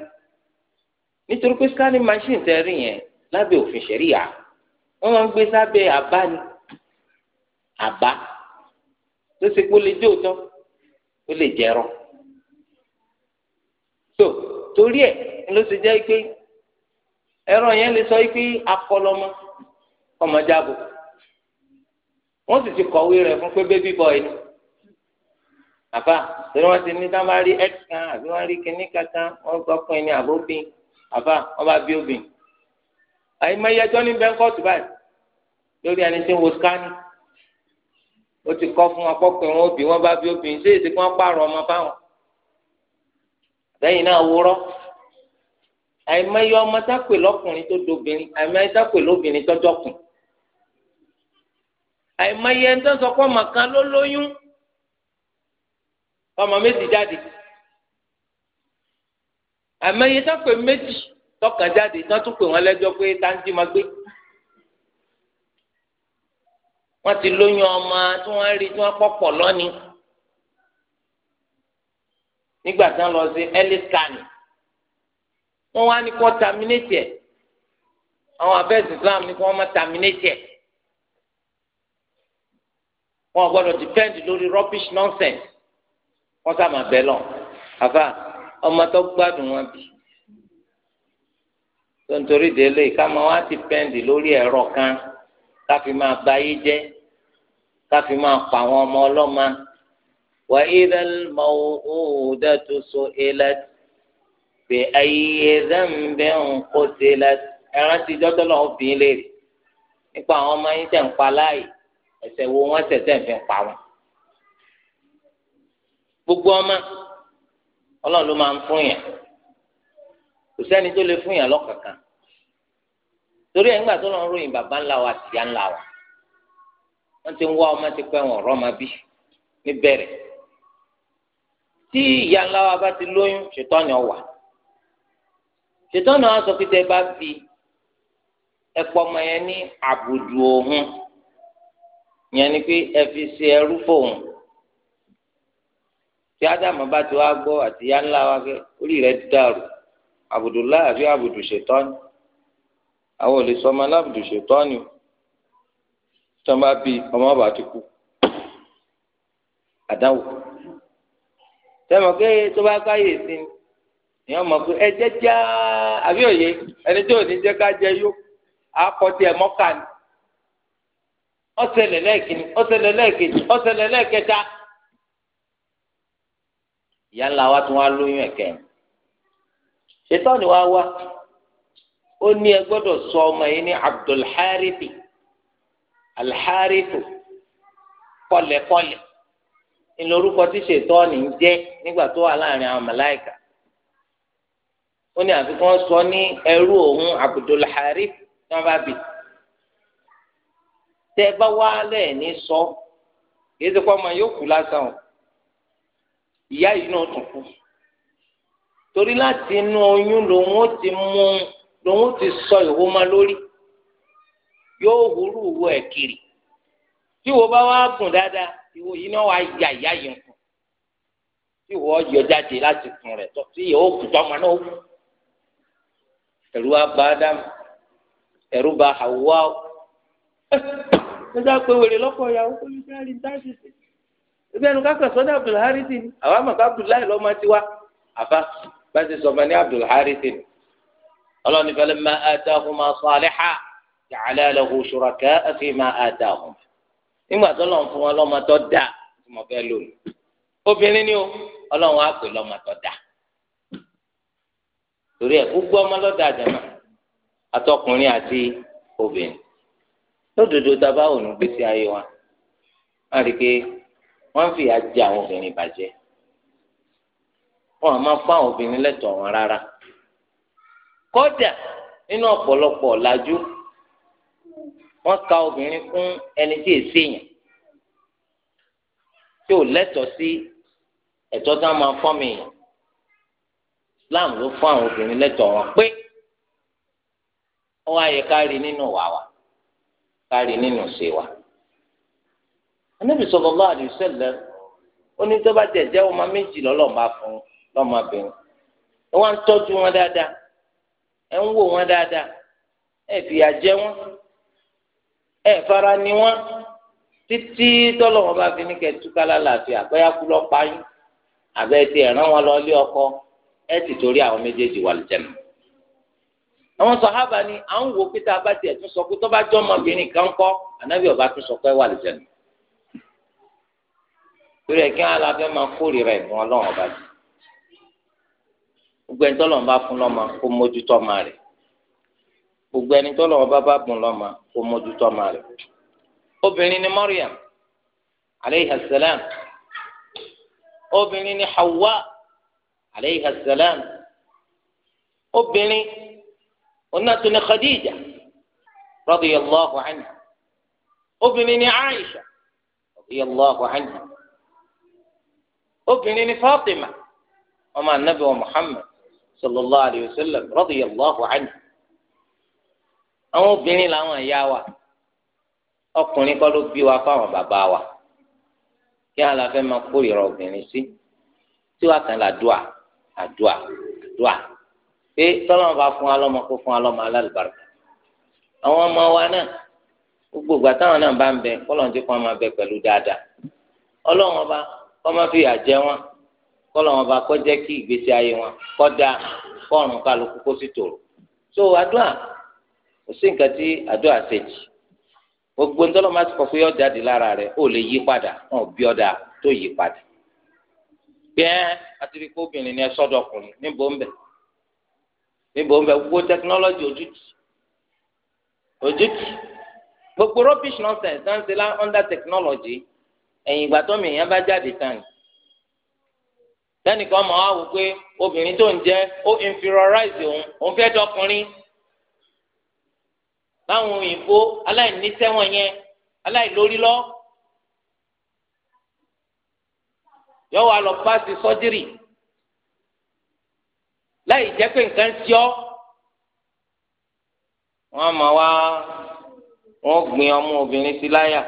nítorí pé scanning machine tẹ́ rí yẹn lábẹ́ òfin ṣẹ̀ríyà wọ́n máa ń gbé sábẹ́ àbá ni àbá tó ṣe pé ó lè jẹ́ òótọ́ ó lè jẹ́ ẹ̀rọ tó torí ẹ̀ ló ṣe jẹ́ pé ẹ̀rọ yẹn lè sọ pé akọlọmọ ọmọ jábọ̀ wọ́n sì ti kọ̀wé rẹ̀ fún pé bébí bọ́ọ̀ ni àbá torí wọ́n ti ní ká máa rí x kan àbí wọ́n rí kinní kankan wọ́n gbọ́ fún ẹni àbóbin àbá wọ́n bá bí obìn àyè máa ní bẹ́ńkọ́ọ̀tù báyìí lórí ẹni tí ń wo skani ó ti kọ́ fún wọn kọ́kọ́ wọn obì wọn bá bí obìnrin ṣé èsì kí wọ́n pààrọ̀ ọmọ báwọn lẹ́yìn náà wúrọ́ àìmọye ọmọ sápè lọkùnrin tó dobìnrin àìmọye sápè lóbìnrin tó dọkùn àìmọye ẹni tó ń sọ pé ọmọ kan ló lóyún ọmọ méjì jáde àìmọye sápè méjì tọkàn jáde tán tún pè wọn lẹ́jọ́ pé táǹtì máa gbé wọ́n ti lóyún ọmọ tí wọ́n rí tí wọ́n pọ̀pọ̀ lọ́ni nígbà tí wọ́n lọ sí ẹlẹ́sìkàní wọ́n wá ní kó tàmínétì ẹ̀ àwọn abẹ́sì Islam ní kó wọ́n má tàmínétì ẹ̀ wọ́n gbọ́dọ̀ dìpẹ́ǹdì lórí rubbish nonsense wọ́n sá máa bẹ̀ lọ àfà ọmọ tó gbádùn wọn bì tó ń torí délé ká máa wá dìpẹ́ǹdì lórí ẹ̀rọ kan ká fi máa báyé jẹ́ káfí máa pa àwọn ọmọ ọlọ́mọ wà ìdẹ́l maw'udatu su'ilat bi ayyi dhanbin qutilat ẹran ti dọ́tọ́ lọ́wọ́ bí léèrè nípa àwọn ọmọ yín tẹ̀ ń pa láàyè ẹ̀ṣẹ̀ wo wọ́n tẹ̀sẹ̀ fi ń pa wọn. gbogbo ọmọ ọlọ́run ló máa ń fún yàn kò sẹ́ni tó lè fún yàn lọ́kàkàn torí ẹ̀ ńgbà tó lọ́n ròyìn bàbá ńlá wa tìyá ńlá wa wọ́n ti ń wá ọmọ ti pẹ́ wọn rọ́ọ̀mà bí níbẹ̀rẹ̀ tí ìyá ńlá wa bá ti lóyún ṣètọ́nì ọ̀wà ṣètọ́nì ọ̀hún sọ pé tẹ́ ẹ bá fi ẹ̀pọ̀ ọmọ yẹn ní àbùdù òhun yẹn ni pé ẹ fi ṣe ẹrú fóun tí ádámù bá ti wá gbọ́ àti ìyá ńlá wa pé orí rẹ̀ ti dàrú àbùdù láàbí àbùdù ṣètọ́nì àwọn ò sọ ọmọ alábùdù ṣètọ́nì o tí wọ́n bá bí ọmọ bàbá ti kú àdáwò tẹ́lẹ̀ pé tó bá káyè sí ni èèyàn mọ̀ pé ẹ jẹ́ já àbí òye ẹni tí ò ní jẹ́ ká jẹ yó akọ́tí ẹ̀ mọ́kà ni ọ̀sẹ̀lẹ̀ lẹ́ẹ̀kìnní ọ̀sẹ̀lẹ̀ lẹ́ẹ̀kejì ọ̀sẹ̀lẹ̀ lẹ́ẹ̀kẹta ìyá ńlá wa tún wá lóyún ẹ̀kẹ́ ṣètọ́ ni wá wá ó ní ẹ gbọ́dọ̀ sọ ọmọ yìí ní Abdul Harithi aliharifu kọlẹkọlẹ ńlọrúkọ tí ṣètọ́ọ̀nì ń jẹ́ nígbà tó wà láàrin àwọn màláìka ó ní àfikún sọ ní ẹrú òun abdulharif ní wọn bá bì tẹ bá wá lẹ́ẹ̀ni sọ kì í ṣe pọ́ ọmọ yóò kú lásán o ìyá yìí náà tún kú torí láti inú oyún lòun ó ti mú lòun ó ti sọ ìwó lórí yóò wúrú wo ẹ̀ kiri tí wo bá wá gùn dáadáa ìwò yìí náà wá ya ìyá yìí nǹkan tí wo yọ jáde láti kùn rẹ̀ tí yóò kù tọ́mọ náà kù ẹ̀rù wa bá dáhùn ẹ̀rù ba Hawa o ẹ dá pé wèrè lọ́kọ̀ ìyàwó kó ní sáré ní táàsì sí ibi ẹnu kákan sọ́dọ̀ Abdulharisi ni àwa mọ̀ ká Abdullahi lọ́mọ tiwa àfa bá ti sọ̀mọ́ ní Abdulharisi ni ọlọ́ni fẹlẹ́ máa ẹ ja'ala lahu shuraka'a fima atahum nígbà tó lọ́n fún wọn lọ́mọ tó dà tí mo fẹ́ lò ní obìnrin ni o ọlọ́run á pè lọ́mọ tó dà torí ẹ̀ gbogbo ọmọ lọ́dà àjẹmọ́ àtọkùnrin àti obìnrin lódodo tá a bá wò ní gbèsè ayé wa wọn rí i pé wọn fi ìyà àwọn obìnrin bàjẹ́ wọn a máa fún àwọn obìnrin lẹ́tọ̀ọ́ wọn rárá kódà nínú ọ̀pọ̀lọpọ̀ ọ̀làjú wọ́n ka obìnrin fún ẹni tí èsì èèyàn tí ò lẹ́tọ̀ọ́ sí ẹ̀tọ́ tí wọ́n máa fọ́ mi yàn Islam ló fún àwọn obìnrin lẹ́tọ̀ọ́ wọn pé ó wá yẹ ká rí nínú wà wá ká rí nínú ṣe wá. Ànábì sallallahu alaihi wasallam ó ní tó bá jẹjẹ ọmọ méjì lọlọmọba fún lọmọbìnrin ẹ wá ń tọ́jú wọn dáadáa ẹ ń wò wọn dáadáa ẹ fìyà jẹ wọn ẹ fara ni wọn títí tọ́lọ̀ wọn bá fi ní kẹ́ túkálá làáfíà bóyá kú lọ́ọ́ pa yín àbẹ́ ti ẹ̀ràn wọn lọ lé ọkọ ẹ ti torí àwọn méjèèjì wà lùjẹ́nu. àwọn sọ̀hábà ni à ń wo pété abájẹ́ ẹ̀ tún sọ pé tó bá jọ́ ọmọbìnrin kan kọ́ ànábì ọba tún sọ pé wà lùjẹ́nu. torí ẹ̀ kí wọn alábẹ́ máa kórìíra ẹ̀gbọ́n ọlọ́run ọba jù. gbogbo ẹni tọ́lọ̀ ń bá fún lọ́mọ kó mójútó ọmọ rẹ̀ gbogbo ẹni tó lọ́wọ́ bá bá bùn lọ́mọ kó mójútó ọmọ rẹ̀. obìnrin ni Maryam aleyha salam obìnrin ni Hawa aleyha salam obìnrin onátò ni Khadija radiyallahu anha obìnrin ni Aisha radiyallahu anha obìnrin ni Fatima ọmọ anabi wa Muhammad sallallahu alayhi wa sallam radiyallahu anha. àwọn obìnrin làwọn ìyá wa ọkùnrin kọ́ ló bí wa fáwọn bàbá wa kí wọn la fẹ́ máa kórìíra obìnrin sí tí wàá kàn ládùá àdùá àdùá pé tọ́lọ́mọ bá fún wa lọ́mọ kó fún wa lọ́mọ alálùbáràkà àwọn ọmọ wa náà gbogbo ìgbà táwọn náà bá ń bẹ kọ́lọ́n tí kò máa bẹ pẹ̀lú dáadáa ọlọ́run ọba kọ́ máa fi ìyà jẹ wọn kọ́lọ́run ọba kọ́ jẹ́ kí ìgbésí ayé wọn kọ́ da kọ́ọ̀rùn kálukú kó sì tòrò so sí nǹkan tí àdúrà ṣèjì gbogbo ntọ́lọ́ máa ti kọ̀ pé ọjà di lára rẹ̀ ó lè yí padà wọn ò bí ọ̀dà tó yí padà bẹ́ẹ̀ àti rí kóbìnrin ni ẹ sọ́dọ̀ ọkùnrin níbo ń bẹ̀ níbo ń bẹ̀ gbogbo tẹkinọ́lọ́jì ojútì ojútì gbogbo rubbish nonsense náà ń ṣe lá under technology ẹ̀yìn ìgbà tó mìíràn bá jáde tán lẹ́nìkan mọ̀ á wò pé obìnrin tó ń jẹ́ ó inferiorize òun òun fẹ́ dọkùnrin báwọn òyìnbó aláìníṣẹ́ wọn yẹn aláìlórí lọ yóò wá lọ paasi sọ́jírì láì jẹ́ pé nǹkan ń ṣọ́ wọ́n máa wá wọ́n gbin ọmọ obìnrin sí láyà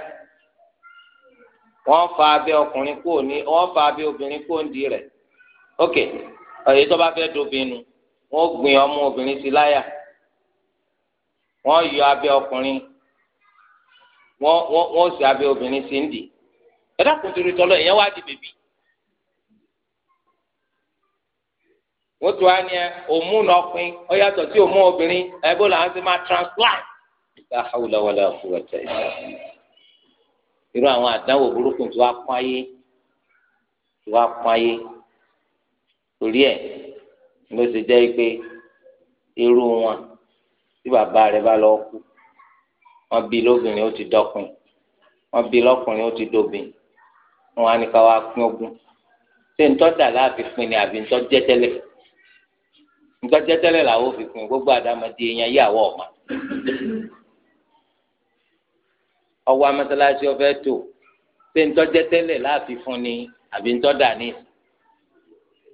wọ́n fa abẹ́ ọkùnrin kúrò ní wọ́n fa abẹ́ obìnrin kúrò ní di rẹ̀ ok èyí tó bá fẹ́ dobinu wọ́n gbin ọmọ obìnrin sí láyà. wọ́n yọ abẹ ọkùnrin wọ́n wọ́n wọ́n sì abẹ́ obìnrin sí ń dì ẹ dákun torí tọ́lọ́ ìyẹn wá di bèbí. wọ́n ní ẹ òmù obìnrin ẹbí làwọn ti máa transplant. ìgbà hawla wala irú àwọn àdánwò burúkú tí ayé ayé torí ló ti jẹ́ pé tí bàbá rẹ̀ bá lọ kú wọ́n bí lóbìnrin ó ti dọ́kùn wọ́n bí lọ́kùnrin ó ti dóbìn wọ́n á ní ká wá pín ogún ṣé ntọ́jà láàfin pin ni àbí ntọ́jẹ́ tẹ́lẹ̀ ntọ́jẹ́ tẹ́lẹ̀ làwọn ò fi pin gbogbo àdàmọ̀dé èèyàn yí àwọ̀ ọ̀ma ọwọ́ amẹ́tẹ́láṣí ọ̀fẹ́ tó ṣé ntọ́jẹ́ tẹ́lẹ̀ láàfin fún ni àbí ntọ́dà ní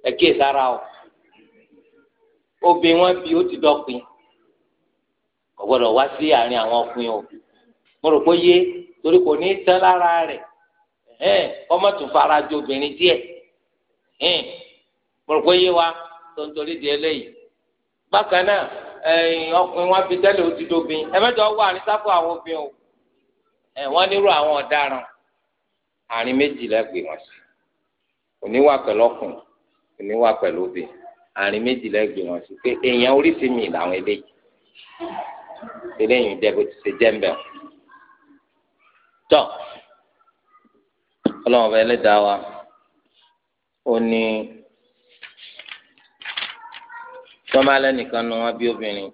ẹ kíyèsára o obìnrin wọn bí ó ti dọ́pin ọ̀gbọ́dọ̀ wá sí àárín àwọn ọkùnrin o mo rò pé yé torí kò ní í tán lára rẹ ọmọ tún fara ju wa tó ń di eléyìí bákan náà ọkùnrin wọn fi tẹ́lẹ̀ wà ní o wọ́n nírú àwọn ọ̀daràn àárín méjì lẹ́gbẹ̀ẹ́ wọn sí pẹ̀lú ọkùnrin pẹ̀lú obìnrin àárín méjì lẹ́gbẹ̀ẹ́ wọn sí pé èèyàn mi làwọn eléyìí eléyìí jẹ́ bó ti ṣe jẹ́ ń bẹ̀ tọ́ ọlọ́run ọba ẹlẹ́dàá wa ó ní tọ́málẹ́ nìkan nu wọn bí obìnrin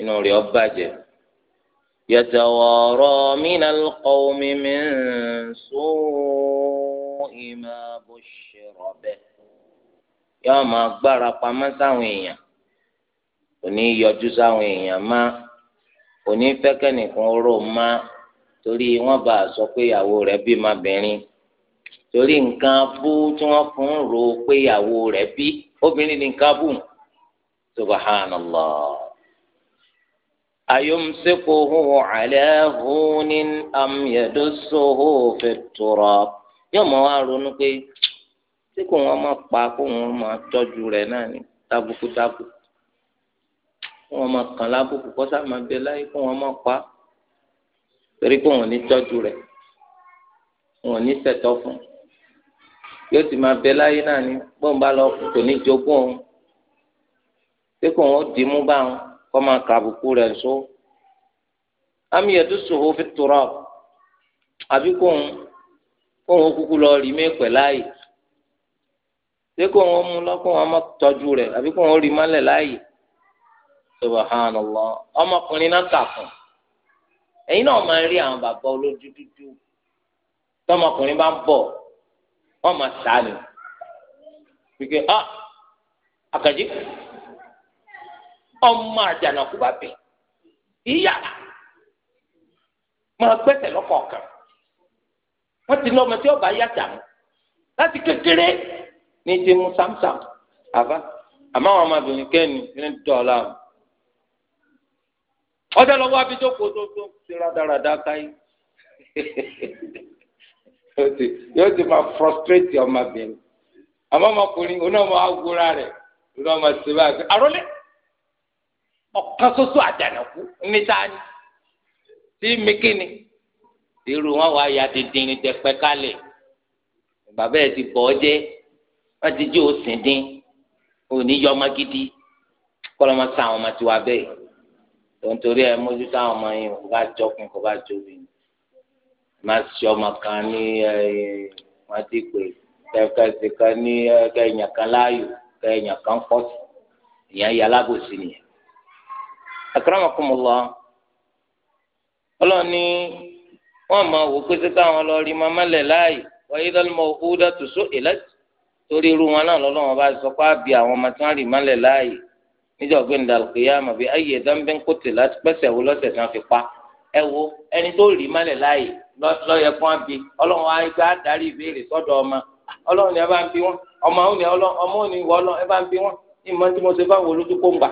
inú rẹ̀ ọ́ bàjẹ́ yatawara minal qawmi min su'i ma bushira bih yóò máa gbára pamọ́ sáwọn èèyàn òní yọjú sáwọn èèyàn má òní fẹ́kẹ́ nìkan rò má torí wọ́n bá a sọ pé ìyàwó rẹ̀ bí mábìnrin torí nǹkan bú tí wọ́n fún un rò pé ìyàwó rẹ̀ bí obìnrin ní nǹkan bú subhanallah ayomsekohu alehuni amyadosohu fetura yóò mọ wá ronú pé tí kò wọ́n máa pa kó wọ́n máa tọ́jú rẹ̀ náà ní kó wọn máa kàn lábùkù kó sáà máa bẹ láyé kó wọn máa pa torí pé wọn ò ní tọ́jú rẹ̀ wọn ò ní ṣètọ́ fún yóò ti máa bẹ láyé náà ni bóun bá lọ kò ní jogún òun pé kó wọn ó dì í mú bá wọn kó máa kà àbùkù rẹ̀ só àmì yadusuhu fi turab àbí kó wọn kó wọn kúkú lọ rí mẹ́pẹ̀ láyé pé kó wọn mú lọ kó wọn máa tọ́jú rẹ̀ àbí kó wọn rí mọ́lẹ̀ láyé subhanallah ọmọkùnrin náà kà fún ẹ̀yin náà máa ń rí àwọn bàbá olójú dúdú tọmọkùnrin bá ń bọ̀ wọ́n máa sàánù wípé a ah, àkàjẹ́ ọmọ àjànàkú bá bẹ̀ ìyá máa gbẹ́sẹ̀ lọ́kọ̀ọ̀kan wọ́n ti ní ọmọ tí ọba yàtà mọ́ láti kékeré ní ti mú samsam àbá àmọ́ àwọn ọmọbìnrin kẹ́ni ní dọ́ọ̀la ọdẹ lọ wá bí jókòó tó tó ṣe rádaràdà káyé yóò ti máa frustrate ọmọbìnrin àmọ́ ọmọkùnrin oní ọmọ agbóra rẹ̀ oní ọmọ ṣẹlẹ àgbẹ àròlé ọ̀kan ṣoṣo àjànàkú níta ni sí mikini irú wọn wá ya dídìrín tẹpẹ kálẹ̀ bàbá ẹ ti bọ ọ jẹ wọn ti jí òsín dín òní yọ ọmọ gidi kọlọmọ sáwọn ọmọ tiwa bẹ́ẹ̀ tontori ẹ mójútó àwọn ọmọ yín kò bá jọkùn kò bá jóbi má ṣe ọmọ kan ní má ti pè kẹkẹsì kan ní kẹyìn kan láàyò kẹyìn kan pọ̀sì ìyẹn yẹ alábòsí nìyẹn. akramakumullah ọlọ́ni wọ́n máa wò pé síta àwọn lọ rí mamá lẹ̀ láàyè wa idhal maw'udatu su'ilat torí irú wọn náà lọ́lọ́wọ́n bá sọ pé àbí àwọn ọmọ tí wọ́n rí mamá láàyè níjọ́ ọ̀gbẹ́ni dàlùkìyà màbí ayé dánbẹ́ ń kóòtù láti pẹ́sẹ̀ wo lọ́sẹ̀ tí wọ́n fi pa ẹ wo ẹni tó rì mọ́lẹ̀ láàyè lọ́yẹ fún abi ọlọ́run á gbá darí ìbéèrè sọ́dọ̀ ọmọ ọlọ́run ni ẹ bá ń bí wọn ọmọ òun ni ọmọ òun ni ìwọ ọlọ́run ẹ bá ń bí wọn ìmọ̀ tí mo ṣe báwo lójú kó ń gbà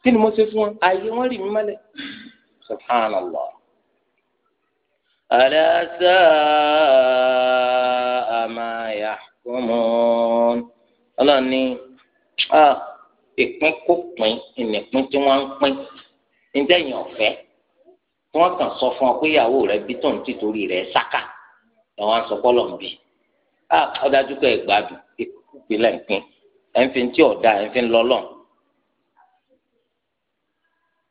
kí ni mo ṣe fún wọn ààyè wọn rì mí mọ́lẹ̀ subhanallah. ala sa'a ma yahkumun ọlọ́run ah, ìpín kó pín ìnìpín tí wọ́n ń pín níjẹ́yìn ọ̀fẹ́ tí wọ́n kàn sọ fún ọ pé ìyàwó rẹ bí tó ń tìtorí rẹ sáká ẹ̀ wọ́n á sọ pọ́lọ̀ ń bì á ọ̀dájú pé ìgbádùn ìpínlẹ̀ ìpín ẹ̀ ń fi tí ọ̀dà ẹ̀ ń fi lọ́lọ́n.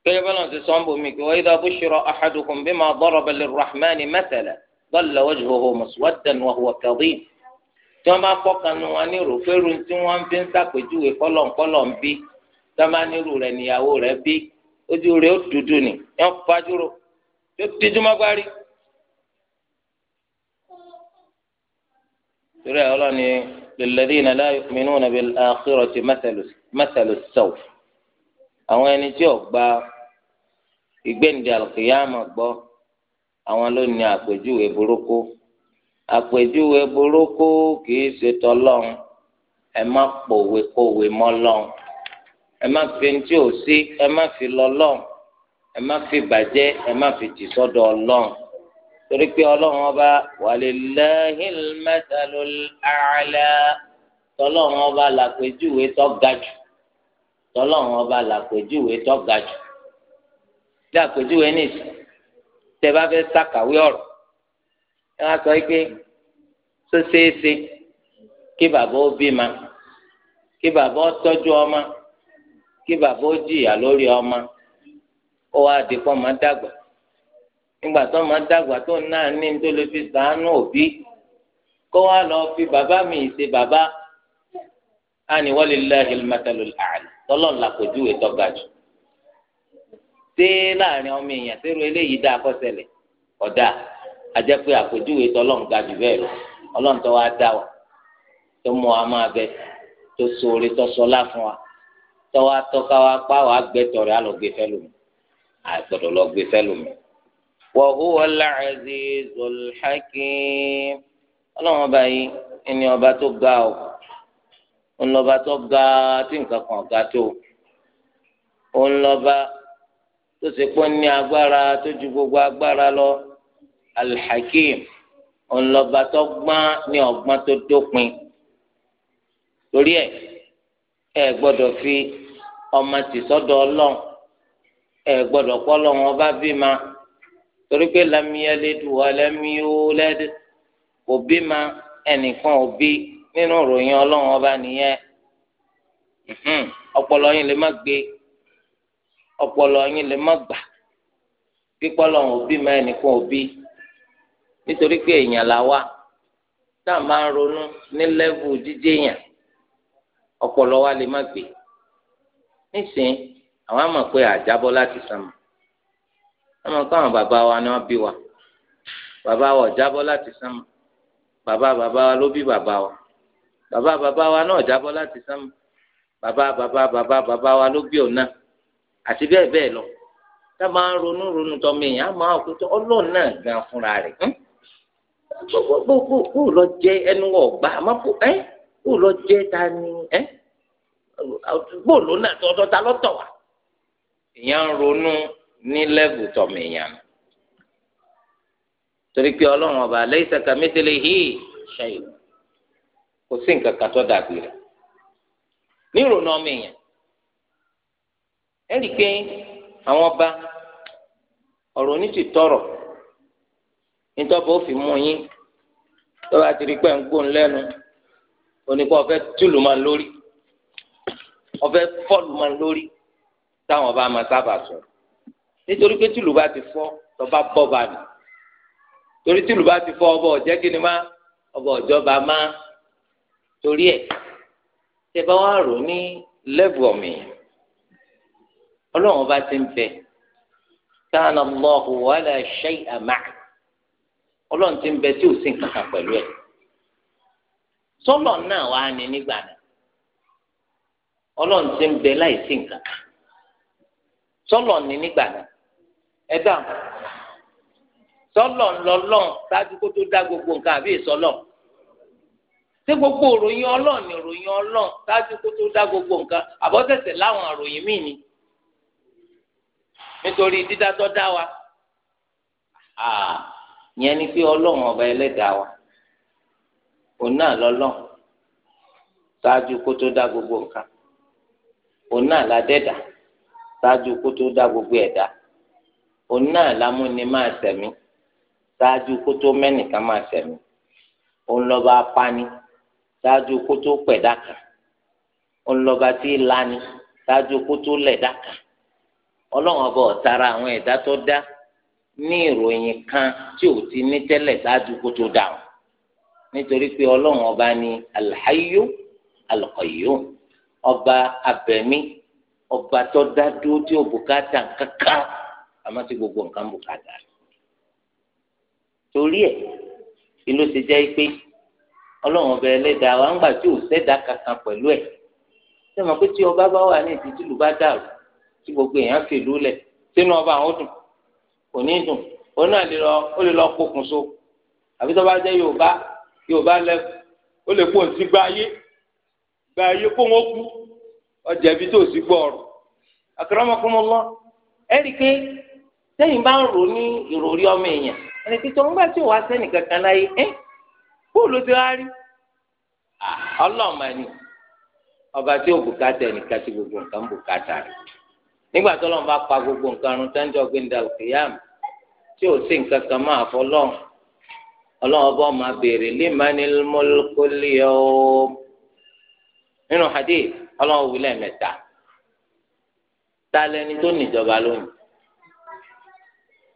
كيف ننسي صنبو منك وإذا بشر أحدكم بما ضرب للرحمن مثلا ظل وجهه مسودا وهو كظيم tí wọ́n bá fọ́kànnù wọn ní rògbèrú tí wọ́n fi ń sàpèjúwe ń bí tí wọ́n níyàwó bí ojú ó dúdú ni yẹn fajúro tó díjú má gbárí. torí àwọn ọlọ́ni lilladhina la yu'minuna bil akhirati mathalu as-saw àwọn ẹni tí ò gba ìgbéǹde àlùkìyàmọ̀ gbọ́ àpèjúwe burúkú kìí ṣe tọlọ́n ẹ má pòwe kòwe mọ́ lọ́n ẹ má fi ntí ò sí ẹ má fi lọ lọ́n ẹ má fi bàjẹ́ ẹ má fi tì sọ́dọ̀ lọ́n torí pé ọlọ́run ọba walillahil mathalul a'la tọlọ́run ọba làpèjúwe tó ga jù tọlọ́run ọba làpèjúwe tó ga jù bí àpèjúwe nìyí tẹ bá fẹ́ sàkàwé ọ̀rọ̀ ẹ wá sọ pé tó ṣeéṣe kí bàbá ó bímọ kí bàbá ó tọ́jú ọmọ kí bàbá ó jìyà lórí ọmọ ó wá di kọ́ máa dàgbà nígbà tó máa dàgbà tó náà ní tó lè fi sàánú òbí kó wá lọ fi bàbá mi ṣe bàbá àní walillahi al-matalul a'la tọ́lọ́n làpèjúwe jù ṣé láàrin ọmọ èèyàn ṣé eléyìí dáa kọ́ ṣẹlẹ̀ ajẹ́ pé àpèjúwe tọ́lọ́n ga jù bẹ́ẹ̀ lọ ọlọ́run tó wá dá wa tó mú wa máa bẹ tó ṣoore tó sọlá fún wa tó wá tọ́ka wa pa wa gbẹ́tọ̀rẹ́ alọ́gbé fẹ́ lómi àgbọ̀dọ̀ lọ gbé fẹ́ lómi. wa huwa al-azizul hakim ọlọ́run ọba yìí ẹni ọba tó ga ọ ńlọba tó ga tí nǹkan kan ga tó ńlọba tó ṣe pé ní agbára tó ju gbogbo agbára lọ alhakim ọlọba tó gbọ́n ní ọgbọ́n tó dópin torí ẹ ẹ gbọ́dọ̀ fi ọmọ tì sọ́dọ̀ Ọlọ́run ẹ gbọ́dọ̀ kọ lọrun ọba bímọ torí pé lamiyalẹdu alamiolẹdu kò bímọ ẹnìkan ò bí nínú ìròyìn Ọlọ́run ọba nìyẹn ọpọlọ yín lè má gbé ọpọlọ yín lè má gbà pípọ́ lọ́run òbí mọ ẹnìkan òbí nítorí pé èèyàn la wá tá a máa ń ronú ní lẹ́vù jíjẹ́ èèyàn ọpọlọ wa lè má gbé nísìnyí àwọn àmọ̀ pé àjábọ́ láti sàmà àmọ̀ pé bàbá wa ni wọ́n bí wa bàbá wa ọ̀jábọ́ láti sàmà bàbá bàbá wa ló bí bàbá wa bàbá bàbá wa náà jábọ́ láti sánmà bàbá bàbá bàbá bàbá wa ló bí òun náà àti bẹ́ẹ̀ bẹ́ẹ̀ lọ tá a máa ń ronú ronú tọmọ èèyàn á máa kó tó ọlọ́run náà gan fúnra rẹ̀ bó lọ jẹ ẹnu ọgbà má bó ẹ bó lọ jẹ ta ni ẹ bó lọ náà tọ̀dọ̀ ta lọ́tọ̀ wa. èèyàn ń ronú ní lẹ́gùn tọ̀mù èèyàn torí pé ọlọ́run ọba laysa kamithlihi shay'un kò sí nǹkan kan tó dàbí rẹ̀ ní ìrònú ọmọ ẹ rí i pé àwọn ọba ọ̀rọ̀ onítìtọ́rọ̀ nítọ́bù òfin mú yín tó bá ti rí pẹ́ ń gbóhùn lẹ́nu oníkó ọ̀fẹ́ túlù máa ń lórí ọ̀fẹ́ fọ́ọ̀lù máa ń lórí táwọn ọba máa sábà sọ nítorí pé túlù bá ti fọ́ lọ́ba bọ́ bá nì torí túlù bá ti fọ́ ọba ọ̀jẹ́ kí ni má ọba ọ̀jọba má torí ẹ̀ tẹ́ bá wà rò ní lẹ́bù ọ̀mì ọlọ́run bá ti ń bẹ káàná lọ́hùn wàhálà ṣẹ́yà máa ọlọ́run ti ń bẹ tí ò sí nǹkan kan pẹ̀lú ẹ̀ sọlọ náà wà ní nígbà náà ọlọ́run ti ń bẹ láì sí nǹkan kan sọlọ ní nígbà náà ẹ dáhùn sọlọ ńlọlọ́n ṣáájú kó tó dá gbogbo nǹkan àbí ìsọlọ ṣé gbogbo òròyìn ọlọ́run ni òròyìn ọlọ́run ṣáájú kó tó dá gbogbo nǹkan àbọ̀tẹ̀sẹ̀ láwọn àròyìn míì ni nítorí dídá tó dá wa. ìyẹn ni pé ọlọ́run ọba ẹlẹ́dàá wa òun náà lọ́lọ́run tó dá gbogbo nǹkan òun náà ládẹ́dà ṣáájú kó tó dá gbogbo ẹ̀dá òun náà lámúni máa ṣẹ̀mí ṣáájú kó tó mẹ́nìkan máa ṣẹ̀mí òun lọ́ba apani ṣáájú tó pẹ̀dá kan òun lọ́ba tí ì lani tó lẹ̀dá kan ọlọ́run ọba ọ̀tara àwọn tó ní ìròyìn kan tí ò ti ní tẹ́lẹ̀ ṣáájú kó tó dà nítorí pé ọlọ́run ọba ni alhayu alqayyum ọba abẹ̀mí ọba tó dá dúró tí ò bùkátà kankan àmọ́ tí gbogbo nǹkan bùkátà torí ẹ̀ ìlú ti jẹ́ pé ọlọ́run ọba ẹlẹ́dàá wa ń gbà tí ò sẹ́dá kankan pẹ̀lú ẹ̀ sẹ́wọ̀n pé tí ọba bá wà ní ìdíjìlú bá dàrú tí gbogbo èèyàn fèlú lẹ̀ sínú ọba àwọn dùn kò ní dùn òun náà lè lọ ó lè lọ pokùn so àbí tó bá jẹ́ yorùbá yorùbá lẹ́fù ó lè pọ̀ sí gba ayé gba ayé kó wọn kú ọjà ibi tó sì gbọ́ ọ̀rọ̀ akramakumullah ẹ̀rí pé sẹ́yìn bá ń rò ní ìròrí ọmọ èèyàn ẹni títọ́ ńgbà tí wàá sẹ́nì kankan láyé ẹ́ bóòlù ti wá rí ọlọ́ọ̀mà ni ọba tí ò bùkátà ẹnìkan tí gbogbo nǹkan bùkátà rẹ̀ nígbà tó lọ́n bá pa gbogbo nǹkan run tẹ́ńjọ́ gbẹ̀ndà òkèèyàn tí ò sí nǹkan kan máa fọ́ lọ́n ọlọ́run ọba máa béèrè limanil mulkul yawm nínú hadith ọlọ́run wí lẹ́ẹ̀mẹ́ta ta lẹni tó níjọba lónìí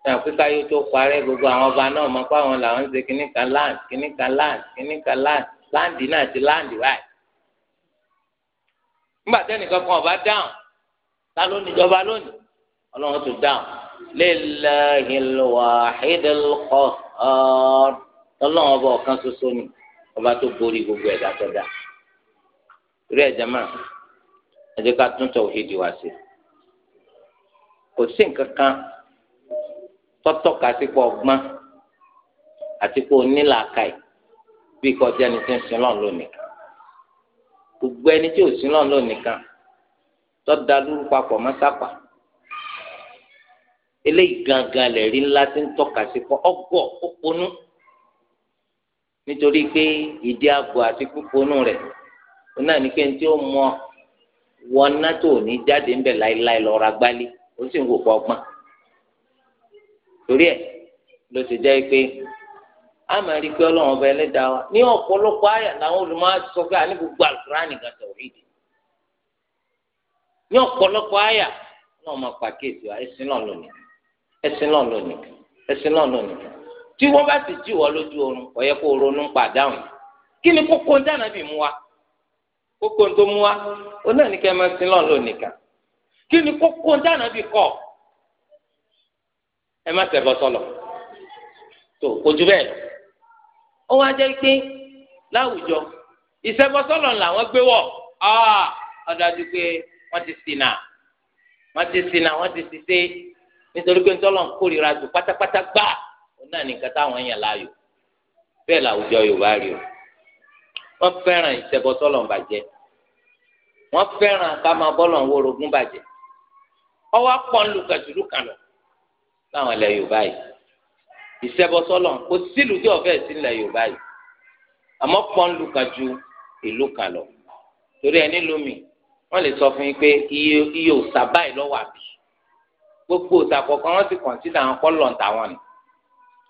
náà pípa yóò tó parẹ́ gbogbo àwọn ọba náà mọ̀ pé àwọn làwọn ń ṣe kíní kan land kíní kan land kíní kan land láǹdì náà ti láǹdì báyìí nígbà tẹ́nìkan kan ọba dáhùn ta ló níjọba lónìí ọlọ́run tó dáhùn lillahil wahidil qahhar ọlọ́run ọba ọ̀kan ṣoṣo ni ọba tó borí gbogbo ẹ̀dá tó dá rí ẹ̀jẹ̀ máa ẹ jẹ́ ká tún tọ̀hídì wá kò sí nǹkan kan tọ́tọ́ka sípò ọgbọ́n àti pé onílàákàyè bí kọjá tí ń sin lọ́n lónìí gbogbo ẹni tí ò sin lónìí kan tọ́da lóru papọ̀ má sápà eléyìí gangan lè rí ńlá tí ń tọ́ka sí fún ọgọ́ òponú nítorí pé ìdí àgbò àti píponú rẹ̀ náà ní pé ní tí ó mọ wọn ná tó ní jáde ńbẹ láéláé lọ ra gbálí ó sì ń wò pa ọgbọ́n torí ẹ̀ ló ti jẹ́ pé a máa rí i pé ọlọ́run ọba ẹlẹ́dàá wa ní ọ̀pọ̀lọpọ̀ àyà làwọn olùmọ̀ sọ pé àní gbogbo àlùkùránì gan tọ̀wé ìdí ní ọ̀pọ̀lọpọ̀ àyà náà máa pàkíyèsí wa ẹ̀sìn náà lónìí ẹ̀sìn náà lónìí ẹ̀sìn náà lónìí tí wọ́n bá sì jí wọ́n lójú oorun ó kó ronú kí ni kókó ń dáná bì wa kókó ń tó mú wa ó náà ní kẹ́ máa náà lónìí kan kí ni kókó ń dáná kọ́ ẹ má tẹ̀ bọ́ tó bẹ́ẹ̀ ó wá jẹ́ pé láwùjọ ìṣẹ́bọ́sọ́lọ̀ làwọn gbé wọ̀ ọ́ wọ́n ti ṣìnà wọ́n ti ṣìnà wọ́n ti ṣiṣẹ́ nítorí pé ntọ́lọ̀ ń kórìíra jù pátápátá gbà òun náà ní nǹkan táwọn yàn láàyò bẹ́ẹ̀ làwùjọ Yorùbá rí o wọ́n fẹ́ràn ìṣẹ́bọ tọ́lọ̀ ń bàjẹ́ wọ́n fẹ́ràn ká máa bọ́lọ̀ ń worogún bàjẹ́ ọwọ́ pọ́nlù kẹtùlù kànú láwọn ilẹ̀ Yorùbá yìí ìṣẹ́bọ tọ́lọ̀ kò sílùú tí ọ̀fẹ́ sí ilẹ̀ Yorùbá yìí àmọ́ pọ́nlù kàjú ìlú kànú torí ẹni lómi wọ́n lè sọ fún yín pé iye iye òòsà báyìí lọ́wọ́ àbí gbogbo òòsà kọ̀ọ̀kan wọ́n ti kọ̀ǹsídà àwọn kọ́lọ̀ ń tàwọn ni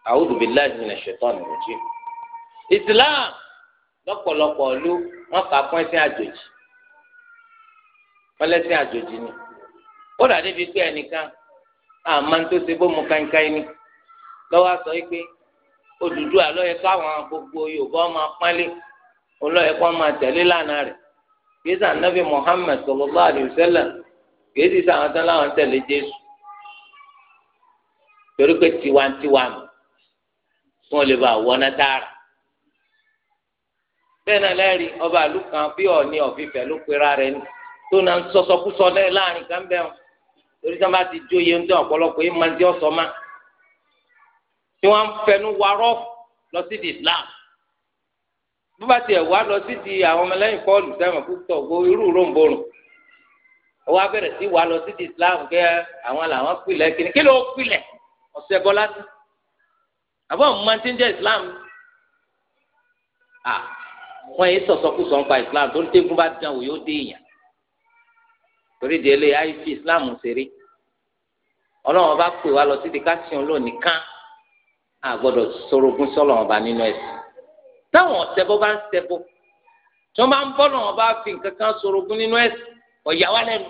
a'udhu billahi minash shaitani rajim islam lọ́pọ̀lọpọ̀ ọ̀lú wọ́n kà fún ẹ̀sìn àjòjì wọ́n lẹ́sìn àjòjì ni ó dà débi pé ẹnìkan àmọ́ tó ṣe bó mu káínkáín ni lọ́wọ́ sọ pé Odùduwà ló yẹ káwọn gbogbo Yorùbá máa pánlé olóyè kó máa tẹ̀lé lánàá rẹ̀ kìí sàn nàbì Muhammad sallallahu alaihi wasallam kìí sì sàn àtàn láwọn tẹ̀lé Jésù torí pé tiwantiwa mi fún olè bá wọnà tààrà bẹ́ẹ̀ náà lẹ́rìí ọba àlù kan bí ọ̀ní ọ̀fífẹ́ ló pera rẹ̀ ní tó náà ń sọsọkúsọ láàrin kan torí sábà ti jóye ń dán ọ̀pọ̀lọpọ̀ yìí máa ń di ọ̀sọ́ máa tí wọ́n fẹnu warọ́ lọ sí di Islam bí bá tiẹ̀ wá lọ sí ti àwọn ọmọlẹ́yìn pọ́ọ̀lù sẹ́wọ̀n púpọ̀ gbó irú ròǹbòrò wọ́n á bẹ̀rẹ̀ sí wá lọ sí ti islam kẹ́ àwọn làwọn pilẹ̀ kí ni kí ló pilẹ̀ ọ̀sẹ̀ bọ́lá sí àbọ̀ mọ́ ti ń jẹ́ islam à wọ́n yìí sọ̀sọ́kùsọ̀ ń pa islam tó ń tẹ́gun bá dán wò yóò dé èèyàn torí di eléyìí ayé fi islam ṣeré ọlọ́run bá pè wá lọ sí ti ká lónìí kan àgbọ̀dọ̀ sorogún sọ́lọ́run táwọn ọ̀sẹ̀bọ bá ń ṣẹbọ tí wọ́n bá ń bọ́ lọ́wọ́ bá fi nǹkan kan sorogún nínú ẹ̀sìn ọ̀yà wa lẹ́nu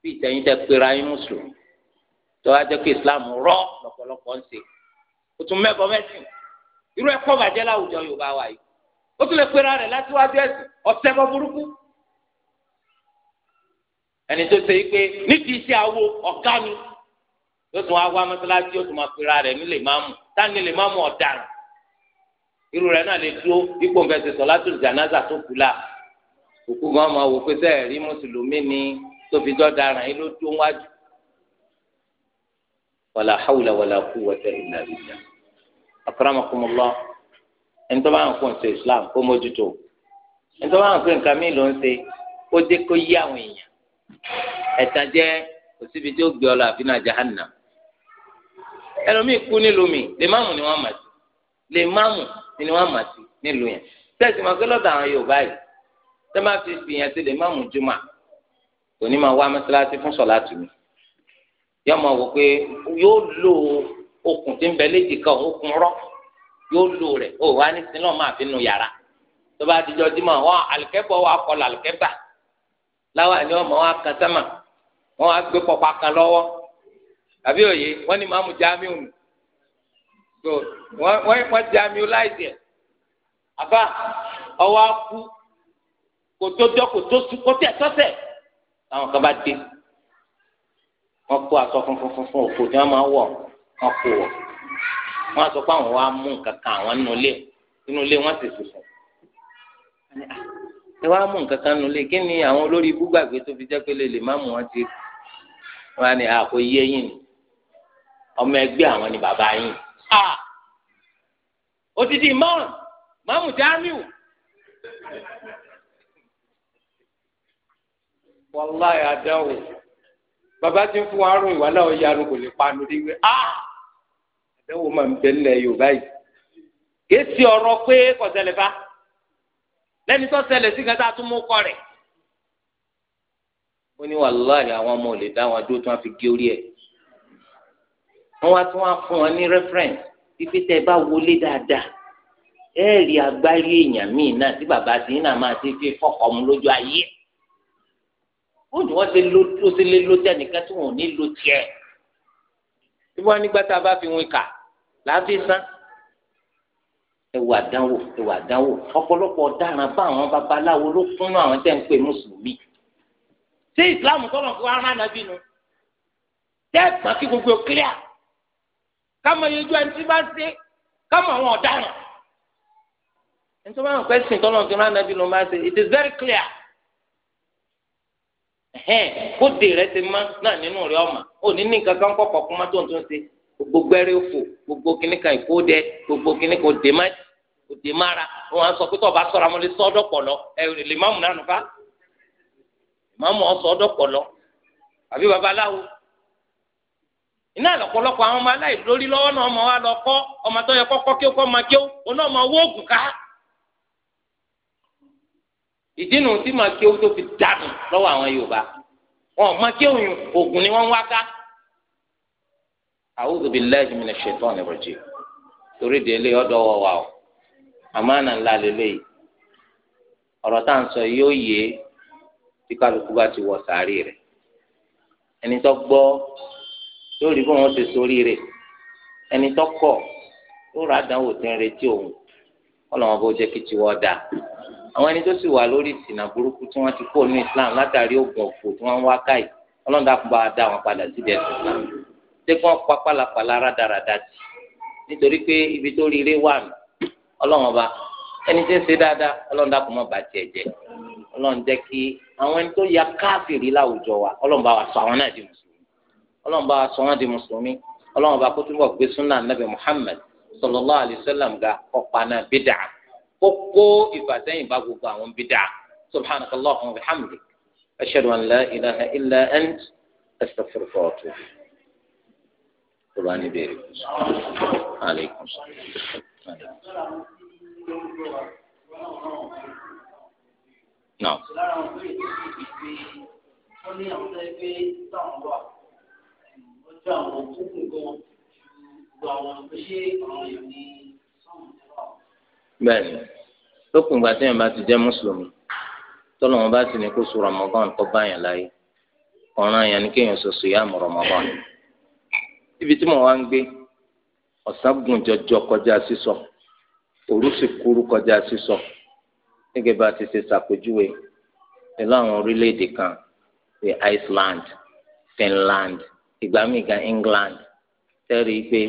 bí ìtẹ̀yìn tẹ pera yín mùsùlùmí tó wá jẹ́ pé Islam rọ lọ́pọ̀lọpọ̀ ń ṣe o tún mẹ́bọ mẹ́sìn irú ẹ̀kọ́ bàjẹ́ láwùjọ Yorùbá wa yìí ó tún lè pera rẹ̀ láti wájú ẹ̀sìn ọ̀sẹ̀bọ burúkú ẹni tó ṣe pé nídìí iṣẹ́ awo ọ̀gá mi yóò tún wá wá mọ́sálásí yóò tún máa pera rẹ̀ nílé máàmù táà irú rẹ̀ náà lè dúró ipò nǹkan ṣe solatul janaza tó kù la òkú gan máa wò pé sẹ́ẹ̀ rí mùsùlùmí ni tó fi dọ́dà ràn yín ló dúró wájú. wala hawla wala quwwata illa billah akramakumullah ẹni tó bá ń kó ṣe islam kó mójútó ẹni tó bá ń pè nǹkan mí ló ń ṣe ó dé kó yí àwọn èèyàn ẹ̀tàn jẹ́ òsibí tí ó gbé ọ lọ àfi náà jahannam ẹlòmíì kú nílùú mi lè máàmù ni wọ́n mà sí lè máàmù ni wọ́n mà sí nílùú yẹn tẹ́sí máa gbé lọ́dọ̀ àwọn Yorùbá yìí tẹ́ máa fi fi yẹn ti lè má mú jùmọ̀ kò ní máa wá mẹ́sàlásí fún sọ̀lá tù mí yọ máa wò pé yóò lo okùn tí ń bẹ léjì kan okùn rọ yóò lo rẹ̀ ó wá ní sinú ọ̀ máa fi yàrá tó bá dijọ́ jimá wọn àlùkẹ́bọ̀ wa kọlu àlùkẹ́bà láwa ni wọn mọ wọn kan sẹ́mà wọn á gbé pọ̀pọ̀ kan àbí òye wọn ni máa mú jámíù nù so wọ́n wọ́n ti amúláìsì ẹ̀ àbá ọwọ́ akú kò tó jọ kò tó sùn kò tẹ̀ tọ́sẹ̀ àwọn kan bá dé wọ́n kó aṣọ funfun funfun òfò tí wọ́n máa wọ̀ wọ́n kó wọ̀ wọ́n sọ pé àwọn wa mú nǹkan kan àwọn nínú ilé nínú ilé wọ́n sì sùn sùn ẹ wá mú nǹkan kan nulẹ̀ kí ni àwọn olórí ibú gbàgbé tó fi jẹ́ pé lè lè má mú wọn ti wọn ni àkó yé yín ni ọmọ ẹgbẹ́ àwọn ni bàbá yín à odidi imam mamu jamiu wàláhì àdáwò bàbá tí ń fún wa rún ìwà náà yanu kò lè panu ní wẹ à àdáwò máa ń bẹ nílẹ̀ yorùbá yìí kéésì ọ̀rọ̀ pé kọsẹlẹ bá lẹni tó ṣẹlẹ̀ sí kẹta tó mú kọ rẹ ó ní wàláhì àwọn ọmọ ò lè dá wọn dúró tí wọn fi gé orí ẹ wọ́n wá tí wọ́n á fún wọn ní reference fífi tẹ́ ẹ bá wọlé dáadáa ẹ rí agbárí èèyàn míì náà tí bàbá ti náà máa ti fi fọkọ mu lójú ayé ó ní wọ́n ti lo tó ti lé ló tẹnìkan tí wọn ò ní lo tiẹ̀ bí wọ́n nígbà tá a bá fi wín kà láàfin sán ẹwà dánwò ẹwà dánwò ọ̀pọ̀lọpọ̀ ọ̀daràn bá àwọn babaláwo ló kúnnú àwọn tẹ́ ń pè mùsùlùmí ṣé ìsìláàmù tọrọ fún wa rán nàbí nu tẹ ẹ gbọn kí gbogbo clear kámọ yejú ẹni tí bá ṣe kámọ àwọn ọ̀daràn ẹni tó bá wọn pẹ́ sìn tọ́lọ́ fi máa nàbí ló máa ṣe it is very clear kó de rẹ ti mọ náà nínú rẹ ọmọ ò ní ní nǹkan kan kọkọ kó má tó ń tó ń ṣe gbogbo ẹrẹ òfò gbogbo kìnnìkan ìkódẹ gbogbo kìnnìkan òdè má òdè mára wọn sọ pé tó o bá sọra mo lè sọ ọdọ pọlọ ẹ lè má mú nánu ká má mú ọ sọ ọdọ pọlọ àbí babaláwo iná lọ́pọ̀lọpọ̀ àwọn ọmọ aláìlórí lọ́wọ́ náà ọmọ wa lọ kọ́ ọmọ tó yẹ kọ́kọ́ kí ó kọ́ máa kí ó oná ọmọ owó ògùn ká. ìdí nu tí máa kí tó fi dànù lọ́wọ́ àwọn Yorùbá wọn ò máa kí òyìn ògùn ni wọ́n wá ká. A'udhu billahi minash shaitanir rajim torí délé ọ̀dọ̀ wọ̀ wà o àmánà ńlá lélẹ́yìí ọ̀rọ̀ tá à ń sọ yóò yé tí kálukú bá ti wọ sàárì rẹ̀ ẹni tó sórí bí wọn ṣe sórí rẹ̀ ẹni tọkọ yóò rà dánwò tí ń retí òun ọlọmọ bó jẹ kí tiwọ dà àwọn ẹni tó sì wà lórí ìsìnà burúkú tí wọn ti kó ní islam látàrí oògùn òfò tí wọn ń wá káyì ọlọ́run dàpọ̀ bá dá wọn padà sí islam ibi tó rí ilé wà nù ọlọ́run ọba ẹni tí ń ṣe dáadáa ọlọ́run dàpọ̀ ya káàfìrí láwùjọ wa ọlọ́run bá sọ àwọn náà di ọlọ́run bá sọ wọn di mùsùlùmí ọlọ́run bá kó túbọ̀ gbé súnà nàbì muhammed sallallahu alaihi wasallam ga ọ̀pá náà bídà ó kó ìfàsẹ́yìn bá gbogbo àwọn bídà subhanaka allahumma wa bihamdik ashhadu an la ilaha illa ant astaghfiruka wa atubu bèrè alaikum náà tọ́jú àwọn tó kù gan ju àwọn tó ṣe ọ̀ràn yẹn ní sọ́ọ̀mù tẹ́lá. bẹ́ẹ̀ni lópin ìgbà tí yẹn bá ti jẹ́ mùsùlùmí tọ́lọ̀ wọn bá ti ní kó so rọmọgán tó bá yẹn láyé ọ̀ràn yẹn ni kéèyàn ṣoṣo yá mọ̀ rọmọgán. ibi tí mo wá ń gbé ọ̀sán jọjọ kọjá sísọ òru sì kúrú kọjá sísọ gẹ́gẹ́ bá ti ṣe ṣàpèjúwe pẹ̀lú àwọn orílẹ̀-èdè kan bíi Iceland, Finland ìgbà England tẹ́rì pé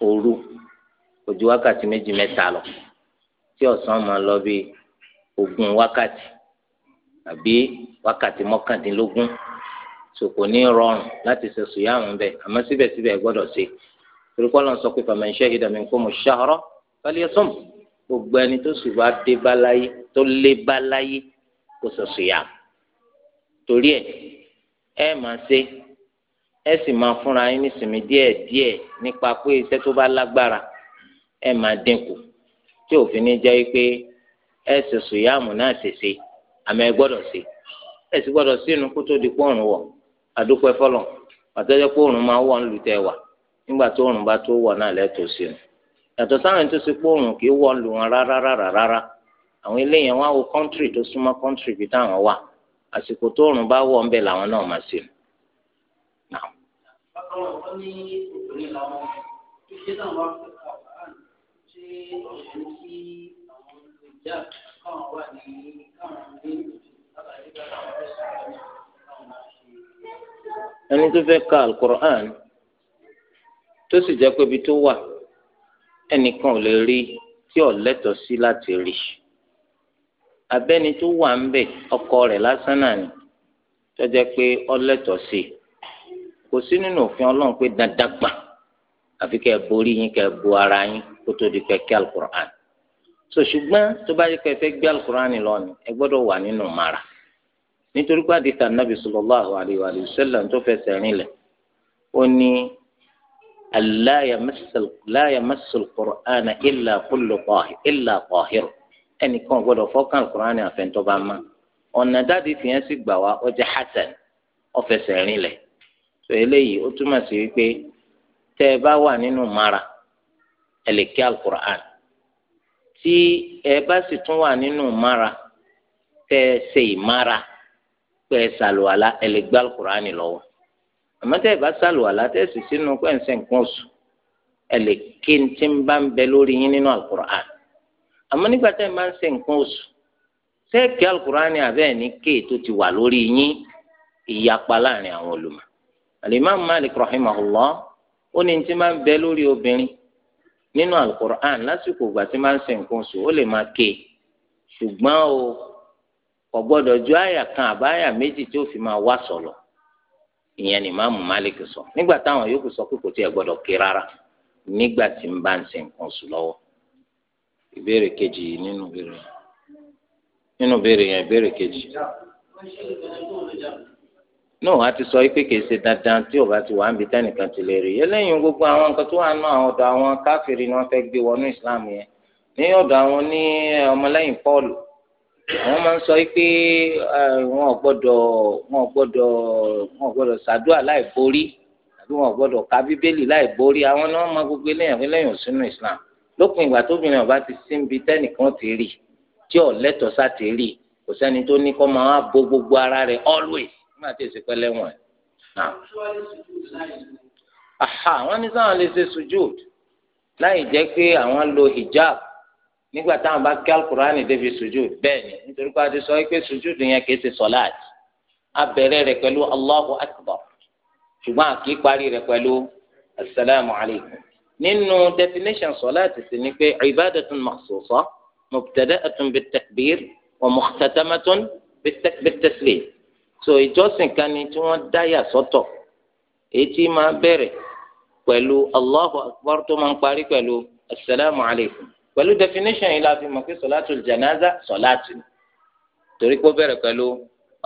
òru kò ju wákàtí méjì mẹ́ta lọ tí ọ̀sán máa lọ bí ogún wákàtí àbí wákàtí mọ́kàndínlógún sòkò ní rọrùn láti ṣe sùyàmù bẹ́ẹ̀ àmọ́ síbẹ̀síbẹ̀ gbọ́dọ̀ ṣe torípọ́ lọ́n sọ pé faman shahida minkumu shahra falyasum gbogbo ẹni tó sì wá dé báláyé tó lé báláyé kò ṣe sùyàmù torí ẹ ẹ máa ṣe ẹ sì máa fúnra yín nísìmí díẹ̀ díẹ̀ nípa pé iṣẹ́ tó bá lágbára ẹ máa dínkù tí òfin ní jẹ́ pé ẹ sì sùyàmù náà ṣèṣe si ẹ gbọdọ ṣe ẹ sì gbọ́dọ̀ sínú kó tó di pọ́ọ̀rùn wọ̀ wọ fọlọ̀ pàtẹ́jọ́ máa nílùú wà nígbà tó òrùn bá tó náà sínú sáwọn tó ṣe wọn rárá rárá rárá àwọn eléyàn wá wo tó bíi táwọn wà àsìkò tó òrùn bá ọlọ́run tó ní òkúni làwọn ṣíṣe náà wá fún kàwáàlù ṣé ọ̀sẹ̀ kí àwọn ìjà káwọn wà ní káwọn ní àlàyé dára wọn fẹ́ sọ̀rọ̀ ní káwọn máa ẹni tó fẹ́ ka alukur'an tó sì jẹ́ pé ibi tó wà ẹnìkan ò lè rí tí ò lẹ́tọ̀ọ́ sí láti rí abẹ́ni tó wà ń bẹ̀ ọkọ rẹ̀ lásán náà ni tó jẹ́ pé ó lẹ́tọ̀ọ́ sí i kò sí nínú òfin ọlọ́run pé dandan gbà àfi kẹ́ ẹ borí yín kẹ́ ẹ bo ara yín kó tó di kẹ́ kí alukur'an so ṣùgbọ́n tó bá yẹ kẹ́ ẹ fẹ́ gbé alukur'an lọ ni ẹ gbọ́dọ̀ wà nínú mara nítorí pé àdìsá nàbì sallallahu alayhi wa sallam tó fẹsẹ̀ rinlẹ̀ ó ní la yamassul qur'ana illa kullu illa tahir ẹnìkan gbọ́dọ̀ fọkàn alukur'an àfẹntọ́ ọ̀nà dáàdi fìyẹn sì gbà wá ó hasan ó fẹsẹ̀ rinlẹ̀ tó eléyìí ó túmọ̀ sí wípé tẹ́ ẹ bá wà nínú mara ẹ lè kí alukur'an tí ẹ bá sì tún wà nínú mara tẹ́ ẹ ṣe ìmara pé ẹ ṣàlùwàlá ẹ lè gbá alukur'an lọ́wọ́ àmọ́ tẹ́ ẹ bá ṣàlùwàlá tẹ́ ẹ sì sínú pé ẹ ṣe nǹkan oṣù ẹ lè kí n ti bá lórí yín nínú alukur'an àmọ́ nígbà tẹ́ ẹ ń ti wà lórí yín ìyapa láàrin àwọn olùmọ̀ alimami malik rahimahullah ó ní tí máa ń bẹ lórí obìnrin nínú alukur'an lásìkò ìgbà tí máa ń ṣe nǹkan oṣù ó lè máa ké ṣùgbọ́n o kò gbọ́dọ̀ ju àyà kan àbá àyà méjì tí ó fi máa wá sọ̀lọ̀ ìyẹn ni imaamu malik sọ nígbà táwọn yòókù sọ pé kò tiẹ̀ gbọ́dọ̀ ké rárá nígbà tí ń bá ń ṣe nǹkan oṣù lọ́wọ́ ìbéèrè kejì nínú ìbéèrè yẹn ìbéèrè kejì náà wọ́n ti sọ pé kì í ṣe dandan tí ò bá ti wà níbi tẹ́nìkan ti lè rí eléyìí gbogbo àwọn nǹkan tó wà nù àwọn ọ̀dọ̀ àwọn káfíìrì ni wọ́n fẹ́ gbé wọnú ìsìláàmù yẹn ní ọ̀dọ̀ àwọn ní eh, ọmọlẹ́yìn pọ́ọ̀lù wọ́n máa ń sọ pé eh, wọn ò gbọ́dọ̀ wọn ò wọn ò gbọ́dọ̀ láì borí àbí wọn ò gbọ́dọ̀ bíbélì láì borí àwọn ni wọ́n máa gbogbo eléyàn eléyàn sínú islam lópin ìgbà tóbìnrin ọba ti síbi tẹ́nìkan ti rí tí ọ̀lẹ́tọ̀ọ́sá ti rí kò sẹ́ni tó always nígbà tí èsì pẹ́ lẹ́wọ̀n ẹ̀. àhà wọ́n ní sáwọn lè ṣe sujud láì jẹ́ pé àwọn lo hijab nígbà táwọn bá kí alukurani débi sujud bẹ́ẹ̀ ni nítorí pé a ti sọ pé sujud yẹn kì í ṣe sọláàtì a bẹ̀rẹ̀ rẹ̀ pẹ̀lú Allahu akbar ṣùgbọ́n a kì í parí rẹ̀ pẹ̀lú asalaamu alaykum nínú definition sọláàtì sì ni pé ibadatun makhsusa mubtada'atun bitakbir wa mukhtatamatun bitaslim so ìjọsìn kan ni tí wọ́n dáyà sọ́tọ̀ èyí tí máa bẹ̀rẹ̀ pẹ̀lú allahu akbar tó máa ń parí pẹ̀lú asalaamu alaykum pẹ̀lú definition yìí la fi mọ̀ pé sọ̀láàtù janaza sọ̀láàtù torí pé ó bẹ̀rẹ̀ pẹ̀lú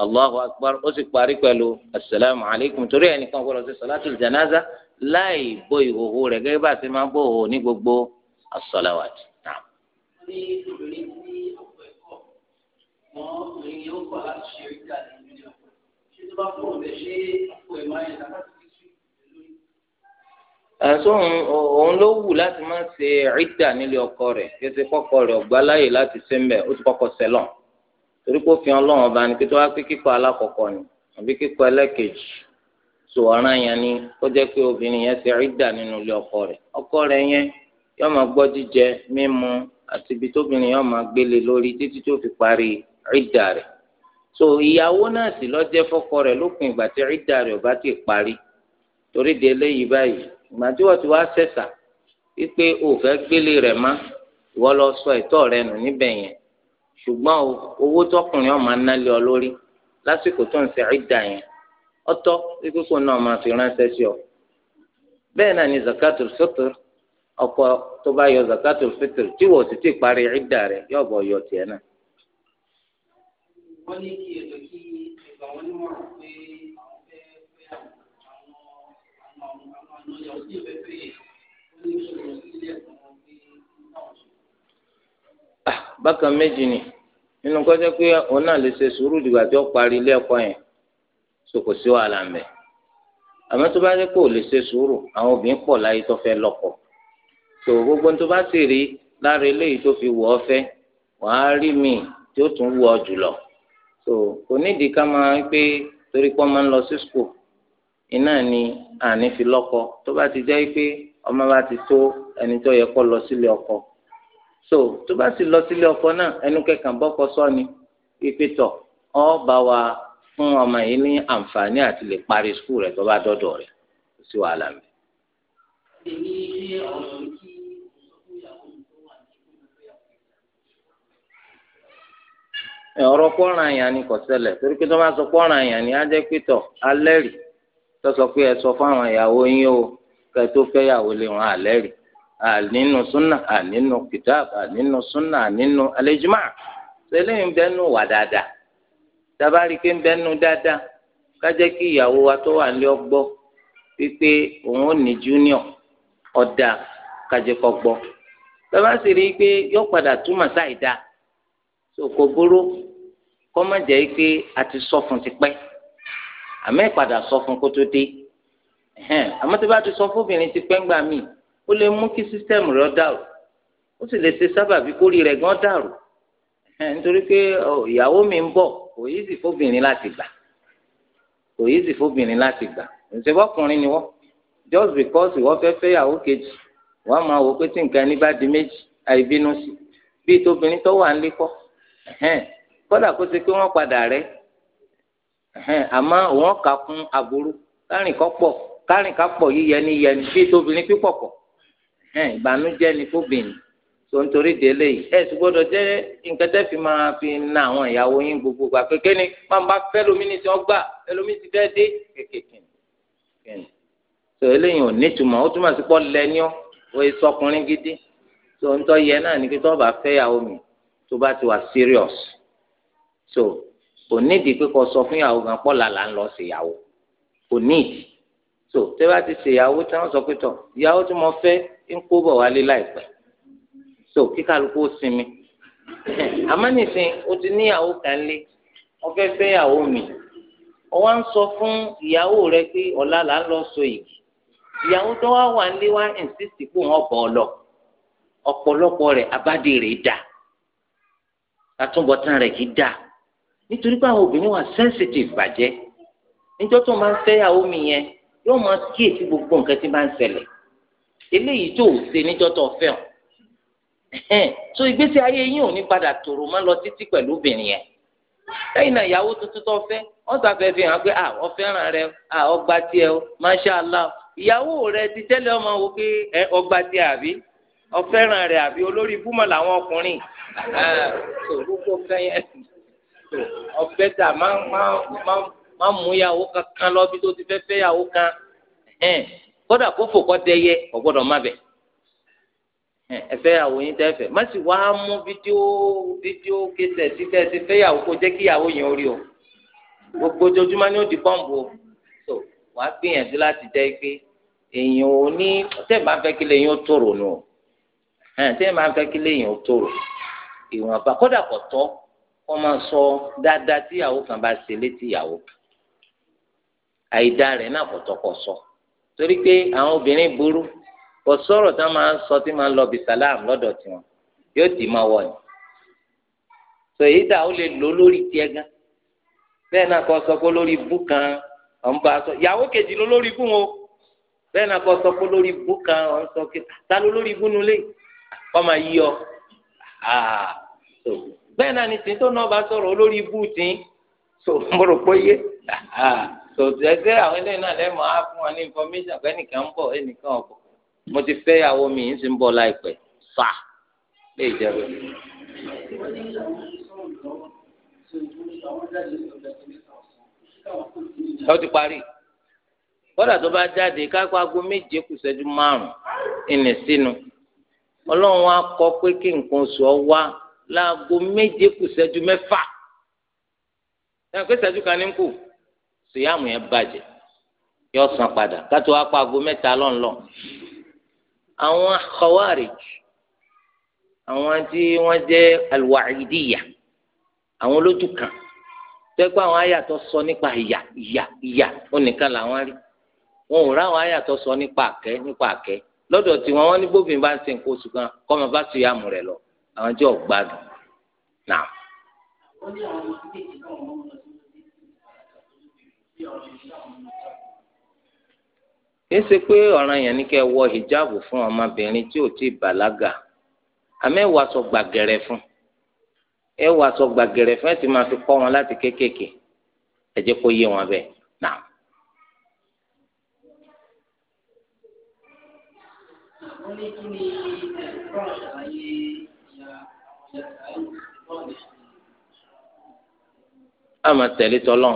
allahu akbar ó sì parí pẹ̀lú asalaamu alaykum torí ẹnìkan gbọ́dọ̀ sí sọ̀láàtù janaza láì bo ìhòhò rẹ̀ gẹ́gẹ́ bá a ti máa bó ìhòhò ní gbogbo asọ̀láwàtì. Ní obìnrin tí ọ̀pọ̀ ẹ̀kọ́, wọn obìnrin yóò kọ́ ṣe orí jáde àsóhun òun ló wù láti máa ṣe ìdà nílé ọkọ rẹ̀ kí ẹsẹ kọkọ rẹ̀ ọgbà láàyè láti ṣe mbẹ ó ti kọ́kọ́ sẹlọ torí pé òfin Ọlọ́run ọba ni pé tó wá pé kíkọ alákọọkọ ni àbí kíkọ ẹlẹ́kejì tó ọ̀ràn yẹn ni kó jẹ́ pé obìnrin yẹn ṣe ìdà nínú ilé ọkọ rẹ̀ ọkọ rẹ̀ yẹn yóò máa gbọ́ jíjẹ mímu àti ibi tóbìnrin yóò máa gbélé lórí títí tó fi parí ìdà rẹ̀ so ìyàwó náà sì ló jẹ́ fọ́kọ rẹ̀ lópin ìgbà tí ìdá rẹ̀ ò bá ti parí torí de eléyìí báyìí ìgbà tí wọ́n ti wá sẹ̀sà wípé o fẹ́ gbélé rẹ̀ má ìwọ lọ sọ ẹ̀tọ́ rẹ̀ nù níbẹ̀ yẹn ṣùgbọ́n owó tọkùnrin ọ̀ máa ń nálé ọ lórí lásìkò tó ń ṣe ìdá yẹn ọ̀tọ̀ wípé náà máa fi ránṣẹ́ sí ọ bẹ́ẹ̀ náà ni zakatul fitr ọkọ tó bá yọ zakatul fitr tí wọ́n sì ti parí ìdá rẹ̀ yọ̀bọ̀ yọ tiẹ̀ náà wọ́n ní kí ètò kí ìgbà wọn nímọ̀ràn pé àwọn fẹ́ fẹ́ àwọn àwọn àwọn ànáyà ó sì fẹ́ fẹ́ yẹ wọ́n ní ìṣòro sílẹ̀ fún wọn pé táwọn ṣe. bákan méjì ni nínú kọjá pé òun náà lè ṣe sùúrù dìgbà tí ó parí ilé ẹ̀kọ́ yẹn so sí wàhálà ń bẹ àmọ́ tó bá dé pé lè ṣe sùúrù àwọn obìnrin pọ̀ láyé tó fẹ́ lọ́kọ tó gbogbo tó bá sì rí lára eléyìí tó fi wọ ọ fẹ́ wàá rí mi tí ó tún wọ ọ jùlọ so kò nídìí ká máa pé torí pé ọmọ ń lọ sí school iná ni àní fi lọ́kọ tó bá ti jẹ́ pé ọmọ bá ti tó ẹni tó yẹ kó lọ sílé ọkọ so tó bá sì lọ sílé ọkọ náà ẹnu kẹkàn bọ́kọ sọ ni pípé tọ̀ ọ́ bá wa fún ọmọ yìí ní àǹfààní àti lè parí school rẹ̀ tó bá dọ́dọ̀ rẹ̀ sí wàhálà mi. èmi ní ọ̀sán ọ̀rọ̀ pọ́nrán yẹn ni kò ṣẹlẹ̀ torí pé tó bá sọ pọ́nrán yẹn ni á jẹ́ alẹ́ rì tó sọ pé ẹ sọ fáwọn o kẹ tó wọn alẹ́ rì ànínú súnà ànínú kìtáàbù ànínú súnà ànínú bẹ́nu wà dáadáa pé bẹ́nu dáadáa kí ìyàwó wa tó wà lé ọgbọ́ wípé òun ò ní sòkò bóró kọ́ má jẹ́ pé a ti sọ fún tipẹ́ àmọ́ ìpadà sọ fún kó tó dé àmọ́ tí bá ti sọ fún obìnrin tipẹ́ ńgbà míì ó lè mú kí sísítẹ́ẹ̀mù rẹ̀ dàrú ó sì lè ṣe sábàbí kórìí rẹ̀ gan dàrú nítorí pé ìyàwó mi ń bọ̀ kò yí sì fóbìnrin láti gbà kò yí sì fóbìnrin láti gbà ìṣèwọ́kùnrin ni wọ́n just because ìwọ́n fẹ́ fẹ́ ìyàwó kejì wọ́n máa wò pé tí nǹkan ẹni bá di méjì àìbínú sí bíi tóbìnrin tó wà ń lékọ́ kódà kó ṣe pé wọ́n padà rẹ̀ àmọ́ wọ́n kà kún aburú kárìn kọ́pọ̀ kárìn kápọ̀ yíyẹni yẹni bí tóbìnrin pípọ̀pọ̀ ìbànújẹ́ ni fóbìnrin tó ń torí délé yìí ẹ̀ sì gbọ́dọ̀ jẹ́ fi máa na àwọn ìyàwó yín gbogbo gbà kékeré ni máa bá tí wọ́n gbà ti fẹ́ dé kékeré tó eléyìí ò sọkùnrin gidi tó ń tọ́ yẹ náà ní kí tó bá fẹ́ tó bá ti wà serious so kò nídìí pé kò sọ fún ìyàwó gan pọ́lá là ń lọ ṣèyàwó kò nídìí so tó bá ti ṣèyàwó tí wọ́n sọ pé tọ̀ ìyàwó tí mo fẹ́ ń kó bọ̀ wálé láìpẹ́ so kíkálukú ó sinmi àmọ́ nìsín o ti níyàwó kan lé wọ́n fẹ́ fẹ́ ìyàwó mi ọwọ́ ń sọ fún ìyàwó rẹ pé ọ̀la là ń lọ so yìí ìyàwó tó wá wà nílé wá insist pé òun ọ̀bọ̀ ọlọ ọ̀pọ̀lọpọ̀ rẹ̀ abádé rẹ̀ dáa àtúbọ̀tán rẹ̀ kì í dáa nítorí pé àwọn obìnrin wà sensitive bàjẹ́ níjọ́ tó máa ń fẹ́yàwó mi yẹn yóò máa kíyèsí gbogbo nǹkan tí máa ń ṣẹlẹ̀ eléyìí tó o ṣe níjọ́ tó fẹ́ o so ìgbésí ayé yín ò ní padà tòrò lọ títí pẹ̀lú obìnrin yẹn lẹ́yìn náà ìyàwó tuntun tó fẹ́ wọ́n fi hàn pé ọ fẹ́ràn o masha allah ìyàwó rẹ ti tẹ́lẹ̀ ọmọ wo pé ọgbà ọ rẹ àbí olórí làwọn ọkùnrin tó gbogbo nǹkan yẹn tó ọbẹ̀ tà má má má má mú yàwó kankan lọ bí tó ti fẹ́ fẹ́ yàwó kan kódà kó fò kọ́ dẹyẹ kò gbọ́dọ̀ má bẹ̀ ẹfẹ́ yàwó yín tẹ́ fẹ́ má sì wá mú fídíò fídíò kẹsẹ̀ títẹ̀ ti fẹ́ yàwó kó jẹ́ kí yàwó yẹn orí o gbogbo ojoojúmọ́ ni ó di pọ́ǹpù o tó wàá gbìyànjú láti jẹ́ pé èèyàn ò ní tẹ́ẹ̀ máa fẹ́ kí lè yín ó tòrò nù o tẹ́ẹ̀ máa fẹ́ kí lè yín ó tòrò ìwọ̀nba kódà kò tọ́ wọ́n máa sọ dáadáa tí ìyàwó kan bá ṣe létí ìyàwó àìdá rẹ̀ náà kò tọ́ kò sọ torí pé àwọn obìnrin burú kò sọ̀rọ̀ tá máa ń sọ tí máa ń lọ bìsálàm lọ́dọ̀ tiwọn yóò dì máa wọ̀ ni sọ èyí dà ó lè lò lórí tiẹ̀ gan bẹ́ẹ̀ náà kò sọ pé lórí bú kan ọ̀n bá sọ ìyàwó kejì ló lórí bú wọn bẹ́ẹ̀ náà kò sọ pé lórí bú kan ọ̀n sọ pé ta ló lórí bú nulẹ̀ kọ́ máa ọ Ah, so bẹ́ẹ̀ náà ni tìǹtò náà bá sọ̀rọ̀ olórí ibú tìǹ so mo rò pé yé ah, so ẹgbẹ́ àwọn eléyìí náà lẹ́mọ̀ á fún wọn ní information pé ẹnìkan ń bọ̀ ẹnìkan ọ̀bọ̀ mo ti fẹ́ ìyàwó mi ń sì ń bọ̀ láìpẹ́ fà lè jẹ́ bẹ́ẹ̀. ó ti parí kódà tó bá jáde kápá aago méje kù ṣẹ́jú márùn-ún ìnì ọlọ́run wa kọ pé kí nǹkan oṣù ọ wá láago méje kù ṣẹ́jú mẹ́fà ẹ pé ṣẹ́jú kan ní kù síyàmù yẹn bàjẹ́ yọ san padà kátó wá pa aago mẹ́ta lọ́nlọ́ àwọn khawarij àwọn tí wọ́n jẹ́ alwa'idiyya àwọn olójú kan tẹ́gbọ́ àwọn àyàtọ̀ sọ nípa ìyà ìyà ìyà onìkan làwọn rí wọn ò ráwọn àyàtọ̀ sọ nípa àkẹ́ nípa àkẹ́ lọ́dọ̀ tí wọ́n wọ́n ní bóbìnrin bá ń ṣe nǹkan oṣù kan kọ́ ọmọ bá tu ìyá mu rẹ̀ lọ àwọn jẹ́ ọ̀gbádùn náà. kì í ṣe pé ọ̀ràn yẹn ni kẹ́ ẹ wọ hijabu fún ọmọbìnrin tí ò tí ì bàlágà àmọ́ ẹ wà sọ gbàgẹ̀rẹ̀ fún ẹ wà sọ gbàgẹ̀rẹ̀ fún ẹ ti máa fi kọ́ wọn láti kéékèèké ẹ kó yé wọn bẹ́ẹ̀ náà. wọ́n ní kí ni ẹ̀kọ́ àlàyé ìyá ìyá ìbọn ìṣẹ̀lẹ̀. a máa tẹ̀lé tọ́lọ́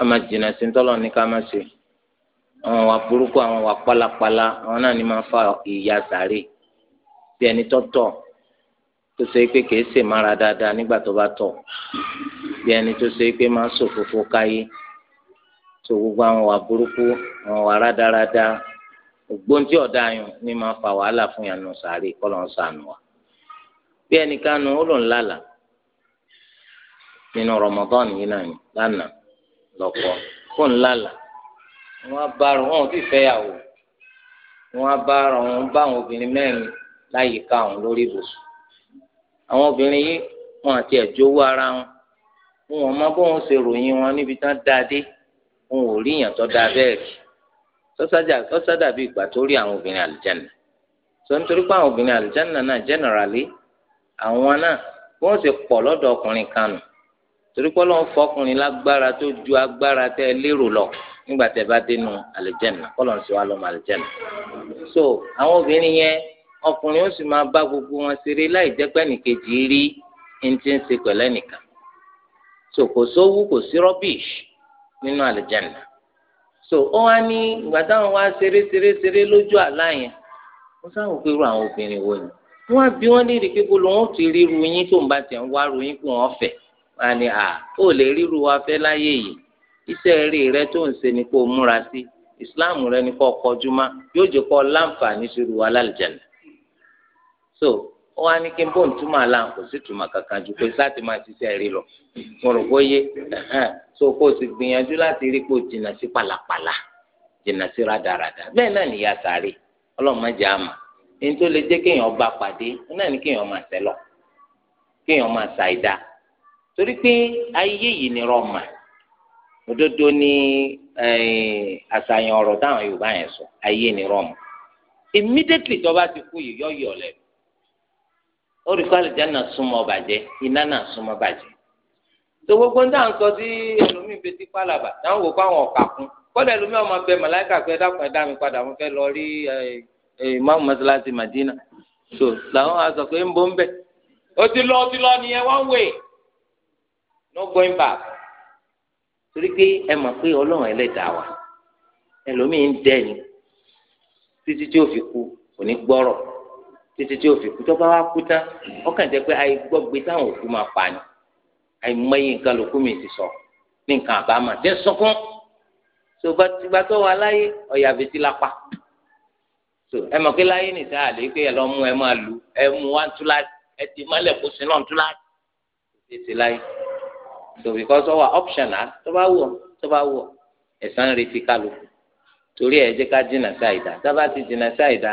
a máa jìnnà sí tọ́lọ́ ní ká máa ṣe àwọn wà burúkú àwọn wà pálapàla àwọn náà ni máa fa ìyà sàárè bí ẹni tọ́tọ̀ tó ṣe pé kìí ṣe mára dáadáa nígbà tó bá tọ̀ bí ẹni tó ṣe pé máa ń ṣòfófó káyé tó gbogbo àwọn wà burúkú àwọn wà rádaràda ògbóǹtì ọ̀dàyàn ni máa fa wàhálà fún yàn nù sàárè kọ́ ló ń sànù wa bí ẹnìkan nu ó lò ń lálà nínú Ramadan yìí náà lánàá lọ́kọ́ kó ń lálà wọ́n bá rọ wọn ò tí ì fẹ́yàwó wọ́n bá rọ wọn bá àwọn obìnrin mẹ́rin láyìíká àwọn lórí ibùsùn àwọn obìnrin yìí wọn àti ẹ̀jọ̀wó ara wọn wọn ò mọ bóun ṣe ròyìn wọn níbi tán dáadé wọn ò rí ìyàn tó dáa bẹ́ẹ̀ rí sọ́sádà bíi ìgbà tó rí àwọn obìnrin àlùjáná sọ nítorí pé àwọn obìnrin àlùjáná náà generally àwọn náà wọ́n sì pọ̀ lọ́dọ̀ ọkùnrin kanu torí pé Ọlọ́run fọkùnrin lágbára tó ju agbára tẹ́ ẹ lérò lọ nígbà tẹ́ bá dénú àlùjáná Ọlọ́run sì wá lọ́mọ àlùjáná so àwọn obìnrin yẹn ọkùnrin ó sì máa bá gbogbo wọn ṣeré láì jẹ́ pé ẹnìkejì rí ní ti ń ṣe pẹ̀lẹ́ so kò sówú kò sí rọ́bìṣì nínú àlùjáná so ó wá ní ìgbà táwọn wá ṣeré ṣeré ṣeré lójú àlá yẹn wọ́n sáwọn pé irú àwọn obìnrin wo ni wọ́n á bí wọ́n léèrè pé gbogbo wọn ò ti rí irú yín tó ń bá tẹ̀ ń wá irú yín kó wọ́n fẹ́ wọ́n ní à ó lè rí irú wa fẹ́ láyé yìí iṣẹ́ eré rẹ tó ń ṣe ni kó o múra sí ìsìláàmù rẹ ni kó o kọjú mọ́ yóò jẹ́ kó o láǹfààní sírú wa lálẹ́ jẹ̀lẹ̀ so ó wá ní kí n bò ń túmọ̀ àlà kò sí túmọ̀ kankan ju pé láti máa ṣiṣẹ́ rí lọ mo rò bóyé so kó o sì gbìyànjú láti rí pé o jìnnà sí pàlàpàlà jìnnà sí rádaràdà bẹ́ẹ̀ náà nìyá sáré ọlọ́run má jẹ́ àmà ẹni tó lè jẹ́ kéèyàn bá pàdé náà ni kéèyàn máa sẹ́lọ̀ kéèyàn máa ṣàìdá torí pé ayé yìí ni rọ́ọ̀mà òdodo ni eh, àṣàyàn ọ̀rọ̀ táwọn Yorùbá yẹn sọ ayé ni rọ́ọ̀mà immediately tó bá ti kú yìí yọ orúkọ àlùjáná súnmọ́ bàjẹ́ iná náà súnmọ́ bàjẹ́ tó gbogbo ní à ń sọ sí ẹlòmíì betí pàlàbà táwọn wò fáwọn ọ̀kà kún kọ́dà ẹlòmíì ọmọ abẹ màláìkà pé dákun ẹ̀dá mi padà mo fẹ́ lọ rí ìmáàmù mọ́sálásí Madina so làwọn á sọ pé ń bọ́ ń bẹ̀ ó ti lọ ó ti lọ nìyẹn one way no going back torí pé ẹ mọ̀ pé ọlọ́run ẹlẹ́dàá wa ẹlòmíì ń dẹ́ni títí tí ó fi kú kò ní gbọ́rọ̀ títí tí o fi kú tó bá wá kú tán ọkàn jẹ́ pé àyè gbọgbẹ táwọn òkú máa pa ni àyè mọyì nǹkan lòkú mi ti sọ ní nǹkan àbámọ̀ jẹ sọkún tó bá tìgbà tó wà láyé ọyà bìtì lápá tó ẹ mọ̀ pé láyé nìta àlè pé ẹ lọ mú ẹ máa lu ẹ mú wá ń tú láti ẹ ti mọ́lẹ̀ kó sinú ń tú láti ti láyé tó bìkọ́ sọ wà optional tó wù ọ́ tó wù ọ́ ẹ̀sán ń retí kálukú torí ẹ̀ jẹ́ ká jìnnà sáìdá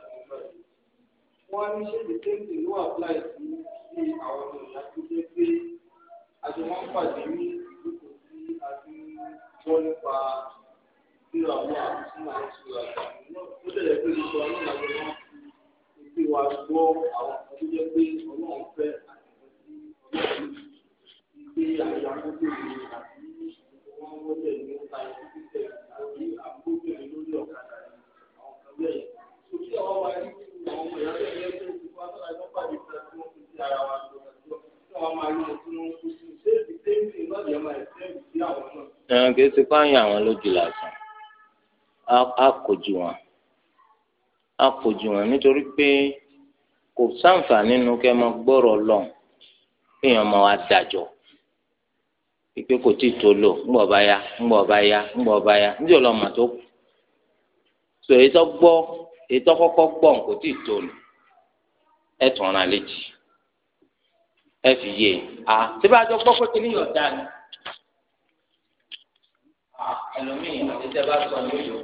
wọ́n á ní ṣe the same thing ló apply sí sí àwọn ọmọ ìyájú pé pé àjọ wọn pàdé ní ìdókò tí a ti ń gbọ́ nípa síra wọn àti sínú àwọn ó tẹ̀lé pé gbogbo àwọn ìlànà wọn fi ètò gbọ́ àwọn ọmọ tó jẹ́ pé ọlọ́run fẹ́ àti ọlọ́run ti gbé àwọn akókò ìlú àti wọn wọ́n tẹ̀ ní ọ̀tá ìdílé tẹ̀ àti àkókò ìlú lórí ọ̀kadà àwọn kan bẹ́ẹ̀ ẹ̀ràn kìí ti pààyàn àwọn lójú lásán á kò jù wọn á kò jù wọn nítorí pé kò sáǹfààní nínú kẹ́ máa gbọ́rọ̀ lọ́n kéèyàn máa wá dájọ́ pípé kò tí ì tó lò ńgbọ̀ bá ya ńgbọ̀ bá ya ńgbọ̀ bá ya níjọ́ lọ́mọ tó kù sọ èyí tó gbọ́ ètò kọ́kọ́ gbọ́ kò tí ì tó ni ẹ tún ọ̀ràn àlejò ẹ fi yé a e. tí bá a jọ gbọ́ pé kí ni yóò dá ni ẹlòmíì àti tẹ́ bá sọ ní òyò.